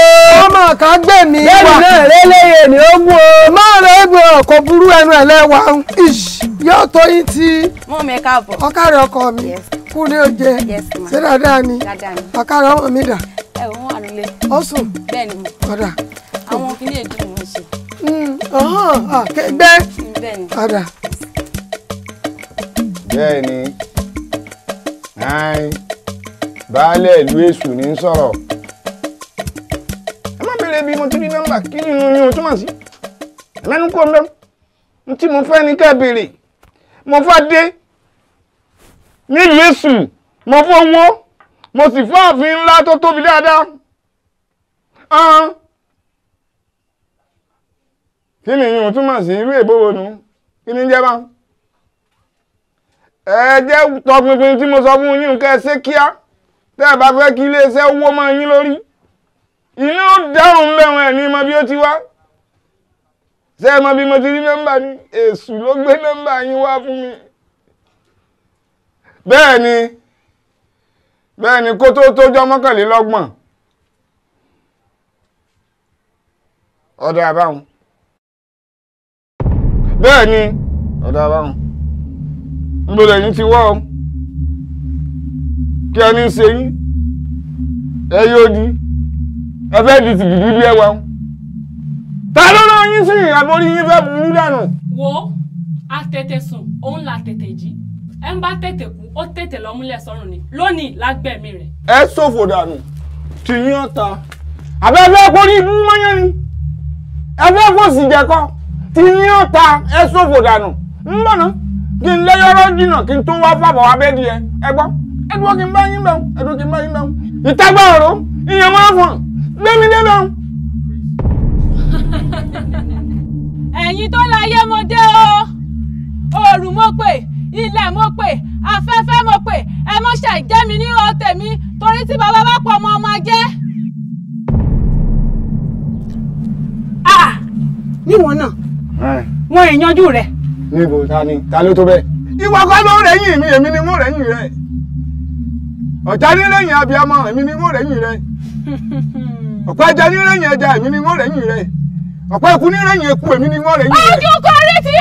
S1: ọmọ kan gbẹ mi náà ni o. má kò ẹnu ẹ̀ lẹ́wà yóò tó yín ti. mú mi ọkọ mi kú ní oje. ṣé dáadáa ni ọkàrẹ ọmọ mi dà. ẹ ò bẹ́ẹ̀ ni
S4: àwọn kìíní
S8: èdè mò ń ṣe.
S1: Mm, kẹgbẹ́ padà.
S8: bẹ́ẹ̀ ni baálé ìlú èṣù ní ń sọ̀rọ̀
S1: ẹ má béèrè bí mo ti rí nọ́mbà kí ni mo yún o túmọ̀ sí lẹ́nu kó mẹ́rin tí mo fẹ́ ní ká béèrè
S8: mo fẹ́ dé nílùú èṣù mo fẹ́ owó mo sì fẹ́ ààfin ńlá tó tóbi dáadáa
S2: kí ni yíò túmọ̀ sí irú èbówó nu
S8: kí ni jẹ́ bá
S1: ẹ jẹ́ tọpinpin tí mo sọ fún yín kẹ́ ẹ ṣe kíá tẹ́ ẹ bá fẹ́ kí iléeṣẹ́ owó mọ́ yín lórí inú dáhùn lẹ́wọ̀n ẹ̀ ní mọ bí ó ti wá ṣé ẹ mọ bí mo ti rí nọ́mbà ni èṣù ló gbé nọ́mbà yín wá fún mi
S2: bẹ́ẹ̀ ni bẹ́ẹ̀ ni kó tó tójọ́ mọ́kànlélọ́gbọ̀n ọ̀dọ̀ àbáwọn bẹ́ẹ̀ ni ọ̀dà báwọn níbo lẹ́yìn ti wá o kí ẹni ń ṣe yín ẹ yóò di ẹ fẹ́ di tìgìdì bí ẹ wá o
S4: ta ló rán yín sí àbórí yín fẹ́ burú dànù. wo atẹ̀tẹ̀ sùn òun là tẹ̀tẹ̀ jí ẹ ń bá tètè kú ó tètè lọ múlẹ̀ sọ́run ni lónìí lágbẹ̀mí rẹ̀.
S1: ẹ ṣòfò dànù tìyín ọ̀ta àbẹ́fẹ́ kórí ibú mọ́yán ni ẹ fẹ́ kó sì jẹ́kọ́ tí yóò ta ẹ ṣòfò dànù ń bọ̀nà kí n lẹ́yọ́rọ́ jìnnà kí n tó wá fàbọ̀ abẹ́ di ẹ
S8: ẹ gbọ́ ẹ dúró kí n bá yín bẹ̀ ẹ kí n bá yín bẹ̀
S1: ìtagbà ọ̀rọ̀ ìyẹn wọn fún gbẹ́mi débẹ̀ o.
S4: ẹ̀yin tó láyé mo dé o òòrùn mo pè ilẹ̀ mo pè afẹ́fẹ́ mo pè ẹ mọ́ ṣe jẹ́ mi ní ọ tèmi torí tí bàbá bá pọ̀ ọmọ ọmọ jẹ́. Ah! níwọ̀n náà wọn ìyanjú rẹ.
S8: níbo ta ni ta ló tó bẹ́ẹ̀.
S1: ìwọ kọ́ ló rẹ̀yìn mi èmi ni mo rẹ̀yìn rẹ ọ̀tá ní abiyamọ èmi ni mo rẹ̀yìn rẹ ọ̀pá ẹja ní ẹja èmi ni mo rẹ̀yìn rẹ ọ̀pá ẹkú ní rẹ̀yìn èmi ni mo rẹ̀yìn rẹ. ojú
S7: kò rí ti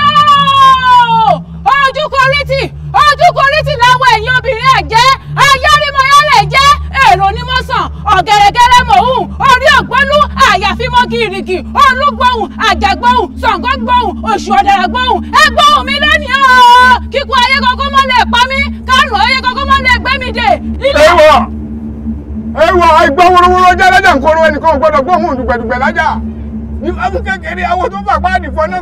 S7: ooo ojú
S4: kò rí ti ojú kò rí ọ̀gẹ̀rẹ̀gẹ̀rẹ̀ mòhùn orí ògbólú àyàfímọ́ gírígì olúgbòhùn àjàgbòhùn sàngógbòhùn oṣù ọ̀dàràgbòhùn ẹgbòhùn mi lónìí o kíkú ayé kọ́kọ́ mọ́ lè pa mí kánú ayé kọ́kọ́ mọ́ lè gbé mi dè. ewọ
S1: ewọ ẹgbẹ́ wúrúwúrú ọjọ́ lẹ́jà ńkọ́rọ lájà ní ọmọ kékeré àwọn tó fà páàdì fọ náà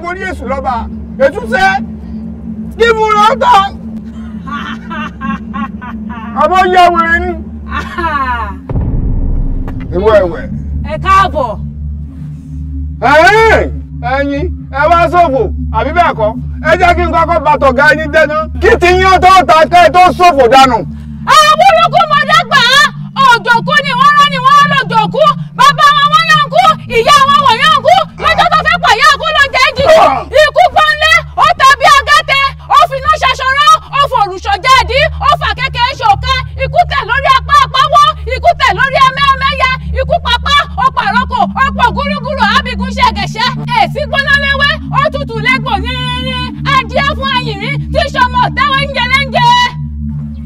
S1: ìwọ ẹ̀wẹ̀. ẹ káàbọ̀. ẹ̀yin ẹ wá ṣòfò àbí bẹ́ẹ̀ kọ́ ẹ jẹ́ kí n kọ́kọ́ bá tọ̀gá yín
S8: dẹ́nu kí ti yín tó ta kẹ́ ẹ tó ṣòfò dànù.
S1: àwọn burúkú mọ̀dẹ́gbà
S4: òjòkú ni wọ́n rán ni wọ́n lòjòkú bàbá wọn wọ́n yàn kú ìyá wọn wọ̀ yàn kú lọ́jọ́ tó fẹ́ pàyà kú ló jẹ́ jì ah! ikú pọ́nlé ó tàbí agẹ́tẹ ó finú ṣaṣọrọ́ ó fòrùṣọ jáde gúrúgúrú abikun ṣẹ̀kẹ̀ṣẹ̀ èsì gbóná léwé ó tutù lẹ́gbọ̀n yínyínyín adìẹ fún ayìnrín tí sọmọ táwọn ń jẹ lẹ́ńjẹ.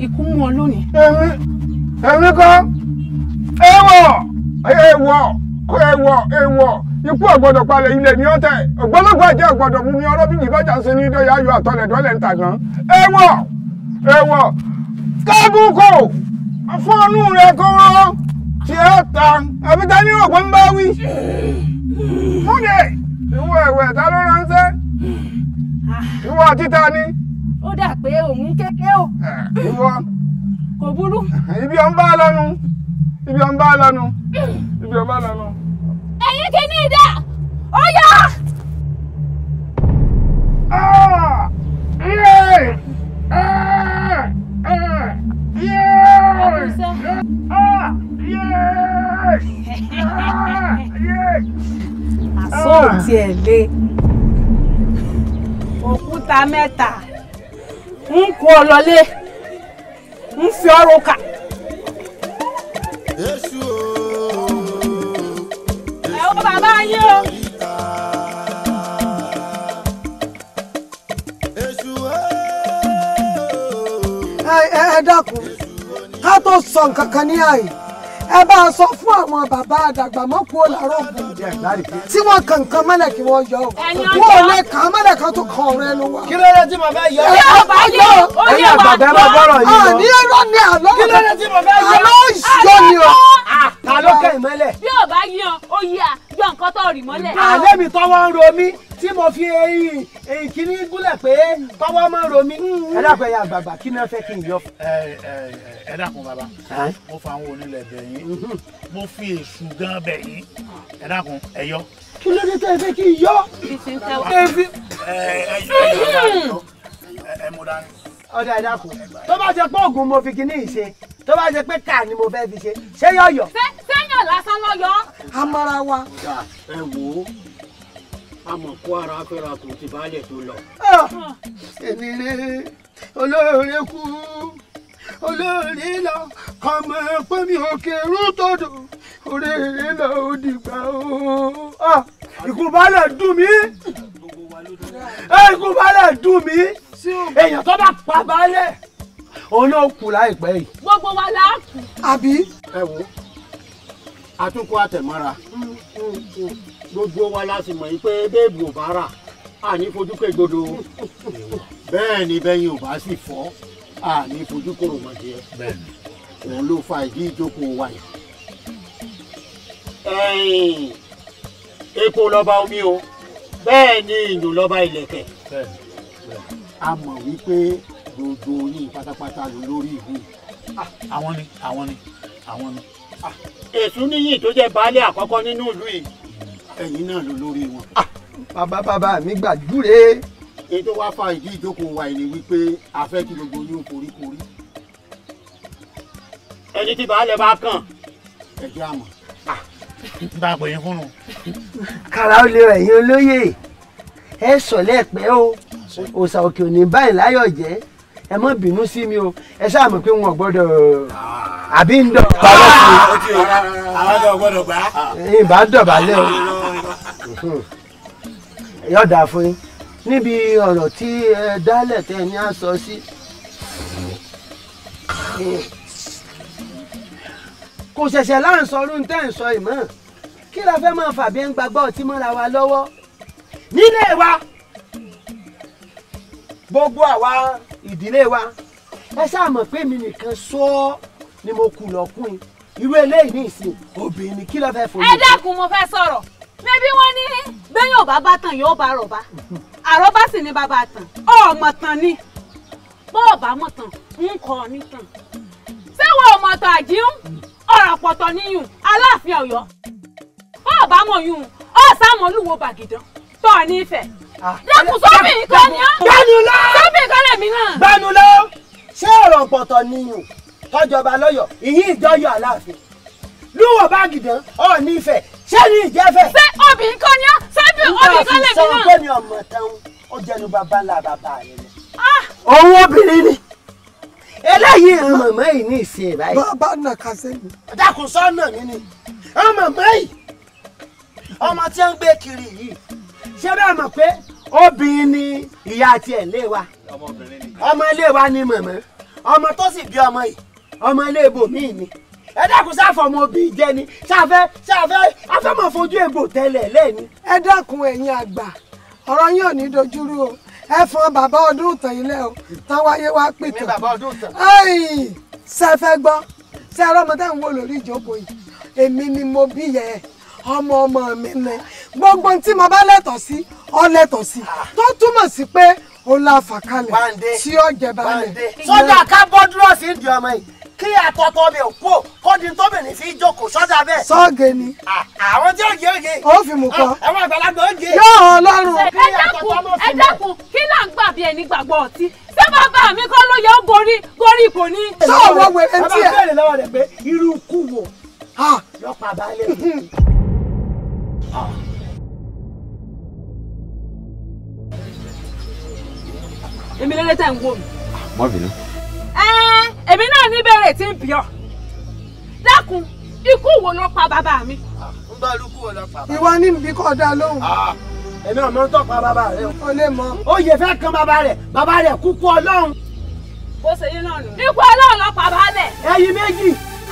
S1: ikú mú ọ lónìí. èmi èmi kan
S8: èèwọ̀ èèwọ̀ kó èèwọ̀ èèwọ̀ ikú ọ̀gbọ́dọ̀ palẹ̀ ilẹ̀ ní ọ̀tẹ̀ ògbólógbò àjẹ́ ọ̀gbọ́dọ̀ mú mi ọlọ́bí nìbàjá sí ní ìdọ́yà ayọ̀ àtọ̀lẹ̀dọ́lẹ̀ ń tàgán èèwọ̀ èèwọ̀ kágùn kò fọ́nù rẹ̀ kọ́
S1: tí ó tàn àbí ta ni wọ́n pọ̀ ń bá wí. múdẹ ìwọ ẹ̀wẹ̀ ta ló ránṣẹ́ ìwọ títa ni.
S7: ó
S4: dà pé òun kéke o. ìwọ.
S1: kò burú. ibi ọ̀ ń bá lọ́nu
S2: ibi ọ̀ ń bá lọ́nu ibi ọ̀ ń bá lọ́nu.
S7: ẹ̀yin kìíní dà ó yá. Ah!
S2: Yeah!
S7: Ah! Ah! Yeah! Ah! àsọ òtí ẹ̀ lé
S4: òkúta mẹ́ta ń kó ọ lọlé ń fi ọrùn kà. ẹ wo bàbá yín o.
S1: ẹ ẹ dákun ká tó sọ nǹkan kan ní àyè ẹ bá a sọ fún àwọn bàbá àdàgbàmọ́kù ọ̀làrọ̀ ògùn tí wọ́n kàn kàn mọ́lẹ̀ kí wọ́n yọ wọn ò lè kàn mọ́lẹ̀ kan tó kàn ọ̀rẹ́ ló wà. kí ló dé tí màmá yọ. ẹ yà bá yọ ẹyà bàbá bá bọ̀rọ̀ yìí àní ẹ̀rọ ni àlọ́ kí ló dé tí màmá yọ. àlọ́ ìṣọ́ ni o. àlọ́ kẹ́ ìmọ́lẹ̀. bí
S4: ò bá yọ ó yà gbọ́ nǹkan tó rì mọ́lẹ̀. àlẹ́ mi
S1: tọwọ́ ń ro mí tí mo fi eyín eyín kíní gúnlẹ̀ pé tọwọ́ máa ń ro mí. ẹ dákun ẹyà àgbààgbà kí náà fẹ́ kí n yọ. ẹ dákun bàbá mo fa àwọn onílẹ̀ bẹ̀ yín mo fi èṣù gan bẹ̀ yín ẹ dákun ẹ yọ. kí ló dé tẹ́ ẹ fẹ́ kí n yọ. ẹ mú dání. ọ̀dà ẹ dákun tó bá jẹ pé oògùn mo fi kíní ìṣe tó bá jẹ pé káà ni mo fẹ́ fi ṣe ṣé yọ̀yọ̀.
S4: fẹ́ lásán ló yọ.
S1: amara wa. ẹ wò ó àmọ̀ ara fẹ́ra kò ti báyẹ̀ tó lọ. Ah, èmi rè olóore kú olóore lọ ọmọ ẹ̀pẹ́ mi ò kérú tọ̀dọ̀ oríire lọ ó dìgbà ó. Ah, ìkúbalẹ̀ dùn mí eh, ìkúbalẹ̀ dùn mí èèyàn tó bá pa balẹ̀ òun náà kù láìpẹ́ yìí.
S4: gbogbo wa la kù.
S1: àbí.
S8: ẹ wo àtúnkọ àtẹ̀mọ́ra gbogbo wa la sì mọ̀ yí pé bẹ́ẹ̀bù ò bá rà àní fojú kẹgbọdọ bẹ́ẹ̀ ni bẹ́yìn ò bá sì fọ́ àní fojú kòrò mọ̀ jẹ́ òun ló fa ìdí ìjókòó wa yìí. epo lọ́ba
S1: omi o bẹ́ẹ̀ ni ìyún lọ́ba ìlẹ̀kẹ̀ a mọ̀ wípé gbogbo yín pátápátá lórí ìlú ah, àwọn ni àwọn ni àwọn ni èṣù níyì tó jẹ́ baálé àkọ́kọ́ nínú ìlú yìí ẹ̀yin náà ló lórí wọn. Ah! bàbá bàbá mi gbàdúrè. ètò wá fa ìdí ìjókòó wa ìlè wípé a fẹ́ kí gbogbo yóò foríkorí. ẹni tí baálé bá kàn.
S8: ẹ jẹ́ àmọ́. Ah!
S1: bá a pè yín fún un. kàrà olè ẹ̀yin olóyè ẹ sọ̀lẹ́ pẹ́ o òòsà òkè òní báyìí láyọ̀ jẹ́ ẹ má bínú sí mi o ẹ ṣáà mọ̀ pé wọn ò gbọ́dọ̀ àbí ń dọ̀bà lọ́sùn. àwọn ọ̀dọ́ gbọ́dọ̀ gbà. ìbá dọ̀bà lẹ́ o yọ̀dà fún yín níbi ọ̀rọ̀ tí ẹ dálẹ̀ tẹ ní à sọ sí. kò ṣẹ̀ṣẹ̀ láǹsọ̀ ọdún tẹ́ ń sọ ìmọ̀ kí la fẹ́ máa fàbí ẹ̀ ń gbagbọ́ ọtí mọ́ra wa lọ́wọ́ nílé wa gbogbo àwa ìdílé wa ẹ sáà mọ̀ pé mi nìkan sọ ni mo kù lọ́kùnrin irú eléyìí ní ìsìn obìnrin kí ló fẹ́ fòye. ẹ
S4: dákun mo fẹ́ sọ̀rọ̀ mẹ́bí wọ́n ní bẹ́yìn ò bá bá tàn yóò bá rọ̀bá àrọ́bá sì ni bàbá tàn ọmọ tàn ni bó o bá mọ̀ tàn ń kọ́ ọ ní tàn ṣé wo ọmọ tàn àjíhùn ọ̀rọ̀ pọ̀tọ̀ níyùn aláàfin ọ̀yọ́ bó o bá mọ̀ yùn ọ̀sán mọ̀ lúwo bàgìdán tọ̀ nífẹ̀. Ah, dákun sọ́bì kan ni ọ́. Ah. gbanulọ́ sọ́bì kan lèmi náà. gbanulọ́
S1: ṣé ọ̀rọ̀ pọ̀tọ̀ o tọ́jọba lọ́yọ̀ ìyín ìjọyọ̀ aláàfin lúwọ̀ bá gìdán ọ̀ọ́ni ìfẹ́ ṣé ní ìjẹ́fẹ́. ṣé obì kan ni ọ́ ah? sẹ́bì obì kan lèmi náà. nígbà tí sọ pé mi ọmọ tán ó jẹnu bàbá ńlá bàbá rẹ ni. òun obìnrin ni eléyìí ń mọ̀mọ́ yìí ní ìsìn ìbáyìí. bàbá nà ká sẹ́yìn. dákun sọ́nà mi ni ọmọ mọ́ ọmọ tí ń gbé kiri yìí ṣé bẹ́ẹ̀ mọ̀ pé obìnrin ni ìyá tiẹ̀ lé wa ọmọ ilé wa ni mọ̀mọ́ ọmọ tó sì bí ọmọ yìí ọmọ ilé ibòmíì ni ẹ dákun sáfọ ọmọ obìnrin jẹ ni sáfẹ sáfẹ afẹmọ fojú egbò tẹ́lẹ̀ lẹni. ẹ dákun ẹ̀yin àgbà ọ̀rọ̀ yín ò ní dojúrú o ẹ fọn bàbá ọdún ìtàn ilé o táwọn ayé wa pè tán. mi bàbá ọdún ìtàn. ṣe fẹ́ gbọ́ ṣe ẹ̀rọ ọmọ táwọn wò lórí ìjókòó yìí èmi ni mo bí yẹ ọmọ ọmọ mi ni gbogbo tí mo bá lẹ́tọ̀ọ́ sí ọ lẹ́tọ̀ọ́ sí tó túmọ̀ sí pé ó la fàkalẹ̀ tí ó jẹ balẹ̀. sọ́jà ká bọ́ dúró sí ìdí ọmọ yìí kí àtọ́tọ́ mi ò kú kọ́ni tóbìnrin fi jókòó sọ́jà bẹ́ẹ̀. sọ́ọ̀gẹ̀ ni. àwọn tí òye òye. ó fi mú kọ. àwọn àgbàlagbà òye. yóò ọlọ́run. ẹ dákun ẹ dákun
S4: kí là ń gbà bí ẹni gbàgbọ́ ọtí ṣé bàbá mi kọ́ ló yẹ ó gorí gorí kò ní. sọ wọ́n wẹ̀rẹ̀ tiẹ̀. ẹ bá bẹ̀rẹ̀
S1: lọ́wọ́ rẹ̀ pé irú kú wo. yọ pa balẹ̀.
S4: èmi lérè tẹ̀ ń wò mí. má bínú. èmi náà ní bẹ̀rẹ̀ tí ń bì ọ́ dákun ikú wo ló pa bàbá mi. ń bá
S1: lukú wo ló pa bàbá mi. ìwọ ní bí kò dá lóhùn. Ah, èmi ò mọ tó pa bàbá rẹ. o lè mọ. ó yẹ fẹ́ kan bàbá rẹ bàbá rẹ kúkú ọlọ́run.
S4: bó ṣe yín náà nù. ikú ọlọ́run ló pa baálẹ̀. ẹyin
S1: méjì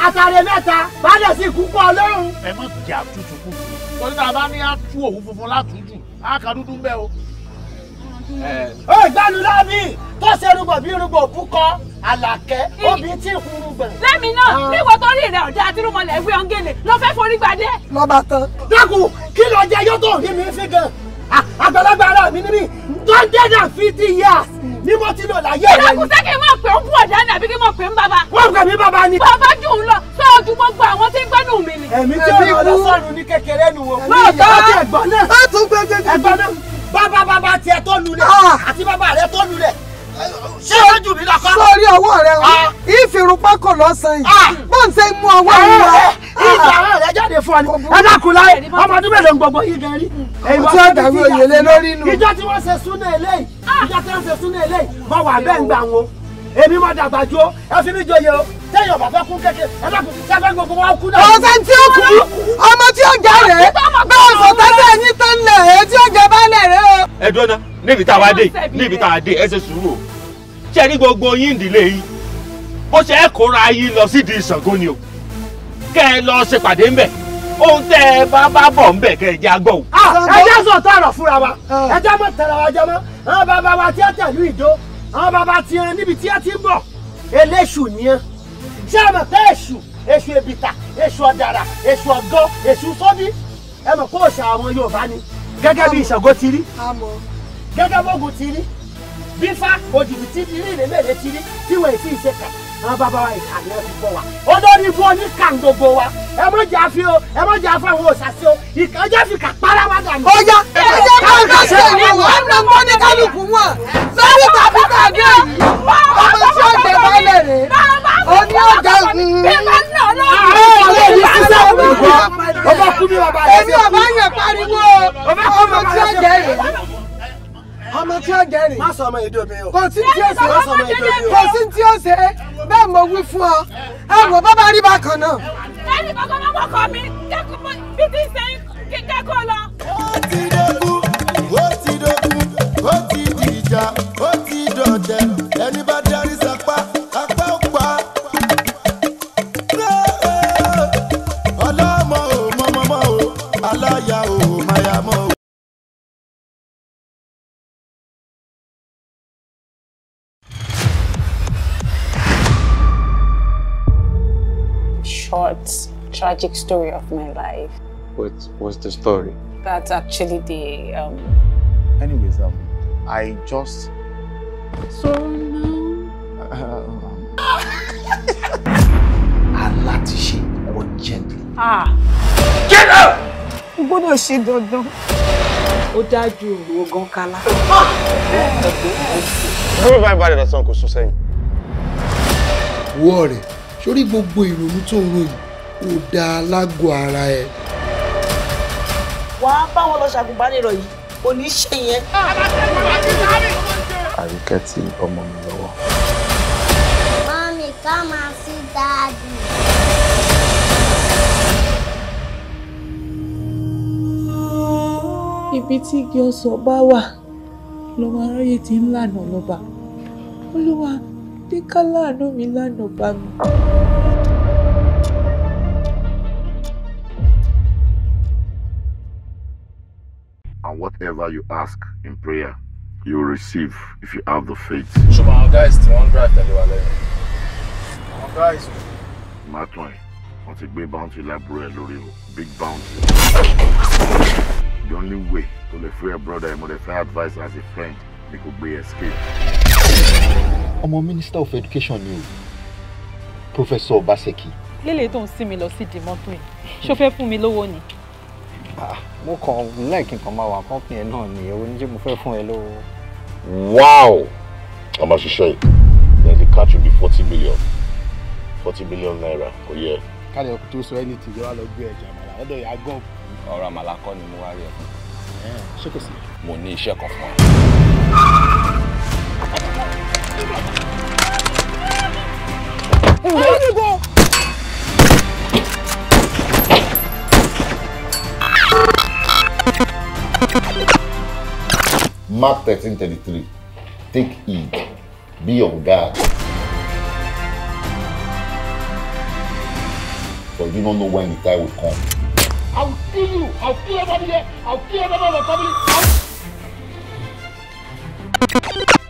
S1: àtàrẹ mẹ́ta baálẹ̀ sì kúkú ọlọ́run. ẹ má jà tútù kù mo ní tàbá ní àtú òwú funfun látúntù àkà dúdú ń bẹ o. ó ìgbàlú láàbì tó ṣe rúgbọ̀ bí rúgbọ̀ búkọ́ àlàkẹ́ obì tí ì fún rúgbọ̀. lẹ́mi náà níwọ̀n ah. tó rí rẹ̀ ọ̀dà
S4: àtirúmọlẹ̀ ẹgbẹ́ ọ̀ngẹ̀lẹ̀ ló forí gbadé.
S1: lọ́ba tán. dákun kí lọ jẹ yóò tó rí mi fi gan àgbàlagbà ara mi níbí hundred and fifty years ni mo ti lò láyé rẹ. ìdákùn sẹ́ kí n máa pè ń bú ọ̀dà nàbí kí n máa pè ń bàbá. wọ́n pè mí bàbá ni. bàbá jù ú lọ sọ ojú gbogbo àwọn tí ń gbẹ́nu mi ni. ẹ̀mí tí ó lọ lọ́sọ̀rùn ní kékeré nu wo. lóòótọ́ ẹ̀gbọ́n náà ẹ̀gbọ́n náà bàbá bàbá tiẹ̀ tó lulẹ̀ ah. àti bàbá rẹ tó lulẹ̀ ṣé o jù mí lọ́kọ́. sórí ọwọ́ rẹ o ìfìrúpá ah. kò lọ́sàn yìí ah. bó ń ṣe mú ọwọ́ yìí wá. Eh, eh, eh, ah. rẹ jáde fún ọ ni ẹ dákun láyé ọmọ ọdún mélòó ń gbogbo yìí gan rí. èyí tí ó dàbí òye lé lórí inú. ìjọ tí wọ́n ṣe súnà eléyìí ìjọ tí wọ́n ṣe súnà eléyìí mo wà bẹ́ẹ̀ ń gbà wọn èmi mo dàgbà jó ẹ fi mí joyè o tẹ́yìn ọ̀bà fẹ́ kú kékeré ẹ̀dàkùn sábẹ́ gbogbo wa kú náà. ọ̀sẹ̀ tí ó kú ọmọ tí ó jà rẹ̀ bẹ́ẹ̀ sọ tẹ́tẹ́ ẹ̀yìn tó ń lẹ̀ ẹ̀ tí ó jẹ bálẹ̀ rẹ̀ o. ẹ dọ́nà níbi tá a wá dé níbi tá a dé ẹ ṣe sùúrù o ṣe ní gbogbo yín ìdílé yín bó ṣe ẹ kóra yín lọ sídìí ìṣàngó ni o kẹ ẹ lọ ṣèpàdé ńbẹ ohun tẹ ẹ bá bá bọ̀ ń bẹ̀ kẹ ẹ jẹ́ agbọ̀ o. Ah, ẹ jẹ́ sọ̀tọ̀ ọ̀rọ̀ fúnra wa ah. ẹ jẹ́ mọ̀ tẹ̀ra wa jẹ́ mọ́ àwọn bàbá wa tí ẹ tẹ̀lú ìdó àwọn bàbá tiẹ̀ níbi tí ẹ ti ń bọ̀ eléṣù ni ẹ ṣé ẹ mọ̀ pé èṣù èṣù èbìtà èṣù ọ̀dàrà èṣù ọ̀gọ́ èṣù fọ́bí ẹ mọ̀ pé òòṣà àwọn Yorùbá ni gẹ́gẹ́ bí Ṣàngó ti rí gẹ́gẹ́ bógun ti rí bífá òjìbìtì ti rí ìrèmẹ̀lẹ̀ ti rí tíwọ̀n èsì ìṣẹ̀kà àwọn bàbá wa ìka ni bọ̀ wá olórí ibú oníkà gbogbo wa ẹ mọ̀ jà fi o ẹ mọ̀ jà fún àwọn òṣàṣì o ìka fi kà para wa dànù. ọjà ẹjẹ kan ká ṣe ìwọ̀n wọn ẹnu mọ́ ní kálukú wọn lórí tàbí tàbí èyí ọmọ tí ó jẹ bọ́lẹ̀ rè oní ọjà ń. ọmọ kú mi bàbá yẹn pariwo ọmọ tí ó jẹ rè ọmọ tí ó jẹ rè má sọ ọmọ èdè obìnrin o kò sí tí ó ṣe má sọ ọmọ èdè obìnrin o kò sí tí ó ṣe bẹ́ẹ̀ mo wí fún ọ ẹ wò bábá rí bákan náà.
S4: ẹnì kankan ló wọkọ mi dẹ́kun bí ti ṣe kíkẹ́kọ̀ọ́ lọ. ó ti dẹ́kun
S5: ó ti dẹ́kun ó ti dìjà.
S4: tragic story of my life.
S6: What was the story?
S4: That's actually the.
S6: Um... Anyways, um, I just. So now. Um... Alatishi gently. Ah.
S4: Get up! O gbọ́dọ̀ ṣe dandan. Ó dájú ìwò go kala.
S6: Ó bá ìbàdàn lọ́sàn kò
S8: sún sẹ́yìn. Wọ́ọ̀rẹ̀, sórí gbogbo ìrònú tó ń ròyìn ó dáa lágọ̀ọ́ ara ẹ̀.
S1: wàá bá wọn lọ ṣàgùnbánirọ̀ yìí kò ní í ṣe yẹn. àríkẹ́ ti ọmọ mi lọ́wọ́. mọ́mí ká máa sí dáadì. ibi
S4: tí igi ọsàn bá wà lọmọ aráyé ti ń lànà lọ́ba olúwa dé ká láàánú mi lànà bá mi.
S6: whatever you ask in prayer, you will receive if you have the faith. Ṣùgbọ́n àwọn guys tí wọ́n ń drive guys. Màtún ẹ̀, bounty lábúrò ẹ̀ big bounty. The only way to
S2: the free brother ẹ̀ mo dey advice as a friend could be escaped.
S5: I'm a Minister of Education ni Professor Obaseki.
S4: Lélẹ̀ tó ń sin mi lọ sí ìdìmọ́tò yìí, ṣó fẹ́ mi lówó ni?
S2: mo
S6: kàn lẹ́ẹ̀kì kan máa wà kọ́pìn ẹ̀ náà ni èwo ní ṣé mo fẹ́ fún ẹ lówó.
S2: wow a máa ṣiṣẹ́ yìí
S8: then the catch will be forty billion forty billion naira for year.
S6: káde ọkùnrin tó sọ ẹni tìjọba lọ gbé ẹ̀jẹ̀ àmàlà lọ́dọ̀ ìyá gọ́ọ̀bù. ọ̀rọ̀ àmàlà kọ́ ni mo wá rí ẹ fún. ṣé kò sí. mo ní iṣẹ́ kan fún ẹ.
S7: ó yẹ bọ̀.
S8: Mark 13 33. Take heed, be on guard. For you
S2: don't know when the time will come.
S8: I'll kill you! I'll kill everybody here! I'll kill everybody in your family! I'll...